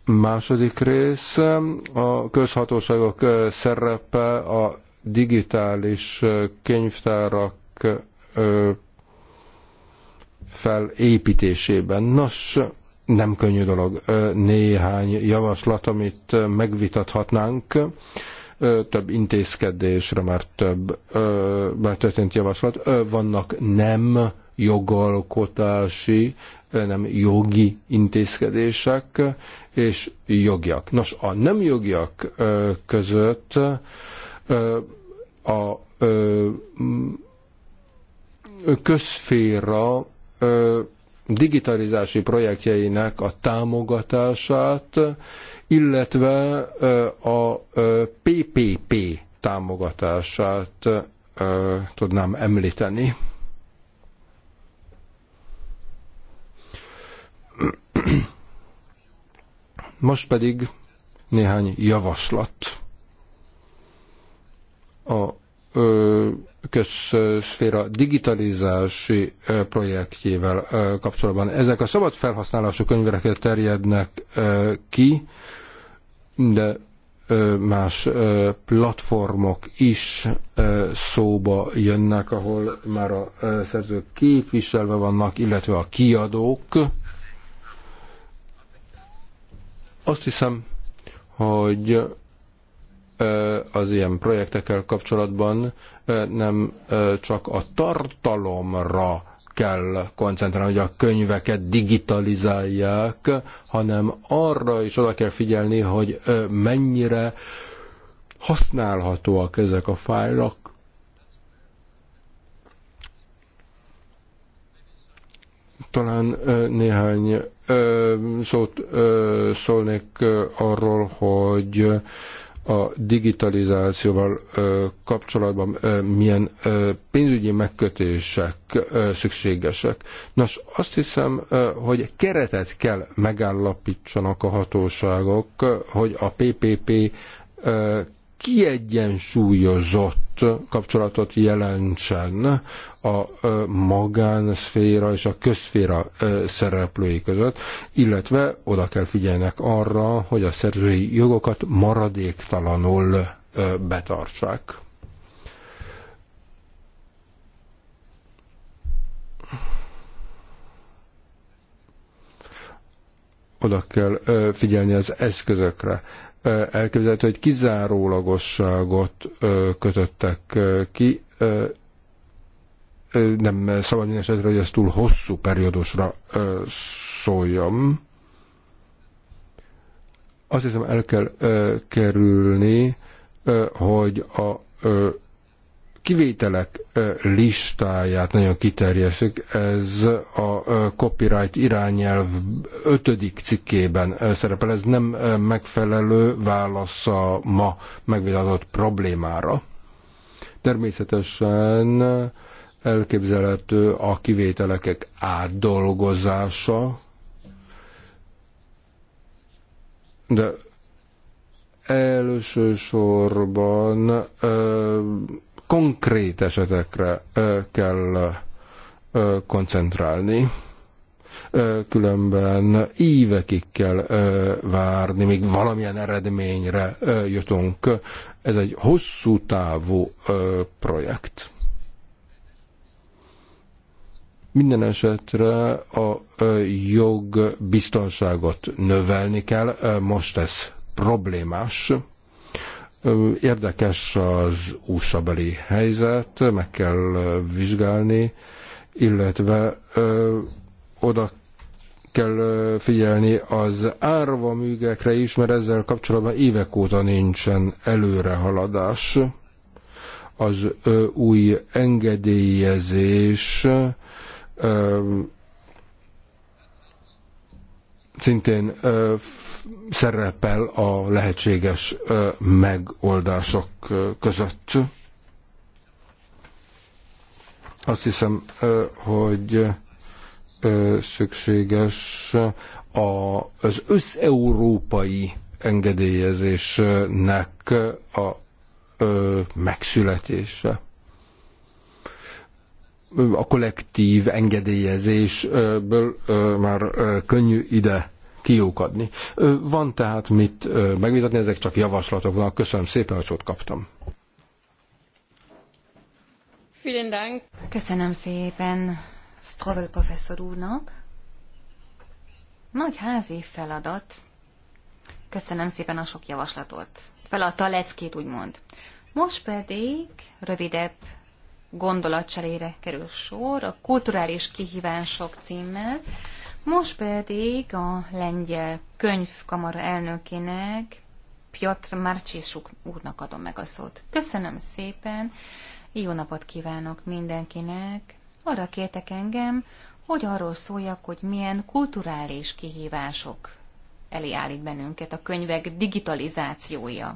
Második rész, a közhatóságok szerepe a digitális könyvtárak felépítésében. Nos, nem könnyű dolog. Néhány javaslat, amit megvitathatnánk. Több intézkedésre már több már történt javaslat. Vannak nem jogalkotási, nem jogi intézkedések és jogiak. Nos, a nem jogiak között a közféra digitalizási projektjeinek a támogatását, illetve a PPP támogatását tudnám említeni. Most pedig néhány javaslat a közszféra digitalizási projektjével kapcsolatban. Ezek a szabad felhasználású könyvereket terjednek ki, de más platformok is szóba jönnek, ahol már a szerzők képviselve vannak, illetve a kiadók. Azt hiszem, hogy az ilyen projektekkel kapcsolatban nem csak a tartalomra kell koncentrálni, hogy a könyveket digitalizálják, hanem arra is oda kell figyelni, hogy mennyire használhatóak ezek a fájlok. Talán néhány szót szólnék arról, hogy a digitalizációval kapcsolatban milyen pénzügyi megkötések szükségesek. Nos, azt hiszem, hogy keretet kell megállapítsanak a hatóságok, hogy a PPP kiegyensúlyozott kapcsolatot jelentsen a magánszféra és a közszféra szereplői között, illetve oda kell figyelnek arra, hogy a szerzői jogokat maradéktalanul betartsák. Oda kell figyelni az eszközökre elképzelhető, hogy kizárólagosságot kötöttek ki. Nem szabad minden esetre, hogy ez túl hosszú periódusra szóljam. Azt hiszem, el kell kerülni, hogy a kivételek listáját nagyon kiterjesztük. Ez a copyright irányelv ötödik cikkében szerepel. Ez nem megfelelő válasz a ma megvilágított problémára. Természetesen elképzelhető a kivételek átdolgozása, de elsősorban ö, konkrét esetekre kell koncentrálni. Különben évekig kell várni, míg valamilyen eredményre jutunk. Ez egy hosszú távú projekt. Minden esetre a biztonságot növelni kell, most ez problémás Érdekes az usa helyzet, meg kell vizsgálni, illetve ö, oda kell figyelni az árva műgekre is, mert ezzel kapcsolatban évek óta nincsen előrehaladás. Az ö, új engedélyezés ö, szintén szerepel a lehetséges megoldások között. Azt hiszem, hogy szükséges az összeurópai engedélyezésnek a megszületése a kollektív engedélyezésből már könnyű ide kiukadni. Van tehát mit megvitatni, ezek csak javaslatok vannak. Köszönöm szépen, hogy szót kaptam. Köszönöm szépen Strovel professzor úrnak. Nagy házi feladat. Köszönöm szépen a sok javaslatot. Feladta a leckét, úgymond. Most pedig rövidebb gondolatcserére kerül sor a kulturális kihívások címmel. Most pedig a lengyel könyvkamara elnökének, Piotr Marcsisuk úrnak adom meg a szót. Köszönöm szépen, jó napot kívánok mindenkinek. Arra kértek engem, hogy arról szóljak, hogy milyen kulturális kihívások elé állít bennünket a könyvek digitalizációja.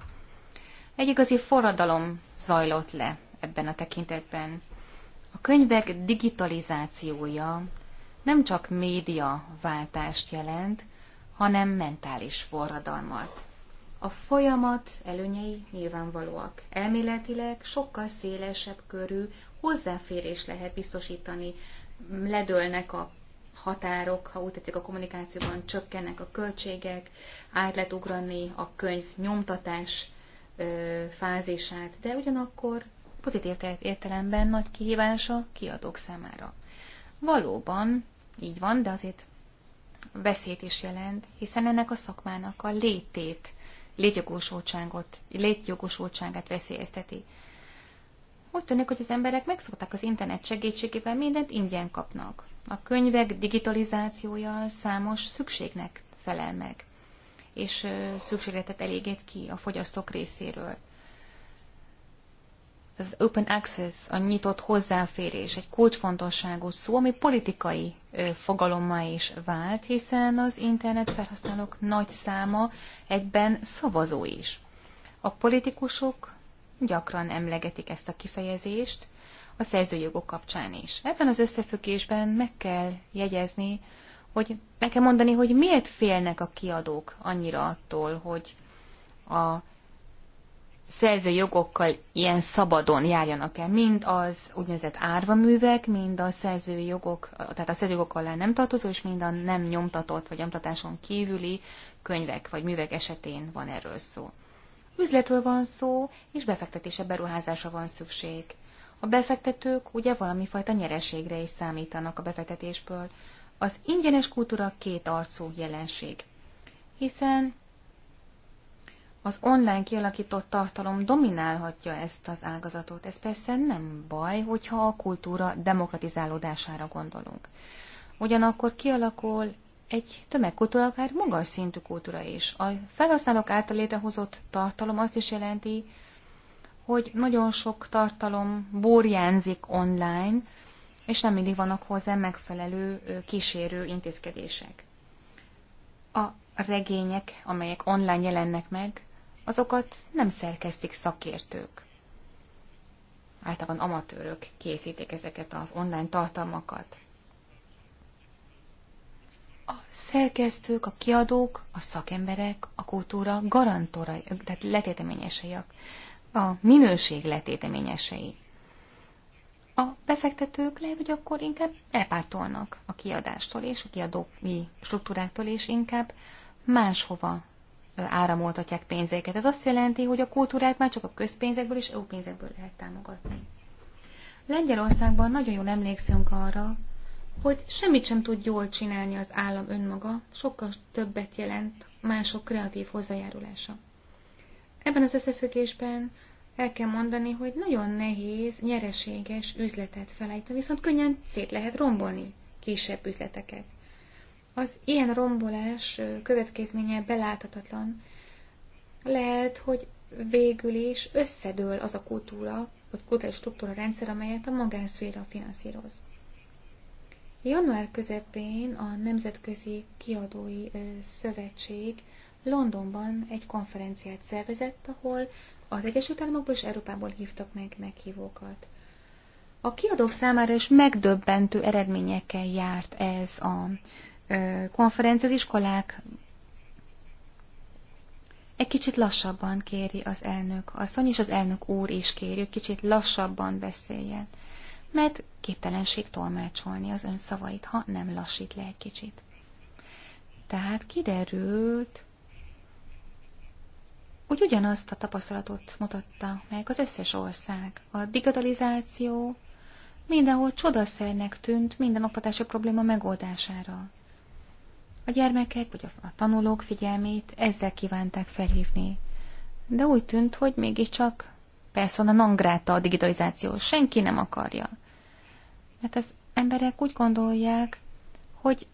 Egy igazi forradalom zajlott le ebben a tekintetben. A könyvek digitalizációja nem csak médiaváltást jelent, hanem mentális forradalmat. A folyamat előnyei nyilvánvalóak. Elméletileg sokkal szélesebb körű hozzáférés lehet biztosítani, ledőlnek a határok, ha úgy tetszik a kommunikációban, csökkennek a költségek, át lehet ugrani a könyv nyomtatás ö, fázisát, de ugyanakkor pozitív értelemben nagy kihívás a kiadók számára. Valóban így van, de azért veszélyt is jelent, hiszen ennek a szakmának a létét, létjogosultságot, létjogosultságát veszélyezteti. Úgy tűnik, hogy az emberek megszokták az internet segítségével mindent ingyen kapnak. A könyvek digitalizációja számos szükségnek felel meg, és szükségletet elégít ki a fogyasztók részéről az open access, a nyitott hozzáférés egy kulcsfontosságú szó, ami politikai fogalommal is vált, hiszen az internet felhasználók nagy száma egyben szavazó is. A politikusok gyakran emlegetik ezt a kifejezést a szerzőjogok kapcsán is. Ebben az összefüggésben meg kell jegyezni, hogy meg kell mondani, hogy miért félnek a kiadók annyira attól, hogy a jogokkal ilyen szabadon járjanak el, mind az úgynevezett árva művek, mind a szerzői jogok, tehát a jogok alá nem tartozó, és mind a nem nyomtatott vagy nyomtatáson kívüli könyvek vagy művek esetén van erről szó. Üzletről van szó, és befektetése beruházásra van szükség. A befektetők ugye valami fajta nyereségre is számítanak a befektetésből. Az ingyenes kultúra két arcú jelenség, hiszen az online kialakított tartalom dominálhatja ezt az ágazatot. Ez persze nem baj, hogyha a kultúra demokratizálódására gondolunk. Ugyanakkor kialakul egy tömegkultúra, akár magas szintű kultúra is. A felhasználók által létrehozott tartalom azt is jelenti, hogy nagyon sok tartalom borjánzik online, és nem mindig vannak hozzá megfelelő kísérő intézkedések. A regények, amelyek online jelennek meg, azokat nem szerkesztik szakértők. Általában amatőrök készítik ezeket az online tartalmakat. A szerkesztők, a kiadók, a szakemberek, a kultúra garantorai, tehát letéteményesei, a minőség letéteményesei. A befektetők lehet, hogy akkor inkább elpártolnak a kiadástól és a kiadói struktúráktól, és inkább máshova áramoltatják pénzéket, Ez azt jelenti, hogy a kultúrát már csak a közpénzekből és EU pénzekből lehet támogatni. Lengyelországban nagyon jól emlékszünk arra, hogy semmit sem tud jól csinálni az állam önmaga, sokkal többet jelent mások kreatív hozzájárulása. Ebben az összefüggésben el kell mondani, hogy nagyon nehéz nyereséges üzletet felejteni, viszont könnyen szét lehet rombolni kisebb üzleteket. Az ilyen rombolás következménye beláthatatlan. Lehet, hogy végül is összedől az a kultúra, vagy kultúra struktúra rendszer, amelyet a magánszféra finanszíroz. Január közepén a Nemzetközi Kiadói Szövetség Londonban egy konferenciát szervezett, ahol az Egyesült Államokból és Európából hívtak meg meghívókat. A kiadók számára is megdöbbentő eredményekkel járt ez a konferencia az iskolák egy kicsit lassabban kéri az elnök asszony, és az elnök úr is kéri, hogy kicsit lassabban beszéljen, mert képtelenség tolmácsolni az ön szavait, ha nem lassít le egy kicsit. Tehát kiderült, úgy ugyanazt a tapasztalatot mutatta meg az összes ország. A digitalizáció mindenhol csodaszernek tűnt minden oktatási probléma megoldására a gyermekek vagy a tanulók figyelmét ezzel kívánták felhívni. De úgy tűnt, hogy mégiscsak persze a nangráta a digitalizáció. Senki nem akarja. Mert az emberek úgy gondolják, hogy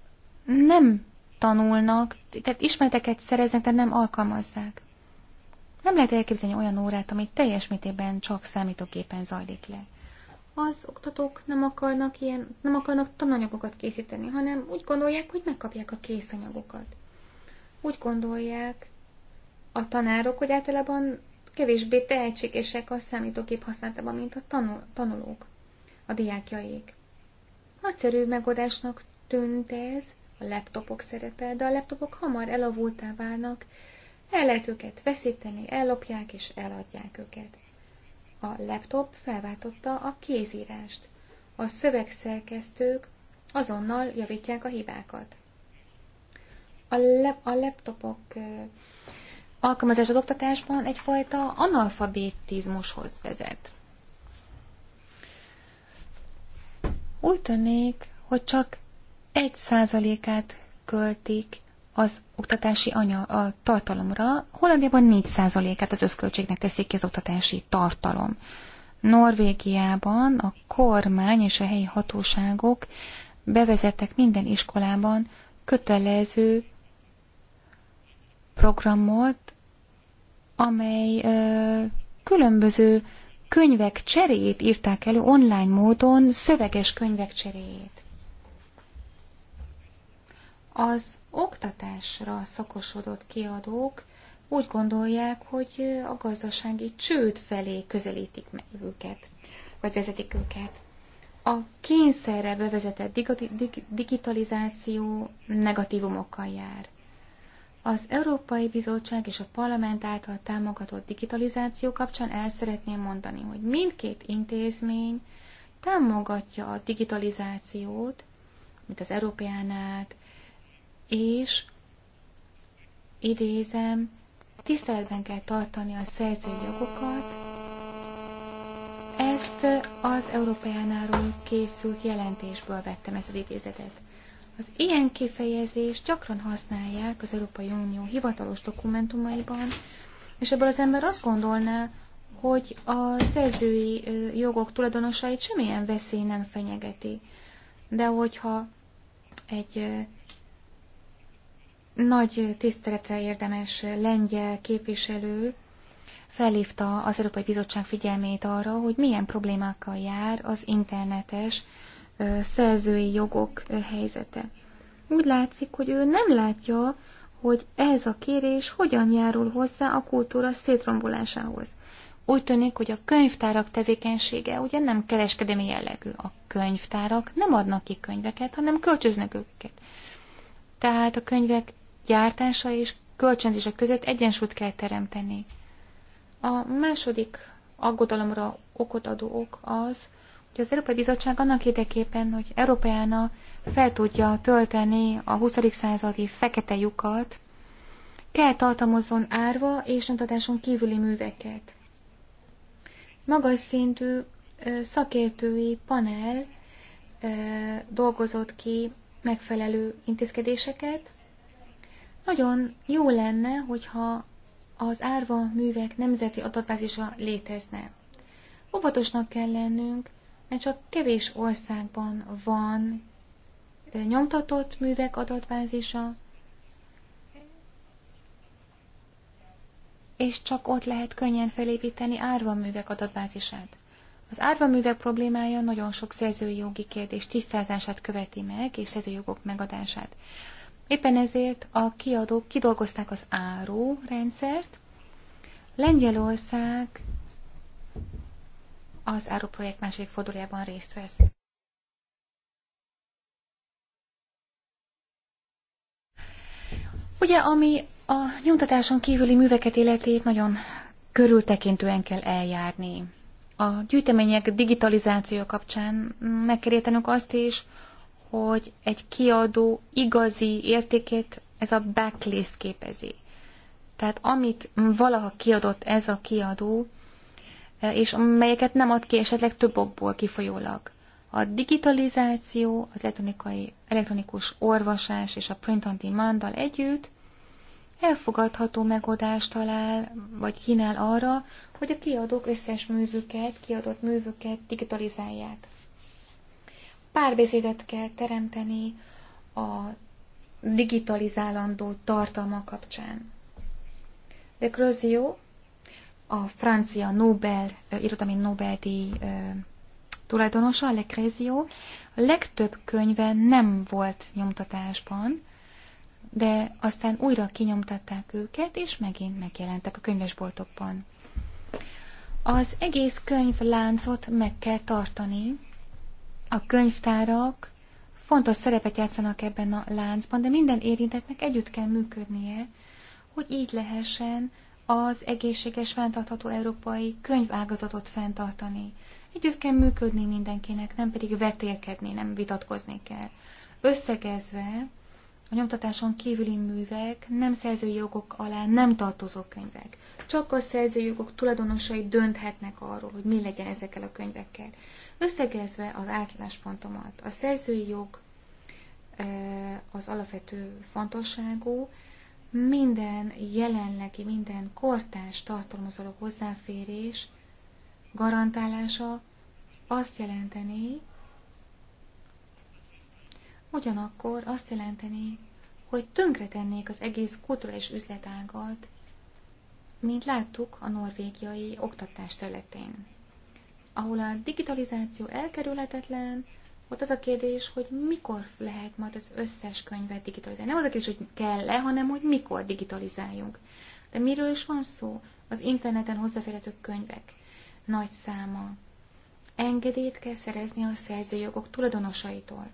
nem tanulnak, tehát ismereteket szereznek, de nem alkalmazzák. Nem lehet elképzelni olyan órát, ami teljes mértékben csak számítógépen zajlik le az oktatók nem akarnak, ilyen, nem akarnak tananyagokat készíteni, hanem úgy gondolják, hogy megkapják a készanyagokat. Úgy gondolják a tanárok, hogy általában kevésbé tehetségesek a számítógép használatában, mint a tanul, tanulók, a diákjaik. Nagyszerű megoldásnak tűnt ez, a laptopok szerepe, de a laptopok hamar elavultá válnak, el lehet őket veszíteni, ellopják és eladják őket. A laptop felváltotta a kézírást. A szövegszerkesztők azonnal javítják a hibákat. A, le- a laptopok alkalmazás az oktatásban egyfajta analfabétizmushoz vezet. Úgy tűnik, hogy csak egy százalékát költik az oktatási anya a tartalomra. Hollandiában 4%-át az összköltségnek teszik ki az oktatási tartalom. Norvégiában a kormány és a helyi hatóságok bevezettek minden iskolában kötelező programot, amely ö, különböző könyvek cseréjét írták elő online módon, szöveges könyvek cseréjét. Az oktatásra szakosodott kiadók úgy gondolják, hogy a gazdasági csőd felé közelítik meg őket, vagy vezetik őket. A kényszerre bevezetett digitalizáció negatívumokkal jár. Az Európai Bizottság és a Parlament által támogatott digitalizáció kapcsán el szeretném mondani, hogy mindkét intézmény támogatja a digitalizációt, mint az Európeánát, és idézem, tiszteletben kell tartani a szerzői jogokat. Ezt az Európeánáról készült jelentésből vettem ezt az idézetet. Az ilyen kifejezést gyakran használják az Európai Unió hivatalos dokumentumaiban, és ebből az ember azt gondolná, hogy a szerzői jogok tulajdonosait semmilyen veszély nem fenyegeti. De hogyha egy nagy tiszteletre érdemes lengyel képviselő felhívta az Európai Bizottság figyelmét arra, hogy milyen problémákkal jár az internetes szerzői jogok helyzete. Úgy látszik, hogy ő nem látja, hogy ez a kérés hogyan járul hozzá a kultúra szétrombolásához. Úgy tűnik, hogy a könyvtárak tevékenysége ugye nem kereskedelmi jellegű. A könyvtárak nem adnak ki könyveket, hanem kölcsöznek őket. Tehát a könyvek gyártása és kölcsönzése között egyensúlyt kell teremteni. A második aggodalomra okot adó ok az, hogy az Európai Bizottság annak érdekében, hogy Európájána fel tudja tölteni a 20. századi fekete lyukat, kell tartalmazzon árva és nyomtatáson kívüli műveket. Magas szintű szakértői panel dolgozott ki megfelelő intézkedéseket, nagyon jó lenne, hogyha az árva művek nemzeti adatbázisa létezne. Óvatosnak kell lennünk, mert csak kevés országban van nyomtatott művek adatbázisa, és csak ott lehet könnyen felépíteni árva művek adatbázisát. Az árva művek problémája nagyon sok szerzői jogi kérdés tisztázását követi meg, és szerzőjogok megadását. Éppen ezért a kiadók kidolgozták az rendszert. Lengyelország az áruprojekt második fordulójában részt vesz. Ugye, ami a nyomtatáson kívüli műveket életét nagyon körültekintően kell eljárni. A gyűjtemények digitalizáció kapcsán meg kell értenünk azt is, hogy egy kiadó igazi értékét ez a backlist képezi. Tehát amit valaha kiadott ez a kiadó, e, és amelyeket nem ad ki esetleg több okból kifolyólag. A digitalizáció, az elektronikai, elektronikus orvosás és a print on demand együtt elfogadható megoldást talál, vagy kínál arra, hogy a kiadók összes művüket, kiadott művüket digitalizálják párbeszédet kell teremteni a digitalizálandó tartalma kapcsán. De Crozio, a francia Nobel, irodalmi Nobel-díj tulajdonosa, Le Crozio, a legtöbb könyve nem volt nyomtatásban, de aztán újra kinyomtatták őket, és megint megjelentek a könyvesboltokban. Az egész könyvláncot meg kell tartani, a könyvtárak fontos szerepet játszanak ebben a láncban, de minden érintetnek együtt kell működnie, hogy így lehessen az egészséges, fenntartható európai könyvágazatot fenntartani. Együtt kell működni mindenkinek, nem pedig vetélkedni, nem vitatkozni kell. Összegezve, a nyomtatáson kívüli művek nem szerzői jogok alá nem tartozó könyvek csak a szerzőjogok tulajdonosai dönthetnek arról, hogy mi legyen ezekkel a könyvekkel. Összegezve az átláspontomat, a szerzői jog az alapvető fontosságú, minden jelenlegi, minden kortárs tartalmazoló hozzáférés garantálása azt jelenteni, ugyanakkor azt jelenteni, hogy tönkretennék az egész kulturális üzletágat, mint láttuk a norvégiai oktatás területén. Ahol a digitalizáció elkerülhetetlen, ott az a kérdés, hogy mikor lehet majd az összes könyvet digitalizálni. Nem az a kérdés, hogy kell-e, hanem hogy mikor digitalizáljunk. De miről is van szó? Az interneten hozzáférhető könyvek nagy száma. Engedélyt kell szerezni a szerzőjogok tulajdonosaitól.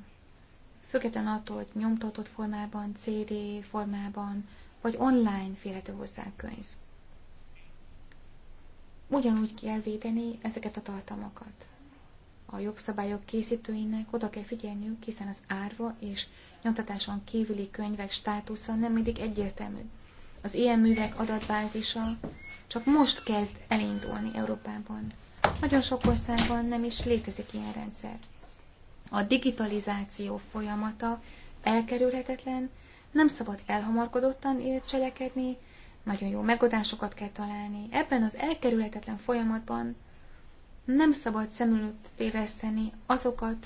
Független attól, hogy nyomtatott formában, CD formában, vagy online férhető hozzá könyv ugyanúgy kell védeni ezeket a tartalmakat. A jogszabályok készítőinek oda kell figyelniük, hiszen az árva és nyomtatáson kívüli könyvek státusza nem mindig egyértelmű. Az ilyen művek adatbázisa csak most kezd elindulni Európában. Nagyon sok országban nem is létezik ilyen rendszer. A digitalizáció folyamata elkerülhetetlen, nem szabad elhamarkodottan cselekedni, nagyon jó megoldásokat kell találni. Ebben az elkerülhetetlen folyamatban nem szabad szem előtt téveszteni azokat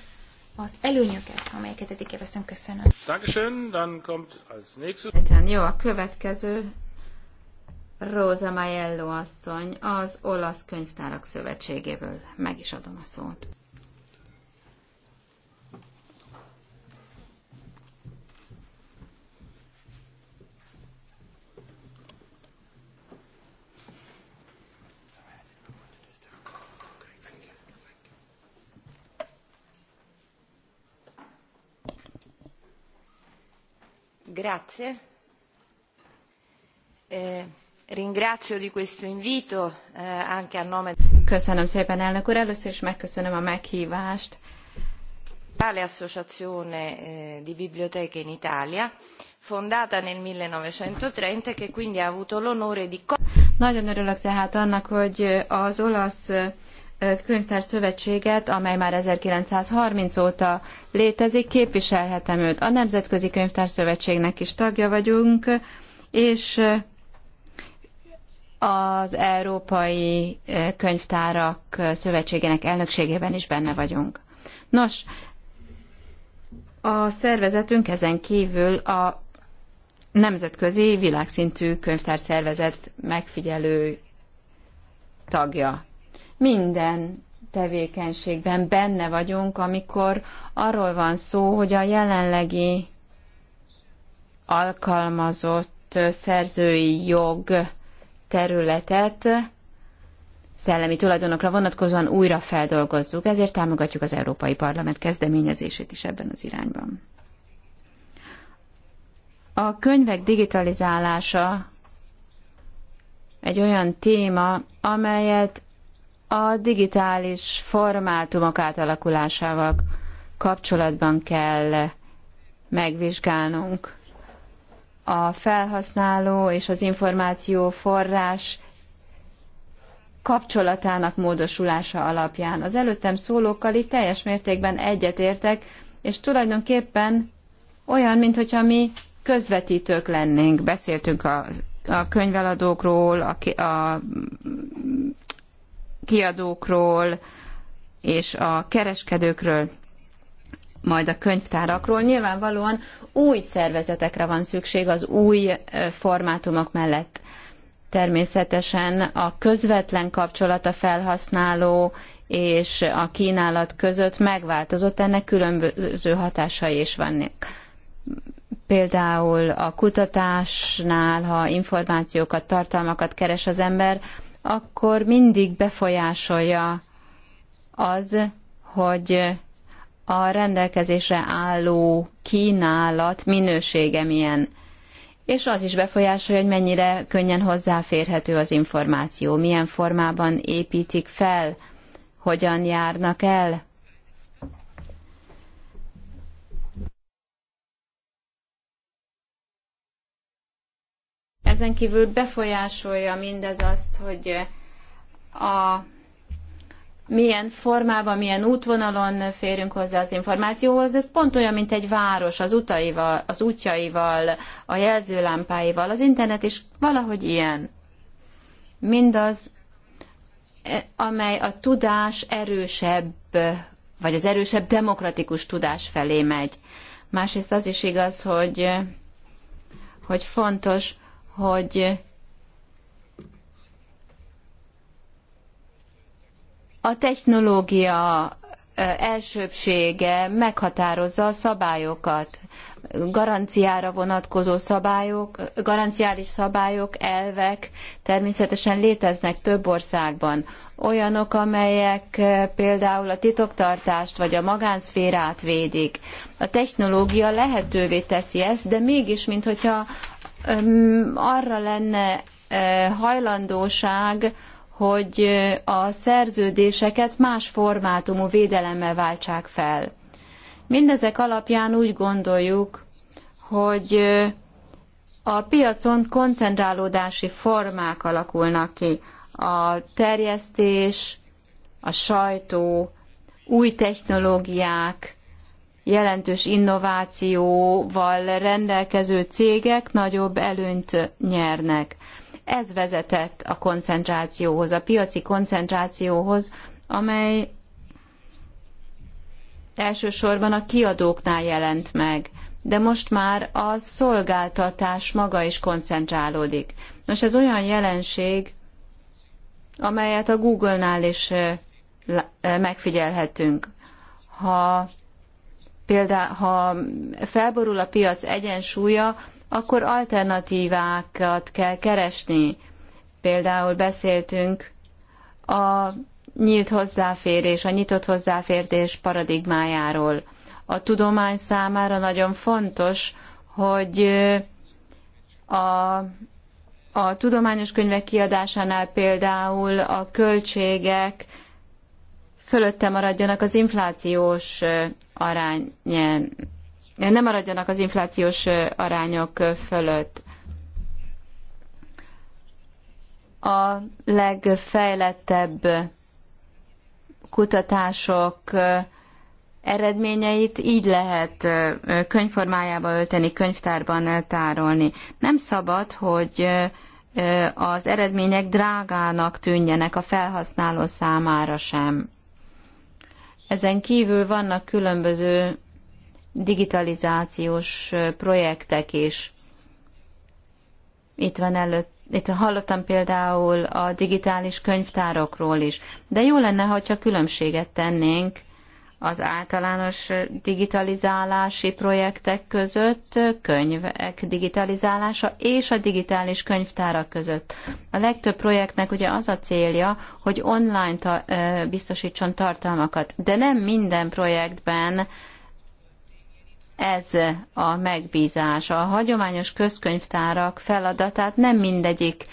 az előnyöket, amelyeket eddig élveztünk. Köszönöm. Dankeschön, dann kommt als nächstes. Jó, a következő Rosa Maiello asszony az Olasz Könyvtárak Szövetségéből. Meg is adom a szót. Grazie. Eh, ringrazio di questo invito eh, anche a nome... Köszönöm szépen, elnök úr. Először is megköszönöm a meghívást. Tale associazione eh, di biblioteche in Italia, fondata nel 1930, che quindi ha avuto l'onore di... Nagyon örülök tehát annak, hogy az olasz Könyvtár Szövetséget, amely már 1930 óta létezik, képviselhetem őt. A Nemzetközi Könyvtár Szövetségnek is tagja vagyunk, és az Európai Könyvtárak Szövetségének elnökségében is benne vagyunk. Nos, a szervezetünk ezen kívül a nemzetközi világszintű könyvtárszervezet megfigyelő tagja minden tevékenységben benne vagyunk, amikor arról van szó, hogy a jelenlegi alkalmazott szerzői jog területet szellemi tulajdonokra vonatkozóan újra feldolgozzuk, ezért támogatjuk az Európai Parlament kezdeményezését is ebben az irányban. A könyvek digitalizálása egy olyan téma, amelyet a digitális formátumok átalakulásával kapcsolatban kell megvizsgálnunk. A felhasználó és az információ forrás kapcsolatának módosulása alapján. Az előttem szólókkal itt teljes mértékben egyetértek, és tulajdonképpen olyan, mintha mi közvetítők lennénk. Beszéltünk a, a könyveladókról, a, a kiadókról és a kereskedőkről, majd a könyvtárakról. Nyilvánvalóan új szervezetekre van szükség az új formátumok mellett. Természetesen a közvetlen kapcsolat a felhasználó és a kínálat között megváltozott, ennek különböző hatásai is vannak. Például a kutatásnál, ha információkat, tartalmakat keres az ember, akkor mindig befolyásolja az, hogy a rendelkezésre álló kínálat minősége milyen. És az is befolyásolja, hogy mennyire könnyen hozzáférhető az információ, milyen formában építik fel, hogyan járnak el Ezen kívül befolyásolja mindez azt, hogy a milyen formában, milyen útvonalon férünk hozzá az információhoz. Ez pont olyan, mint egy város az utaival, az útjaival, a jelzőlámpáival. Az internet is valahogy ilyen. Mindaz, e, amely a tudás erősebb, vagy az erősebb demokratikus tudás felé megy. Másrészt az is igaz, hogy, hogy fontos, hogy a technológia elsőbsége meghatározza a szabályokat. Garanciára vonatkozó szabályok, garanciális szabályok, elvek természetesen léteznek több országban. Olyanok, amelyek például a titoktartást vagy a magánszférát védik. A technológia lehetővé teszi ezt, de mégis, mintha arra lenne hajlandóság, hogy a szerződéseket más formátumú védelemmel váltsák fel. Mindezek alapján úgy gondoljuk, hogy a piacon koncentrálódási formák alakulnak ki. A terjesztés, a sajtó, új technológiák, jelentős innovációval rendelkező cégek nagyobb előnyt nyernek. Ez vezetett a koncentrációhoz, a piaci koncentrációhoz, amely elsősorban a kiadóknál jelent meg, de most már a szolgáltatás maga is koncentrálódik. Nos, ez olyan jelenség, amelyet a Google-nál is eh, eh, megfigyelhetünk. Ha például, ha felborul a piac egyensúlya, akkor alternatívákat kell keresni. Például beszéltünk a nyílt hozzáférés, a nyitott hozzáférés paradigmájáról. A tudomány számára nagyon fontos, hogy a, a tudományos könyvek kiadásánál például a költségek, fölötte maradjanak az inflációs arány, nem maradjanak az inflációs arányok fölött. A legfejlettebb kutatások eredményeit így lehet könyvformájába ölteni, könyvtárban tárolni. Nem szabad, hogy az eredmények drágának tűnjenek a felhasználó számára sem. Ezen kívül vannak különböző digitalizációs projektek is. Itt van előtt itt hallottam például a digitális könyvtárokról is, de jó lenne, ha csak különbséget tennénk az általános digitalizálási projektek között, könyvek digitalizálása és a digitális könyvtárak között. A legtöbb projektnek ugye az a célja, hogy online ta, biztosítson tartalmakat, de nem minden projektben ez a megbízás. A hagyományos közkönyvtárak feladatát nem mindegyik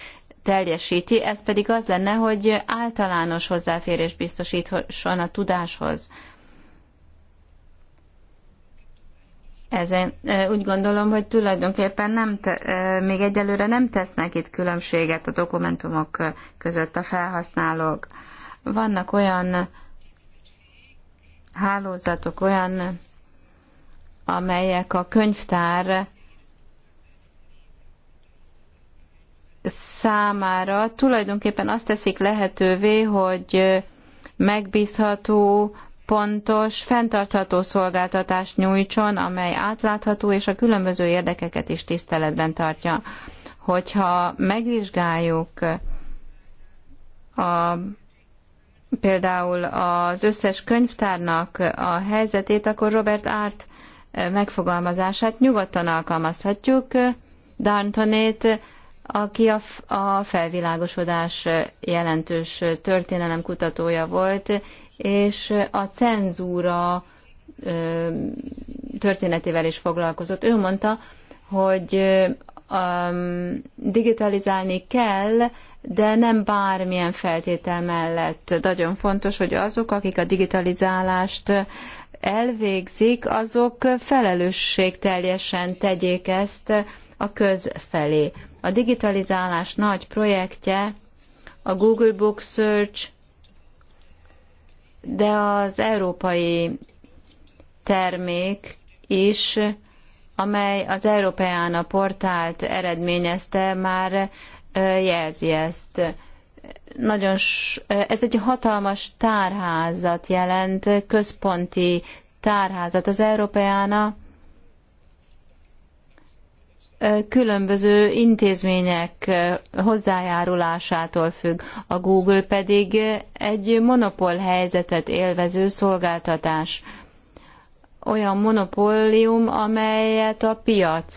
teljesíti, ez pedig az lenne, hogy általános hozzáférés biztosítson a tudáshoz Ezen úgy gondolom, hogy tulajdonképpen nem te, még egyelőre nem tesznek itt különbséget a dokumentumok között a felhasználók. Vannak olyan hálózatok, olyan, amelyek a könyvtár számára tulajdonképpen azt teszik lehetővé, hogy megbízható, pontos, fenntartható szolgáltatást nyújtson, amely átlátható és a különböző érdekeket is tiszteletben tartja. Hogyha megvizsgáljuk a, például az összes könyvtárnak a helyzetét, akkor Robert Art megfogalmazását nyugodtan alkalmazhatjuk. Darntonét, aki a, a felvilágosodás jelentős történelem kutatója volt, és a cenzúra történetével is foglalkozott. Ő mondta, hogy digitalizálni kell, de nem bármilyen feltétel mellett. Nagyon fontos, hogy azok, akik a digitalizálást elvégzik, azok felelősségteljesen tegyék ezt a köz felé. A digitalizálás nagy projektje, a Google Book Search, de az európai termék is, amely az Európeána portált eredményezte, már jelzi ezt. Nagyon ez egy hatalmas tárházat jelent, központi tárházat. Az Európeána különböző intézmények hozzájárulásától függ, a Google pedig egy monopól helyzetet élvező szolgáltatás. Olyan monopólium, amelyet a piac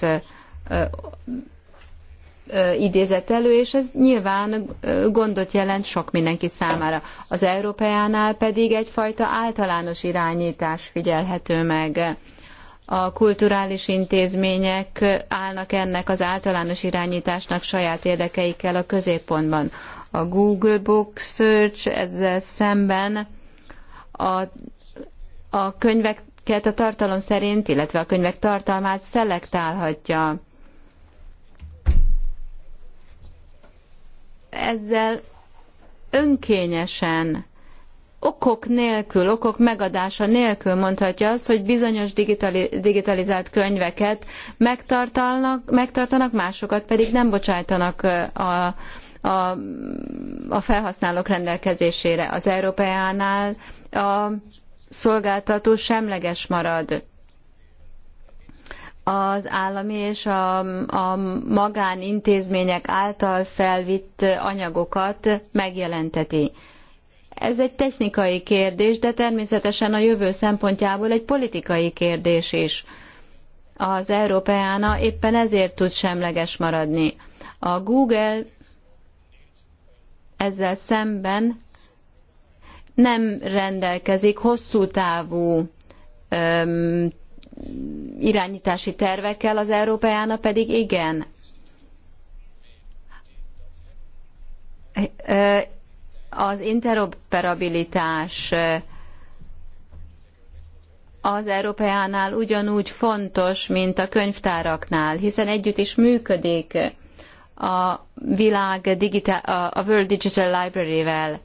idézett elő, és ez nyilván gondot jelent sok mindenki számára. Az Európeánál pedig egyfajta általános irányítás figyelhető meg a kulturális intézmények állnak ennek az általános irányításnak saját érdekeikkel a középpontban. A Google Book Search ezzel szemben a, a könyveket a tartalom szerint, illetve a könyvek tartalmát szelektálhatja. Ezzel önkényesen okok nélkül, okok megadása nélkül mondhatja azt, hogy bizonyos digitali, digitalizált könyveket megtartanak, megtartanak, másokat pedig nem bocsájtanak a, a, a felhasználók rendelkezésére. Az Európeánál a szolgáltató semleges marad az állami és a, a magánintézmények által felvitt anyagokat megjelenteti. Ez egy technikai kérdés, de természetesen a jövő szempontjából egy politikai kérdés is. Az Európeána éppen ezért tud semleges maradni. A Google ezzel szemben nem rendelkezik hosszú távú öm, irányítási tervekkel, az Európeána pedig igen. Az interoperabilitás eh, az Európeánál ugyanúgy fontos, mint a könyvtáraknál, hiszen együtt is működik a világ digitál, a World Digital Library-vel,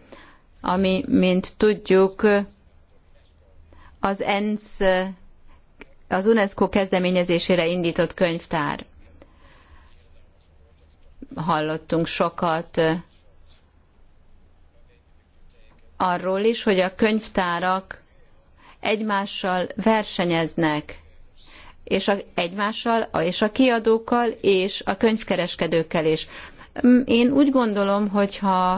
ami, mint tudjuk, az ENSZ, az UNESCO kezdeményezésére indított könyvtár. Hallottunk sokat eh, arról is, hogy a könyvtárak egymással versenyeznek, és a, egymással, és a kiadókkal, és a könyvkereskedőkkel is. Mm, én úgy gondolom, hogy ha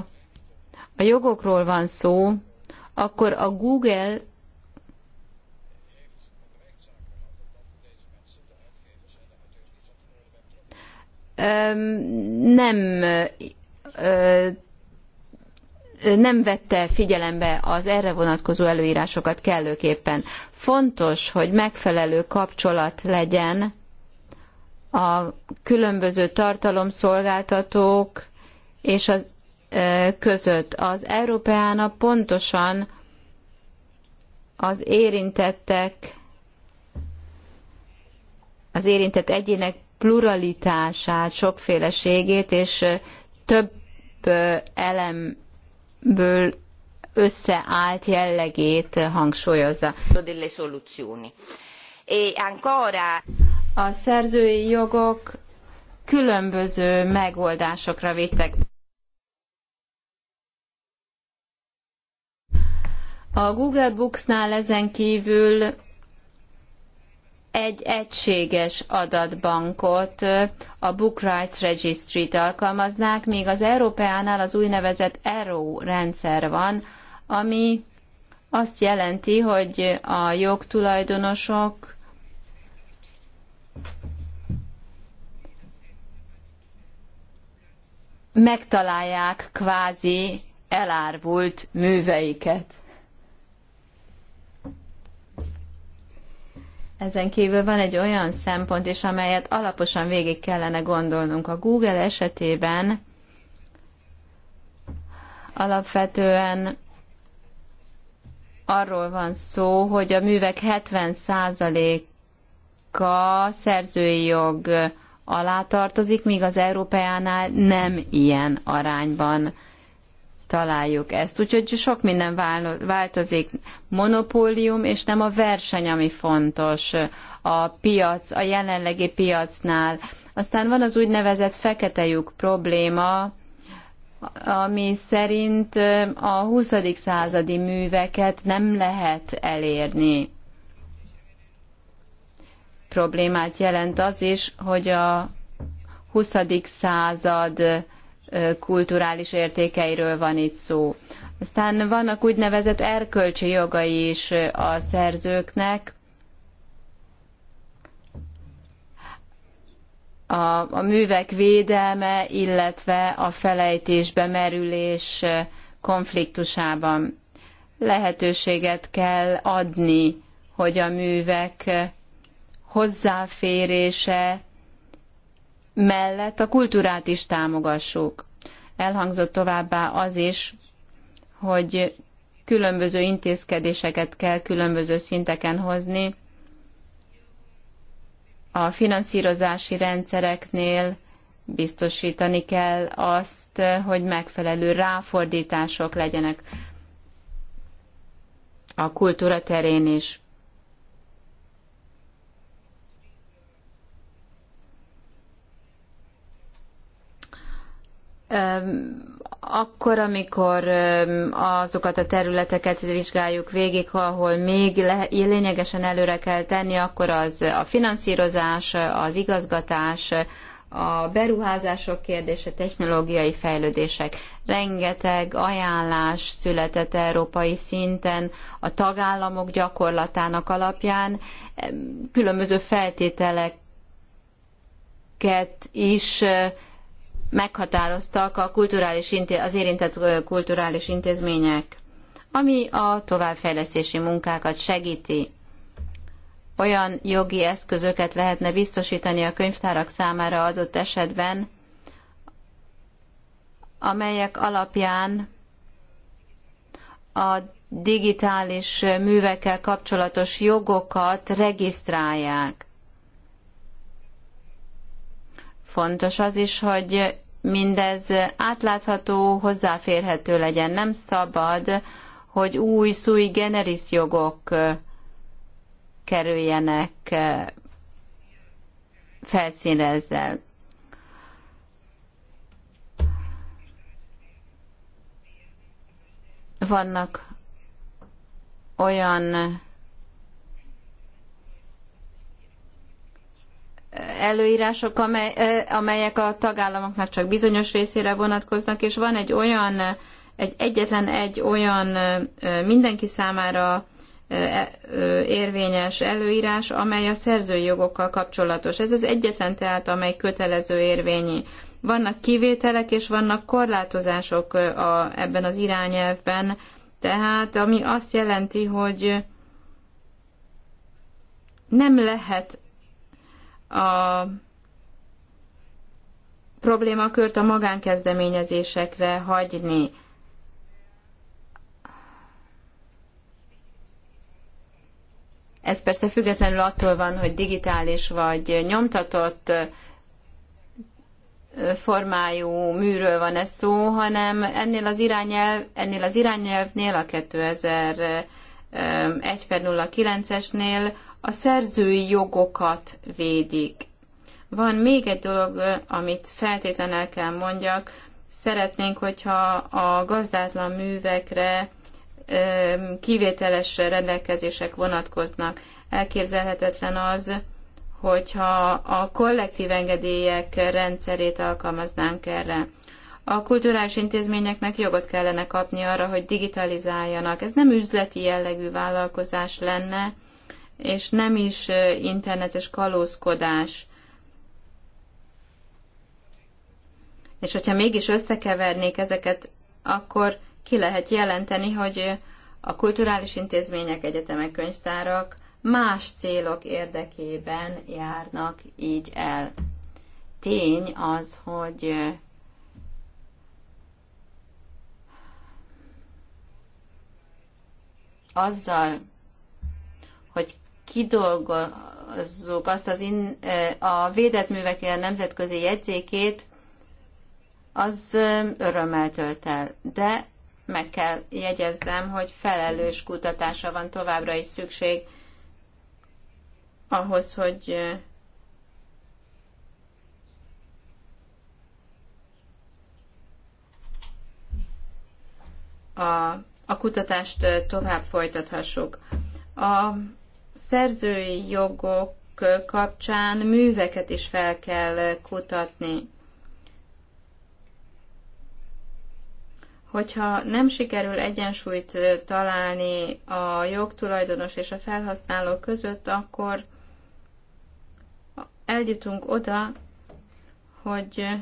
a jogokról van szó, akkor a Google nem nem vette figyelembe az erre vonatkozó előírásokat kellőképpen. Fontos, hogy megfelelő kapcsolat legyen a különböző tartalomszolgáltatók és az között. Az Európeána pontosan az érintettek, az érintett egyének pluralitását, sokféleségét és több elem ből összeállt jellegét hangsúlyozza. Delle soluzioni. E ancora... A szerzői jogok különböző megoldásokra vittek. A Google Docs-nál ezen kívül egy egységes adatbankot, a Book Rights Registry-t alkalmaznák, míg az Európeánál az úgynevezett ERO rendszer van, ami azt jelenti, hogy a jogtulajdonosok megtalálják kvázi elárvult műveiket. Ezen kívül van egy olyan szempont is, amelyet alaposan végig kellene gondolnunk. A Google esetében alapvetően arról van szó, hogy a művek 70%-a szerzői jog alá tartozik, míg az Európeánál nem ilyen arányban találjuk ezt. Úgyhogy sok minden változik. Monopólium, és nem a verseny, ami fontos a piac, a jelenlegi piacnál. Aztán van az úgynevezett fekete lyuk probléma, ami szerint a 20. századi műveket nem lehet elérni. Problémát jelent az is, hogy a 20. század kulturális értékeiről van itt szó. Aztán vannak úgynevezett erkölcsi jogai is a szerzőknek. A, a művek védelme, illetve a felejtésbe merülés konfliktusában lehetőséget kell adni, hogy a művek hozzáférése mellett a kultúrát is támogassuk. Elhangzott továbbá az is, hogy különböző intézkedéseket kell különböző szinteken hozni. A finanszírozási rendszereknél biztosítani kell azt, hogy megfelelő ráfordítások legyenek a kultúra terén is. akkor, amikor azokat a területeket vizsgáljuk végig, ahol még lényegesen előre kell tenni, akkor az a finanszírozás, az igazgatás, a beruházások kérdése, technológiai fejlődések. Rengeteg ajánlás született európai szinten a tagállamok gyakorlatának alapján. Különböző feltételeket is meghatároztak a kulturális, az érintett kulturális intézmények, ami a továbbfejlesztési munkákat segíti. Olyan jogi eszközöket lehetne biztosítani a könyvtárak számára adott esetben, amelyek alapján a digitális művekkel kapcsolatos jogokat regisztrálják. Fontos az is, hogy mindez átlátható, hozzáférhető legyen. Nem szabad, hogy új sui generis jogok kerüljenek felszínre ezzel. Vannak olyan előírások, amelyek a tagállamoknak csak bizonyos részére vonatkoznak, és van egy olyan, egy egyetlen egy olyan mindenki számára e, érvényes előírás, amely a szerzői jogokkal kapcsolatos. Ez az egyetlen tehát, amely kötelező érvényi. Vannak kivételek és vannak korlátozások a, ebben az irányelvben, tehát ami azt jelenti, hogy nem lehet a problémakört a magánkezdeményezésekre hagyni. Ez persze függetlenül attól van, hogy digitális vagy nyomtatott formájú műről van ez szó, hanem ennél az, irányelv, ennél az irányelvnél, a 2001 per 09-esnél a szerzői jogokat védik. Van még egy dolog, amit feltétlenül el kell mondjak. Szeretnénk, hogyha a gazdátlan művekre kivételes rendelkezések vonatkoznak. Elképzelhetetlen az, hogyha a kollektív engedélyek rendszerét alkalmaznánk erre. A kulturális intézményeknek jogot kellene kapni arra, hogy digitalizáljanak. Ez nem üzleti jellegű vállalkozás lenne, és nem is internetes kalózkodás. És hogyha mégis összekevernék ezeket, akkor ki lehet jelenteni, hogy a kulturális intézmények, egyetemek, könyvtárak más célok érdekében járnak így el. Tény az, hogy azzal, hogy kidolgozzuk azt az in, a védett művek nemzetközi jegyzékét, az örömmel tölt el. De meg kell jegyezzem, hogy felelős kutatása van továbbra is szükség ahhoz, hogy a, a kutatást tovább folytathassuk. A szerzői jogok kapcsán műveket is fel kell kutatni. Hogyha nem sikerül egyensúlyt találni a jogtulajdonos és a felhasználó között, akkor eljutunk oda, hogy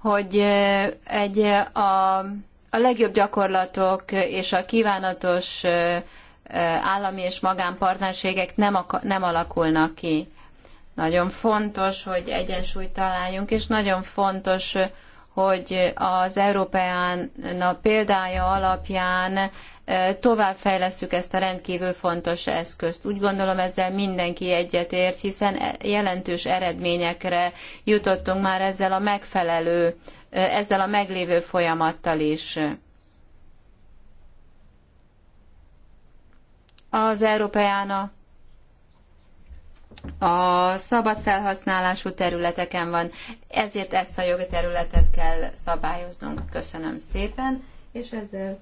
hogy egy a, a legjobb gyakorlatok és a kívánatos állami és magánpartnerségek nem, nem alakulnak ki. Nagyon fontos, hogy egyensúlyt találjunk, és nagyon fontos, hogy az Európeán példája alapján továbbfejlesszük ezt a rendkívül fontos eszközt. Úgy gondolom ezzel mindenki egyetért, hiszen e- jelentős eredményekre jutottunk már ezzel a megfelelő, ezzel a meglévő folyamattal is. Az Európeána a szabad felhasználású területeken van, ezért ezt a jogi területet kell szabályoznunk. Köszönöm szépen, és ezzel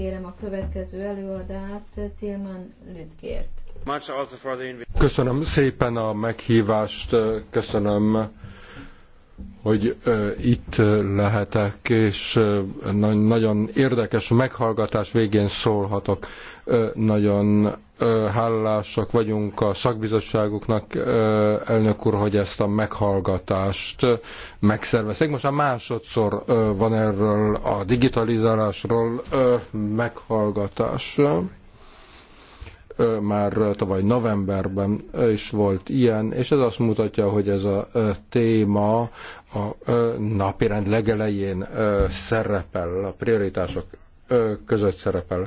kérem a következő előadát, Tilman Lüdgért. Köszönöm szépen a meghívást, köszönöm, hogy itt lehetek, és nagyon érdekes meghallgatás végén szólhatok. Nagyon hálásak vagyunk a szakbizottságoknak, elnök úr, hogy ezt a meghallgatást megszervezték. Most a másodszor van erről a digitalizálásról meghallgatás. Már tavaly novemberben is volt ilyen, és ez azt mutatja, hogy ez a téma a napirend legelején szerepel a prioritások között szerepel.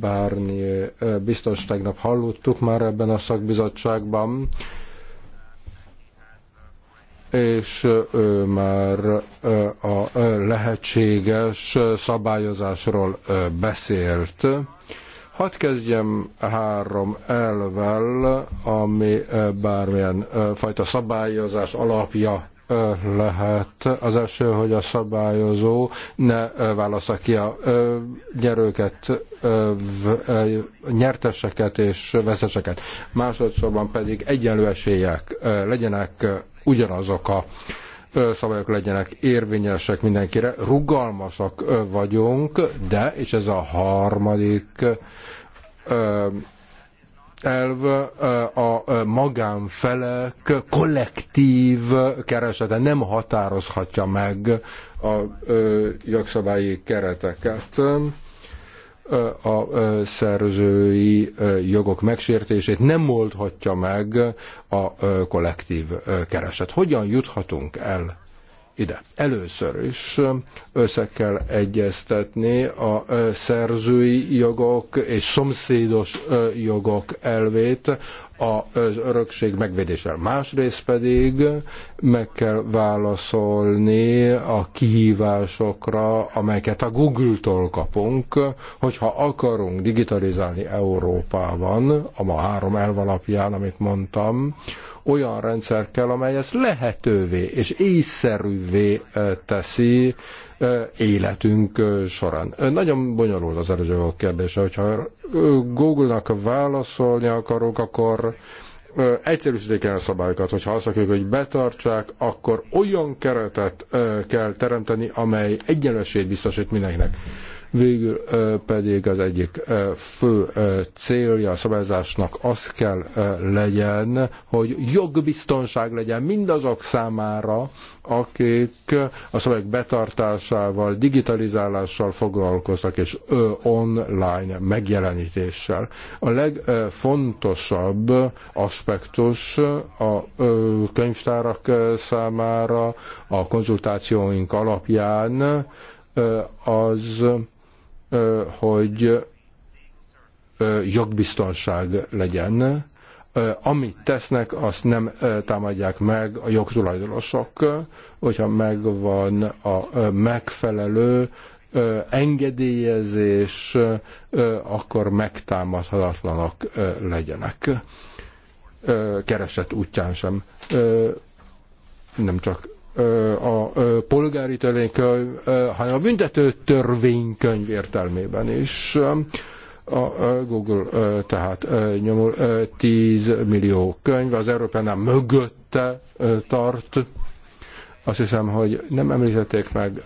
Bárni biztos tegnap hallottuk már ebben a szakbizottságban, és ő már a lehetséges szabályozásról beszélt. Hadd kezdjem három elvel, ami bármilyen fajta szabályozás alapja lehet. Az első, hogy a szabályozó ne válasza ki a nyerőket, nyerteseket és veszeseket. Másodszorban pedig egyenlő esélyek legyenek ugyanazok a szabályok legyenek érvényesek mindenkire, rugalmasak vagyunk, de, és ez a harmadik elv a magánfelek kollektív keresete nem határozhatja meg a jogszabályi kereteket a szerzői jogok megsértését nem oldhatja meg a kollektív kereset. Hogyan juthatunk el ide. Először is össze kell egyeztetni a szerzői jogok és szomszédos jogok elvét az örökség megvédéssel. Másrészt pedig meg kell válaszolni a kihívásokra, amelyeket a Google-tól kapunk, hogyha akarunk digitalizálni Európában, a ma három elv alapján, amit mondtam, olyan rendszer kell, amely ezt lehetővé és észszerűvé teszi életünk során. Nagyon bonyolult az előzők kérdése, hogyha Google-nak válaszolni akarok, akkor egyszerűsítik el a szabályokat, hogyha azt akarjuk, hogy betartsák, akkor olyan keretet kell teremteni, amely egyenlőséget biztosít mindenkinek. Végül pedig az egyik fő célja a szabályozásnak az kell legyen, hogy jogbiztonság legyen mindazok számára, akik a szabályok betartásával, digitalizálással foglalkoznak, és online megjelenítéssel. A legfontosabb aspektus a könyvtárak számára a konzultációink alapján az hogy jogbiztonság legyen. Amit tesznek, azt nem támadják meg a jogtulajdonosok, hogyha megvan a megfelelő engedélyezés, akkor megtámadhatatlanak legyenek. Keresett útján sem. Nem csak a polgári törvénykönyv, hanem a büntető törvénykönyv értelmében is. A Google tehát nyomul 10 millió könyv, az Európánál mögötte tart. Azt hiszem, hogy nem említették meg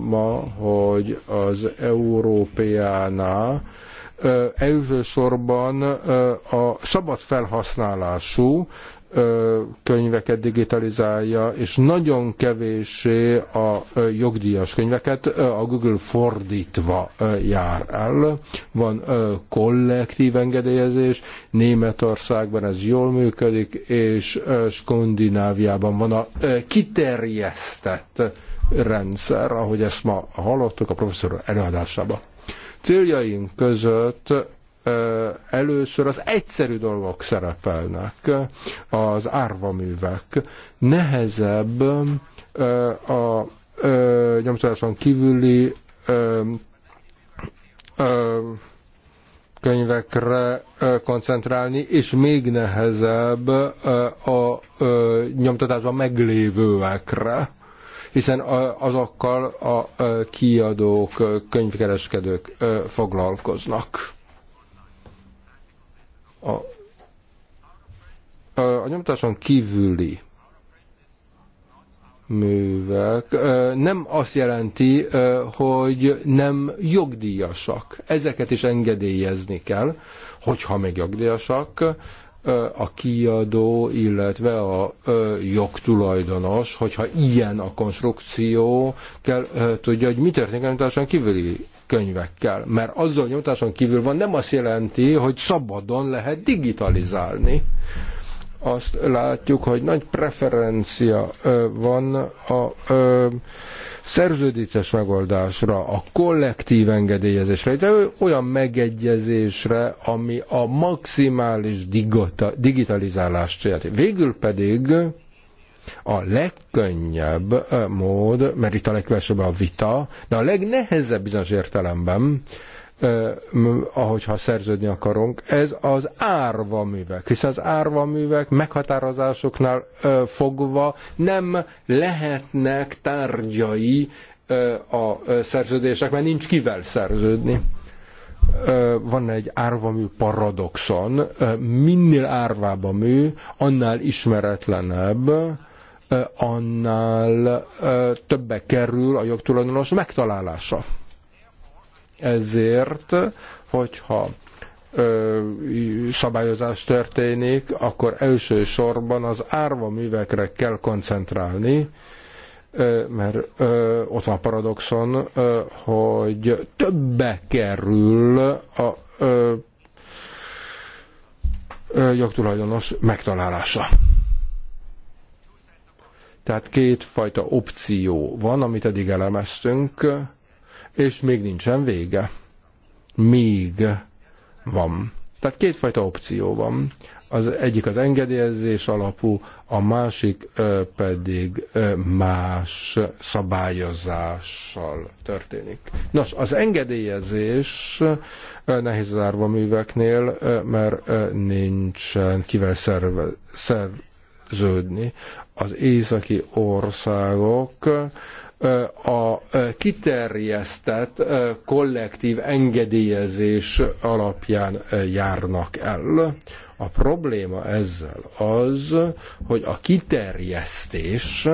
ma, hogy az európánál elsősorban a szabad felhasználású könyveket digitalizálja, és nagyon kevésé a jogdíjas könyveket a Google fordítva jár el. Van kollektív engedélyezés, Németországban ez jól működik, és Skandináviában van a kiterjesztett rendszer, ahogy ezt ma hallottuk a professzor előadásában. Céljaink között először az egyszerű dolgok szerepelnek, az árvaművek. Nehezebb a nyomtatáson kívüli könyvekre koncentrálni, és még nehezebb a nyomtatásban meglévőekre, hiszen azokkal a kiadók, könyvkereskedők foglalkoznak. A, a, a nyomtáson kívüli művek nem azt jelenti, hogy nem jogdíjasak. Ezeket is engedélyezni kell, hogyha még jogdíjasak, a kiadó, illetve a jogtulajdonos, hogyha ilyen a konstrukció, kell tudja, hogy mi történik a kívüli könyvekkel, mert azzal nyomtáson kívül van, nem azt jelenti, hogy szabadon lehet digitalizálni. Azt látjuk, hogy nagy preferencia van a szerződéses megoldásra, a kollektív engedélyezésre, olyan megegyezésre, ami a maximális digitalizálást jelenti. Végül pedig a legkönnyebb mód, mert itt a legkevesebb a vita, de a legnehezebb bizonyos értelemben, ahogyha szerződni akarunk, ez az árva művek. hiszen az árva művek meghatározásoknál fogva nem lehetnek tárgyai a szerződések, mert nincs kivel szerződni. Van egy árvamű paradoxon, minél árvább a mű, annál ismeretlenebb, annál többe kerül a jogtulajdonos megtalálása. Ezért, hogyha szabályozás történik, akkor elsősorban az árva művekre kell koncentrálni, mert ott van a paradoxon, hogy többe kerül a jogtulajdonos megtalálása. Tehát kétfajta opció van, amit eddig elemeztünk, és még nincsen vége. Még van. Tehát kétfajta opció van. Az egyik az engedélyezés alapú, a másik pedig más szabályozással történik. Nos, az engedélyezés nehéz zárva műveknél, mert nincsen kivel szerve, szerve, szerveződni. Az északi országok a kiterjesztett kollektív engedélyezés alapján járnak el. A probléma ezzel az, hogy a kiterjesztés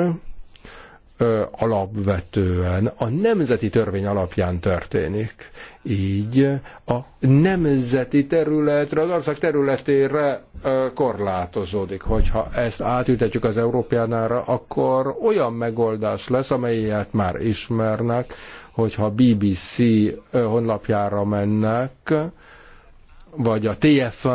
ö, alapvetően a nemzeti törvény alapján történik. Így a nemzeti területre, az ország területére ö, korlátozódik. Hogyha ezt átültetjük az Európánára, akkor olyan megoldás lesz, amelyet már ismernek, hogyha BBC honlapjára mennek, vagy a TF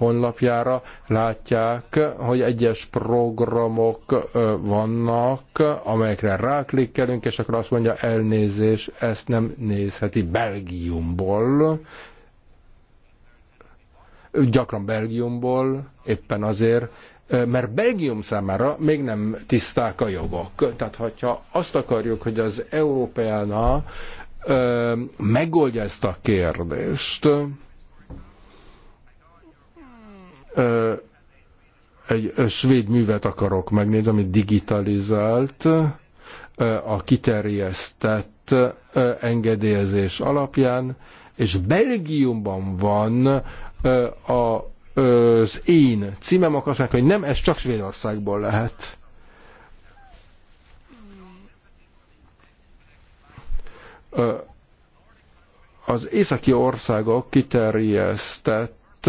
honlapjára, látják, hogy egyes programok vannak, amelyekre ráklikkelünk, és akkor azt mondja, elnézés, ezt nem nézheti Belgiumból, gyakran Belgiumból, éppen azért, mert Belgium számára még nem tiszták a jogok. Tehát, hogyha azt akarjuk, hogy az Európeana megoldja ezt a kérdést, egy svéd művet akarok megnézni, amit digitalizált, a kiterjesztett engedélyezés alapján, és Belgiumban van a, az én címem, akarták, hogy nem, ez csak Svédországból lehet. Az északi országok kiterjesztett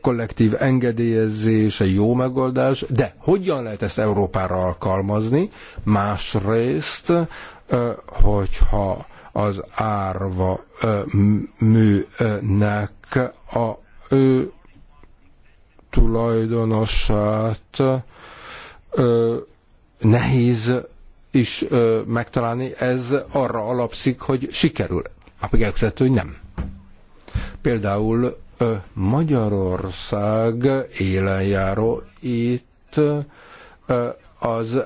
kollektív engedélyezés egy jó megoldás, de hogyan lehet ezt Európára alkalmazni? Másrészt, hogyha az árva műnek a ő tulajdonosát nehéz is megtalálni, ez arra alapszik, hogy sikerül. A hogy nem. Például Magyarország élenjáró itt az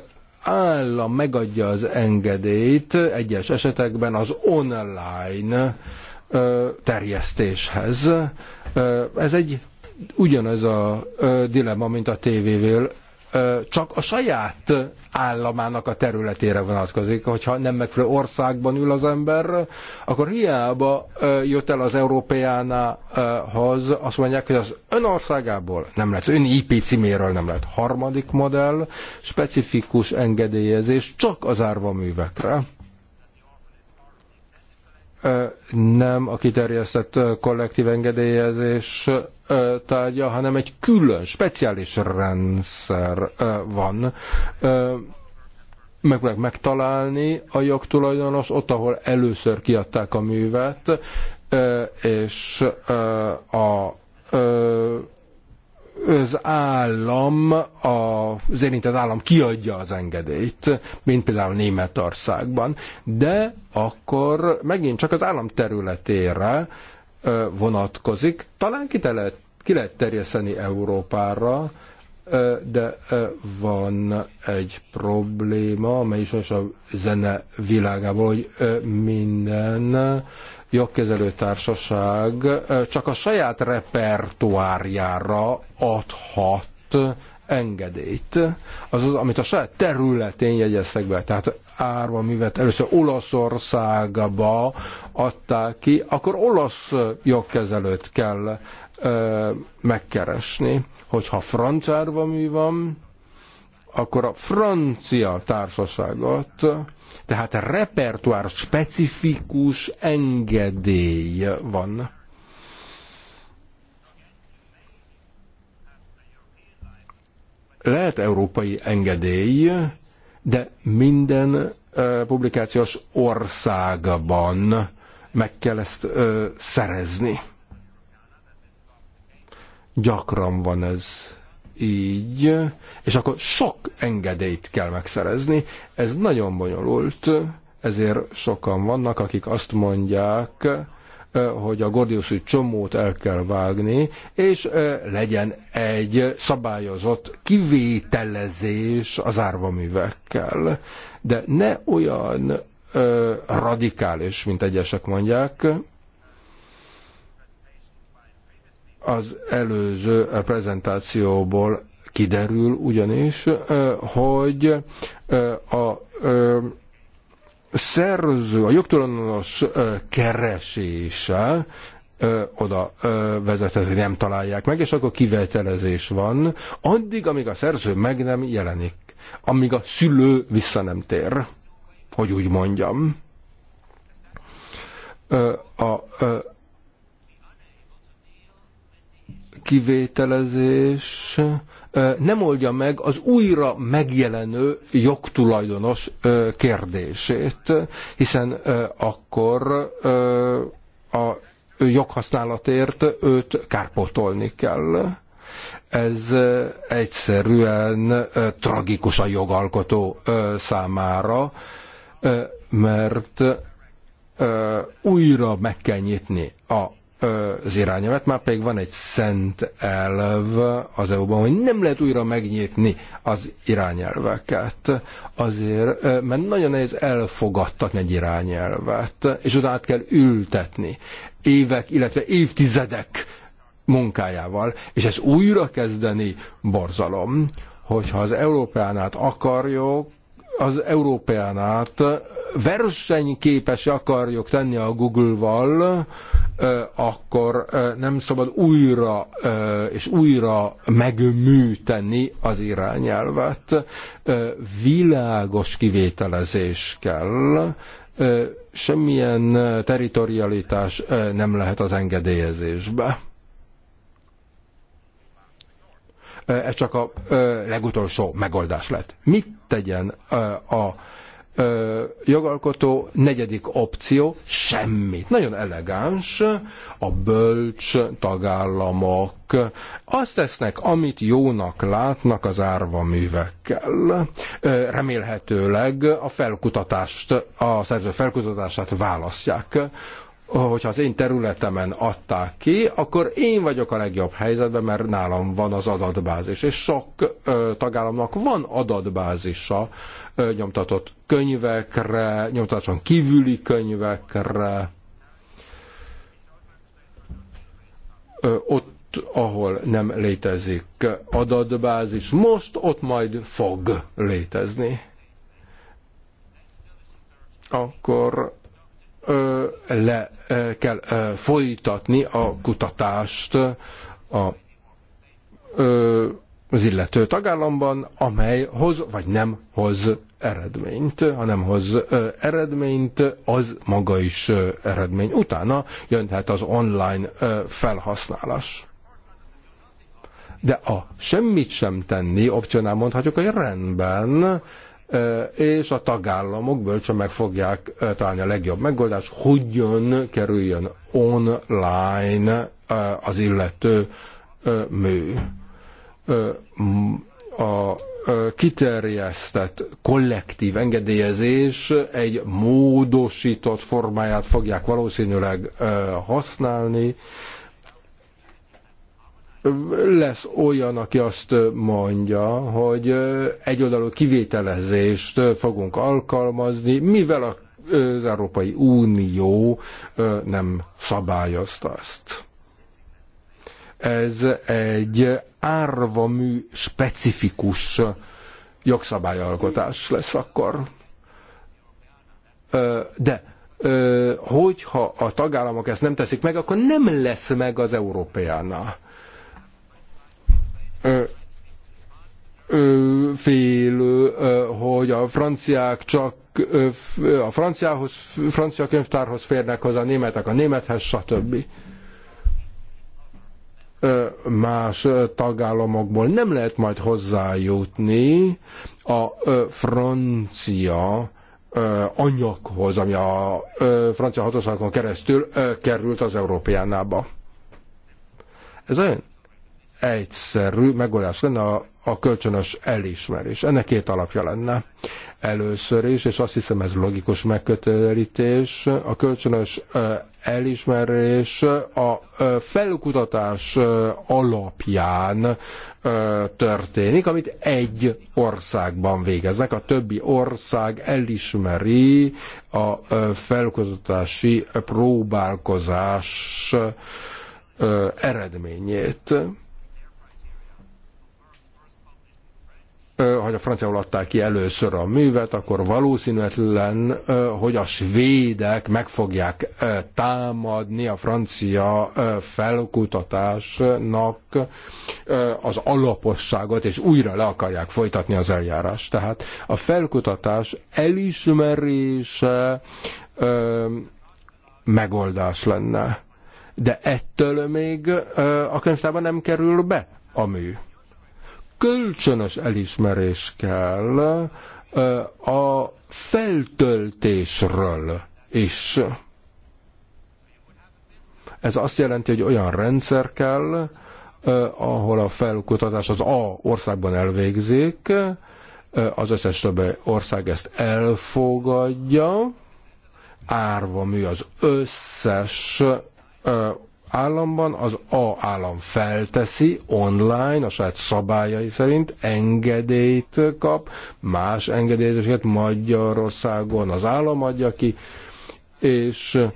állam megadja az engedélyt egyes esetekben az online terjesztéshez. Ez egy ugyanez a dilemma, mint a tévével csak a saját államának a területére vonatkozik. Hogyha nem megfelelő országban ül az ember, akkor hiába jött el az Európeánához, azt mondják, hogy az ön országából nem lehet, ön IP címéről nem lehet. Harmadik modell, specifikus engedélyezés csak az árva művekre nem a kiterjesztett kollektív engedélyezés tárgya, hanem egy külön, speciális rendszer van. meg kell megtalálni a jogtulajdonos ott, ahol először kiadták a művet, és a az állam, az érintett állam kiadja az engedélyt, mint például Németországban, de akkor megint csak az állam területére vonatkozik, talán ki, lehet, ki lehet terjeszteni Európára, de van egy probléma, amely is a zene világában, hogy minden jogkezelő társaság csak a saját repertoárjára adhat engedélyt, azaz, amit a saját területén jegyeztek be. Tehát árva művet először Olaszországba adták ki, akkor olasz jogkezelőt kell ö, megkeresni. Hogyha francia árva mű van, akkor a francia társaságot, tehát a repertoár specifikus engedély van. Lehet európai engedély, de minden publikációs országban meg kell ezt szerezni. Gyakran van ez így, és akkor sok engedélyt kell megszerezni. Ez nagyon bonyolult, ezért sokan vannak, akik azt mondják, hogy a gordiuszi csomót el kell vágni, és legyen egy szabályozott kivételezés az árvaművekkel. De ne olyan radikális, mint egyesek mondják, Az előző prezentációból kiderül ugyanis, hogy a szerző, a jogtalanos keresése oda vezethet, hogy nem találják meg, és akkor kivételezés van, addig, amíg a szerző meg nem jelenik, amíg a szülő vissza nem tér, hogy úgy mondjam. A, a kivételezés nem oldja meg az újra megjelenő jogtulajdonos kérdését, hiszen akkor a joghasználatért őt kárpótolni kell. Ez egyszerűen tragikus a jogalkotó számára, mert újra meg kell nyitni a az irányelvet, már pedig van egy szent elv az EU-ban, hogy nem lehet újra megnyitni az irányelveket. Azért, mert nagyon nehéz elfogadtatni egy irányelvet, és utána át kell ültetni évek, illetve évtizedek munkájával, és ezt újra kezdeni borzalom hogyha az Európánát akarjuk, az Európeán át versenyképes akarjuk tenni a Google-val, akkor nem szabad újra és újra megműteni az irányelvet. Világos kivételezés kell, semmilyen teritorialitás nem lehet az engedélyezésbe Ez csak a legutolsó megoldás lett. Mit tegyen a jogalkotó negyedik opció, semmit. Nagyon elegáns, a bölcs tagállamok azt tesznek, amit jónak látnak az árva művekkel. remélhetőleg a felkutatást, a szerző felkutatását választják hogyha az én területemen adták ki, akkor én vagyok a legjobb helyzetben, mert nálam van az adatbázis. És sok ö, tagállamnak van adatbázisa ö, nyomtatott könyvekre, nyomtatáson kívüli könyvekre. Ö, ott, ahol nem létezik adatbázis, most ott majd fog létezni. Akkor ö, le kell folytatni a kutatást a, az illető tagállamban, amely hoz vagy nem hoz eredményt, ha nem hoz eredményt, az maga is eredmény. Utána jön tehát az online felhasználás. De a semmit sem tenni opcionál mondhatjuk, hogy rendben, és a tagállamok bölcsön meg fogják találni a legjobb megoldást, hogyan kerüljön online az illető mű. A kiterjesztett kollektív engedélyezés egy módosított formáját fogják valószínűleg használni, lesz olyan, aki azt mondja, hogy egyoldalú kivételezést fogunk alkalmazni, mivel az Európai Unió nem szabályozta azt. Ez egy árvamű specifikus jogszabályalkotás lesz akkor. De hogyha a tagállamok ezt nem teszik meg, akkor nem lesz meg az európeánál Fél, hogy a franciák csak a franciához, francia könyvtárhoz férnek hozzá, a németek a némethez, stb. Más tagállamokból nem lehet majd hozzájutni a francia anyaghoz, ami a francia hatóságon keresztül került az Európiánába. Ez olyan egyszerű megoldás lenne a, a kölcsönös elismerés. Ennek két alapja lenne. Először is, és azt hiszem ez logikus megkötelítés, a kölcsönös elismerés a felkutatás alapján történik, amit egy országban végeznek. A többi ország elismeri a felkutatási próbálkozás eredményét hogy a franciául adták ki először a művet, akkor valószínűtlen, hogy a svédek meg fogják támadni a francia felkutatásnak az alaposságot, és újra le akarják folytatni az eljárást. Tehát a felkutatás elismerése megoldás lenne. De ettől még a könyvtárban nem kerül be a mű kölcsönös elismerés kell a feltöltésről is. Ez azt jelenti, hogy olyan rendszer kell, ahol a felkutatás az A országban elvégzik, az összes többi ország ezt elfogadja, árva mű az összes államban az A állam felteszi online a saját szabályai szerint, engedélyt kap, más engedélyeket Magyarországon az állam adja ki, és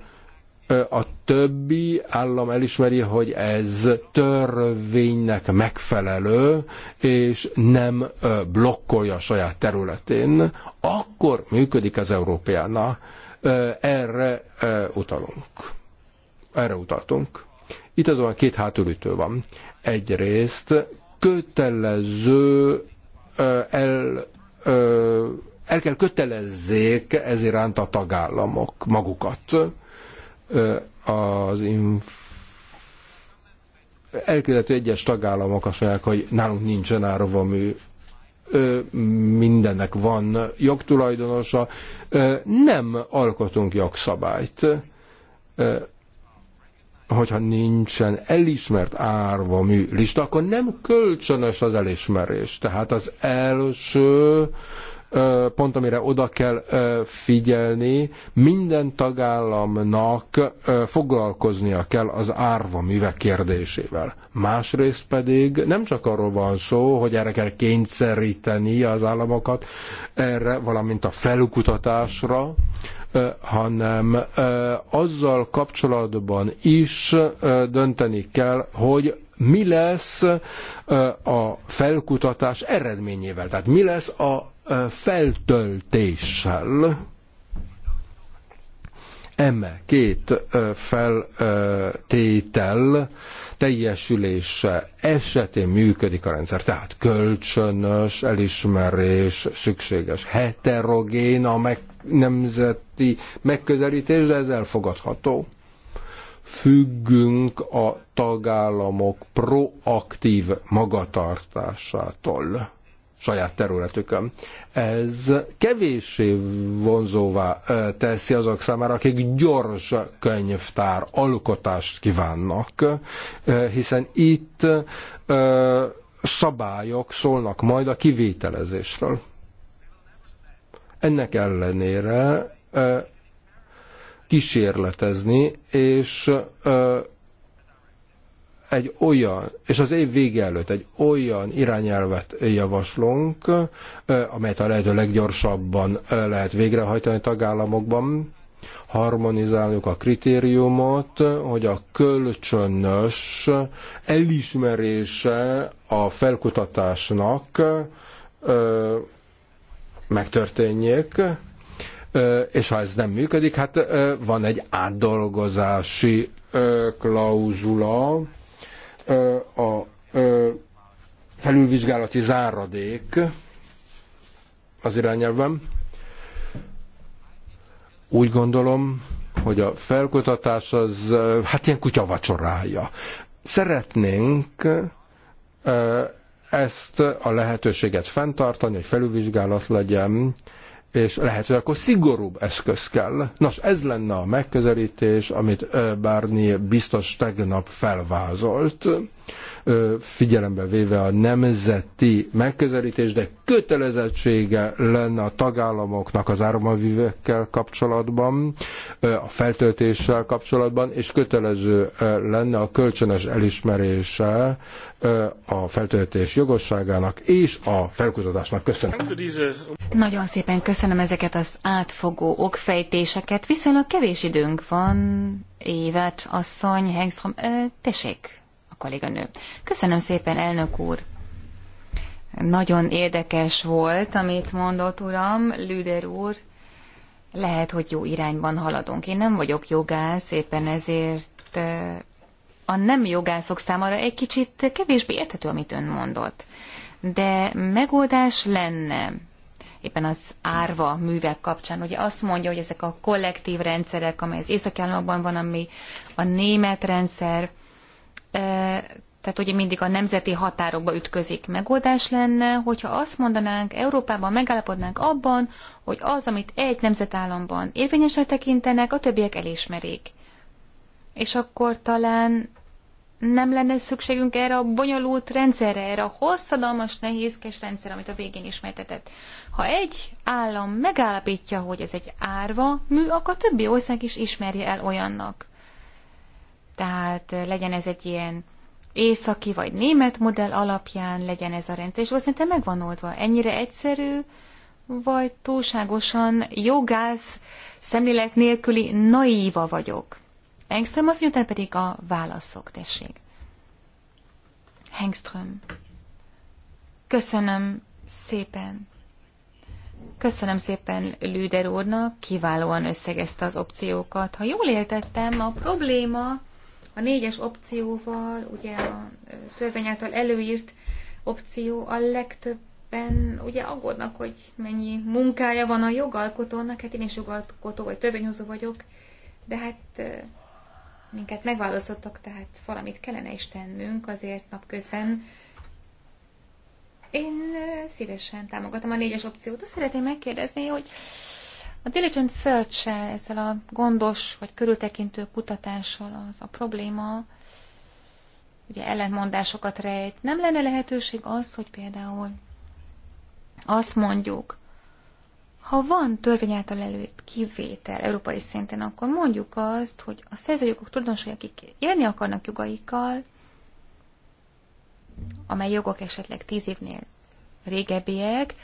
a többi állam elismeri, hogy ez törvénynek megfelelő, és nem blokkolja a saját területén, akkor működik az Európiána. Erre utalunk. Erre utaltunk. Itt azonban két hátulütő van. Egyrészt kötelező el, el kell kötelezzék ez iránt a tagállamok magukat. Az inf- elképzelhető egyes tagállamok azt mondják, hogy nálunk nincsen mű mindennek van jogtulajdonosa, nem alkotunk jogszabályt hogyha nincsen elismert árva mű lista, akkor nem kölcsönös az elismerés. Tehát az első pont, amire oda kell figyelni, minden tagállamnak foglalkoznia kell az árva művek kérdésével. Másrészt pedig nem csak arról van szó, hogy erre kell kényszeríteni az államokat, erre, valamint a felkutatásra, hanem azzal kapcsolatban is dönteni kell, hogy mi lesz a felkutatás eredményével. Tehát mi lesz a feltöltéssel. Eme két feltétel teljesülése esetén működik a rendszer. Tehát kölcsönös elismerés szükséges, heterogén a meg nemzeti megközelítés, de ez elfogadható. Függünk a tagállamok proaktív magatartásától saját területükön. Ez kevéssé vonzóvá teszi azok számára, akik gyors könyvtár alkotást kívánnak, hiszen itt szabályok szólnak majd a kivételezésről. Ennek ellenére kísérletezni, és egy olyan, és az év vége előtt egy olyan irányelvet javaslunk, amelyet a lehető leggyorsabban lehet végrehajtani tagállamokban, harmonizáljuk a kritériumot, hogy a kölcsönös elismerése a felkutatásnak megtörténjék, és ha ez nem működik, hát van egy átdolgozási klauzula, a felülvizsgálati záradék az irányelvem. Úgy gondolom, hogy a felkutatás az, hát ilyen kutya vacsorája. Szeretnénk ezt a lehetőséget fenntartani, hogy felülvizsgálat legyen, és lehet, hogy akkor szigorúbb eszköz kell. Nos, ez lenne a megközelítés, amit Barnier biztos tegnap felvázolt figyelembe véve a nemzeti megközelítés, de kötelezettsége lenne a tagállamoknak az áramavívekkel kapcsolatban, a feltöltéssel kapcsolatban, és kötelező lenne a kölcsönös elismerése a feltöltés jogosságának és a felkutatásnak. Köszönöm. Nagyon szépen köszönöm ezeket az átfogó okfejtéseket. Viszonylag kevés időnk van. Évet, asszony, Hengstrom, tessék, kolléganő. Köszönöm szépen, elnök úr! Nagyon érdekes volt, amit mondott uram, Lüder úr. Lehet, hogy jó irányban haladunk. Én nem vagyok jogász, éppen ezért eh, a nem jogászok számára egy kicsit kevésbé érthető, amit ön mondott. De megoldás lenne, éppen az árva művek kapcsán. Ugye azt mondja, hogy ezek a kollektív rendszerek, amely az államokban van, ami a német rendszer, tehát ugye mindig a nemzeti határokba ütközik. Megoldás lenne, hogyha azt mondanánk, Európában megállapodnánk abban, hogy az, amit egy nemzetállamban érvényesre tekintenek, a többiek elismerik. És akkor talán nem lenne szükségünk erre a bonyolult rendszerre, erre a hosszadalmas, nehézkes rendszer, amit a végén ismertetett. Ha egy állam megállapítja, hogy ez egy árva mű, akkor a többi ország is ismerje el olyannak. Tehát eh, legyen ez egy ilyen északi vagy német modell alapján legyen ez a rendszer, és szerintem meg van oldva. Ennyire egyszerű, vagy túlságosan jogász szemlélet nélküli naíva vagyok. Engström, az mondja, pedig a válaszok, tessék. Hengström. Köszönöm szépen. Köszönöm szépen Lüder úrnak, kiválóan összegezte az opciókat. Ha jól értettem, a probléma a négyes opcióval, ugye a törvény által előírt opció a legtöbben ugye aggódnak, hogy mennyi munkája van a jogalkotónak, hát én is jogalkotó vagy törvényhozó vagyok, de hát minket megválasztottak, tehát valamit kellene is tennünk azért napközben. Én szívesen támogatom a négyes opciót. Azt szeretném megkérdezni, hogy a diligent search -e, ezzel a gondos vagy körültekintő kutatással az a probléma, ugye ellentmondásokat rejt. Nem lenne lehetőség az, hogy például azt mondjuk, ha van törvény által előtt kivétel európai szinten, akkor mondjuk azt, hogy a szerzőjogok tulajdonosai, akik élni akarnak jogaikkal, amely jogok esetleg tíz évnél régebbiek,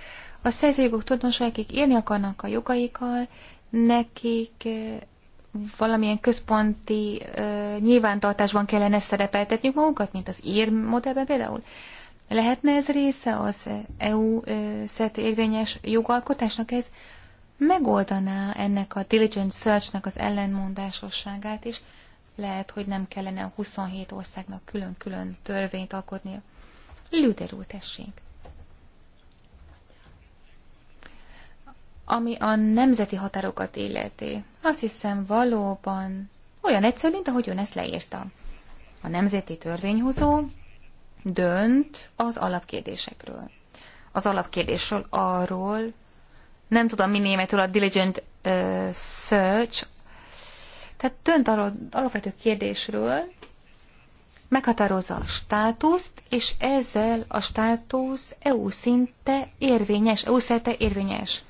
a szerzőjogok tudnosok, akik élni akarnak a jogaikkal, nekik valamilyen központi ö, nyilvántartásban kellene szerepeltetniük magukat, mint az ír modellben például. Lehetne ez része az EU szerte érvényes jogalkotásnak? Ez megoldaná ennek a diligent search az ellenmondásosságát, is, lehet, hogy nem kellene a 27 országnak külön-külön törvényt alkotnia. Lüderül, tessék! ami a nemzeti határokat illeti. Azt hiszem valóban olyan egyszerű, mint ahogy ön ezt leírta. A nemzeti törvényhozó dönt az alapkérdésekről. Az alapkérdésről arról, nem tudom mi németül a diligent uh, search, tehát dönt arról alapvető kérdésről, meghatározza a státuszt, és ezzel a státusz EU szinte érvényes, EU szerte érvényes.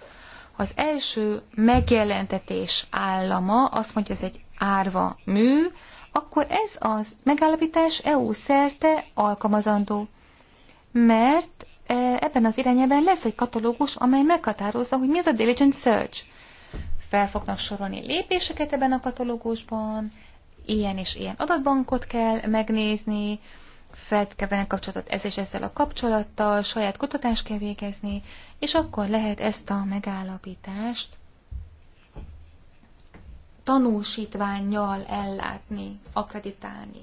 Az első megjelentetés állama azt mondja, hogy ez egy árva mű, akkor ez az megállapítás EU szerte alkalmazandó. Mert e, ebben az irányában lesz egy katalógus, amely meghatározza, hogy mi az a diligent search. Fel fognak sorolni lépéseket ebben a katalógusban, ilyen és ilyen adatbankot kell megnézni, felkevernek kapcsolatot ez és ezzel a kapcsolattal, saját kutatást kell végezni, és akkor lehet ezt a megállapítást tanúsítványjal ellátni, akreditálni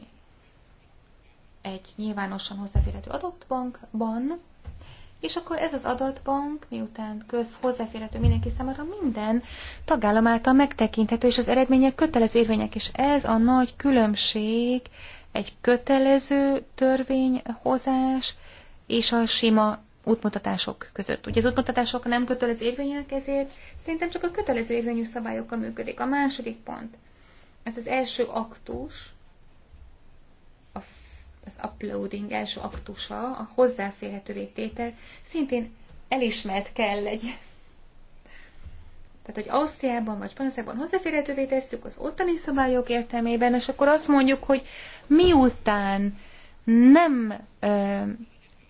egy nyilvánosan hozzáférhető adatbankban, és akkor ez az adatbank, miután köz hozzáférhető mindenki számára, minden tagállam által megtekinthető, és az eredmények kötelező érvények, és ez a nagy különbség egy kötelező törvényhozás és a sima útmutatások között. Ugye az útmutatások nem kötelező érvényűek, ezért szerintem csak a kötelező érvényű szabályokkal működik. A második pont, ez az első aktus, az uploading első aktusa, a hozzáférhetővé tétel, szintén elismert kell legyen tehát hogy Ausztriában vagy Spanyolországban hozzáférhetővé tesszük az ottani szabályok értelmében, és akkor azt mondjuk, hogy miután nem ö,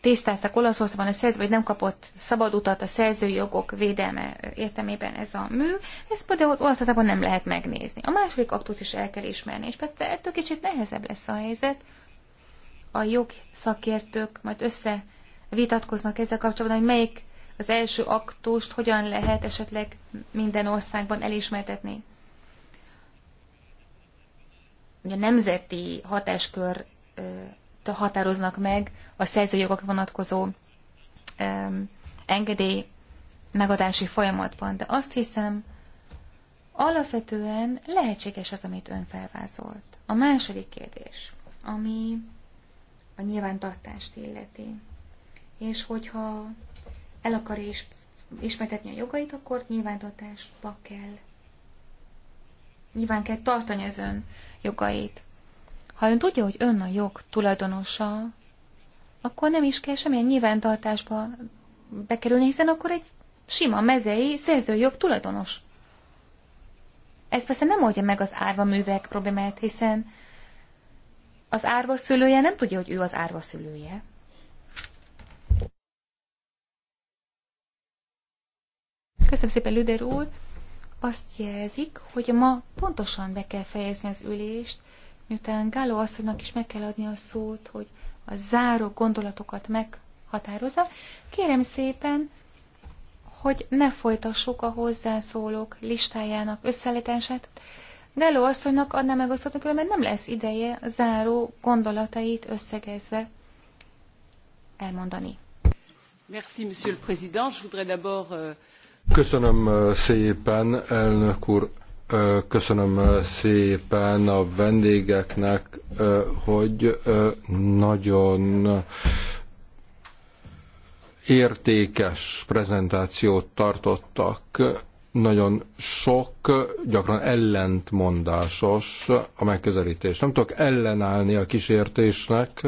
tisztáztak Olaszországban a szerző, vagy nem kapott szabad utat a szerzőjogok jogok védelme értelmében ez a mű, ezt például Olaszországban nem lehet megnézni. A második aktus is el kell ismerni, és persze ettől kicsit nehezebb lesz a helyzet. A jogszakértők majd össze vitatkoznak ezzel kapcsolatban, hogy melyik az első aktust hogyan lehet esetleg minden országban elismertetni. Ugye a nemzeti hatáskör határoznak meg a szerzőjogok vonatkozó engedély megadási folyamatban, de azt hiszem, alapvetően lehetséges az, amit ön felvázolt. A második kérdés, ami a nyilvántartást illeti. És hogyha el akar is, ismertetni a jogait, akkor nyilvántartásba kell. Nyilván kell tartani az ön jogait. Ha ön tudja, hogy ön a jog tulajdonosa, akkor nem is kell semmilyen nyilvántartásba bekerülni, hiszen akkor egy sima mezei szerzőjog tulajdonos. Ez persze nem oldja meg az árva művek problémát hiszen az árva szülője nem tudja, hogy ő az árva szülője. Köszönöm szépen, Lüder úr. Azt jelzik, hogy ma pontosan be kell fejezni az ülést, miután Gáló asszonynak is meg kell adni a szót, hogy a záró gondolatokat meghatározza. Kérem szépen, hogy ne folytassuk a hozzászólók listájának összeállítását. Gáló asszonynak adná meg a szót, mert nem lesz ideje a záró gondolatait összegezve elmondani. Merci, Monsieur le Président. Je voudrais d'abord euh, Köszönöm szépen, elnök úr, köszönöm szépen a vendégeknek, hogy nagyon értékes prezentációt tartottak, nagyon sok, gyakran ellentmondásos a megközelítés. Nem tudok ellenállni a kísértésnek,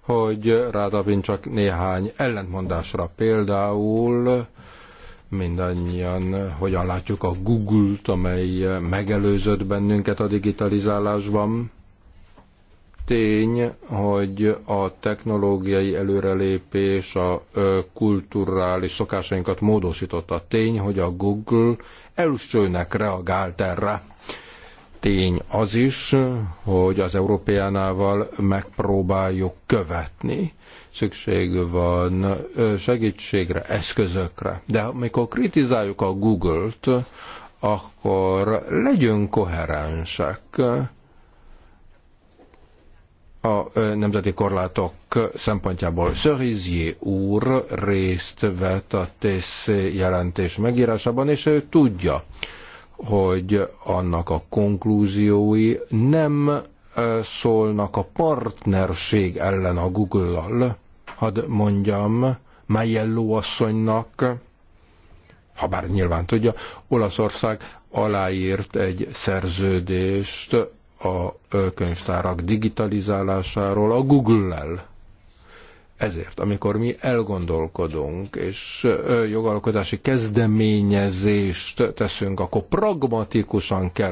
hogy rádabin csak néhány ellentmondásra. Például mindannyian hogyan látjuk a Google-t, amely megelőzött bennünket a digitalizálásban. Tény, hogy a technológiai előrelépés a kulturális szokásainkat módosította. Tény, hogy a Google elsőnek reagált erre. Tény az is, hogy az európeánával megpróbáljuk követni szükség van segítségre, eszközökre. De amikor kritizáljuk a Google-t, akkor legyünk koherensek a nemzeti korlátok szempontjából. Szörizjé úr részt vett a TSZ jelentés megírásában, és ő tudja, hogy annak a konklúziói nem szólnak a partnerség ellen a Google-lal, hadd mondjam Majello asszonynak, ha bár nyilván tudja, Olaszország aláírt egy szerződést a könyvtárak digitalizálásáról a Google-lel. Ezért, amikor mi elgondolkodunk, és jogalkotási kezdeményezést teszünk, akkor pragmatikusan kell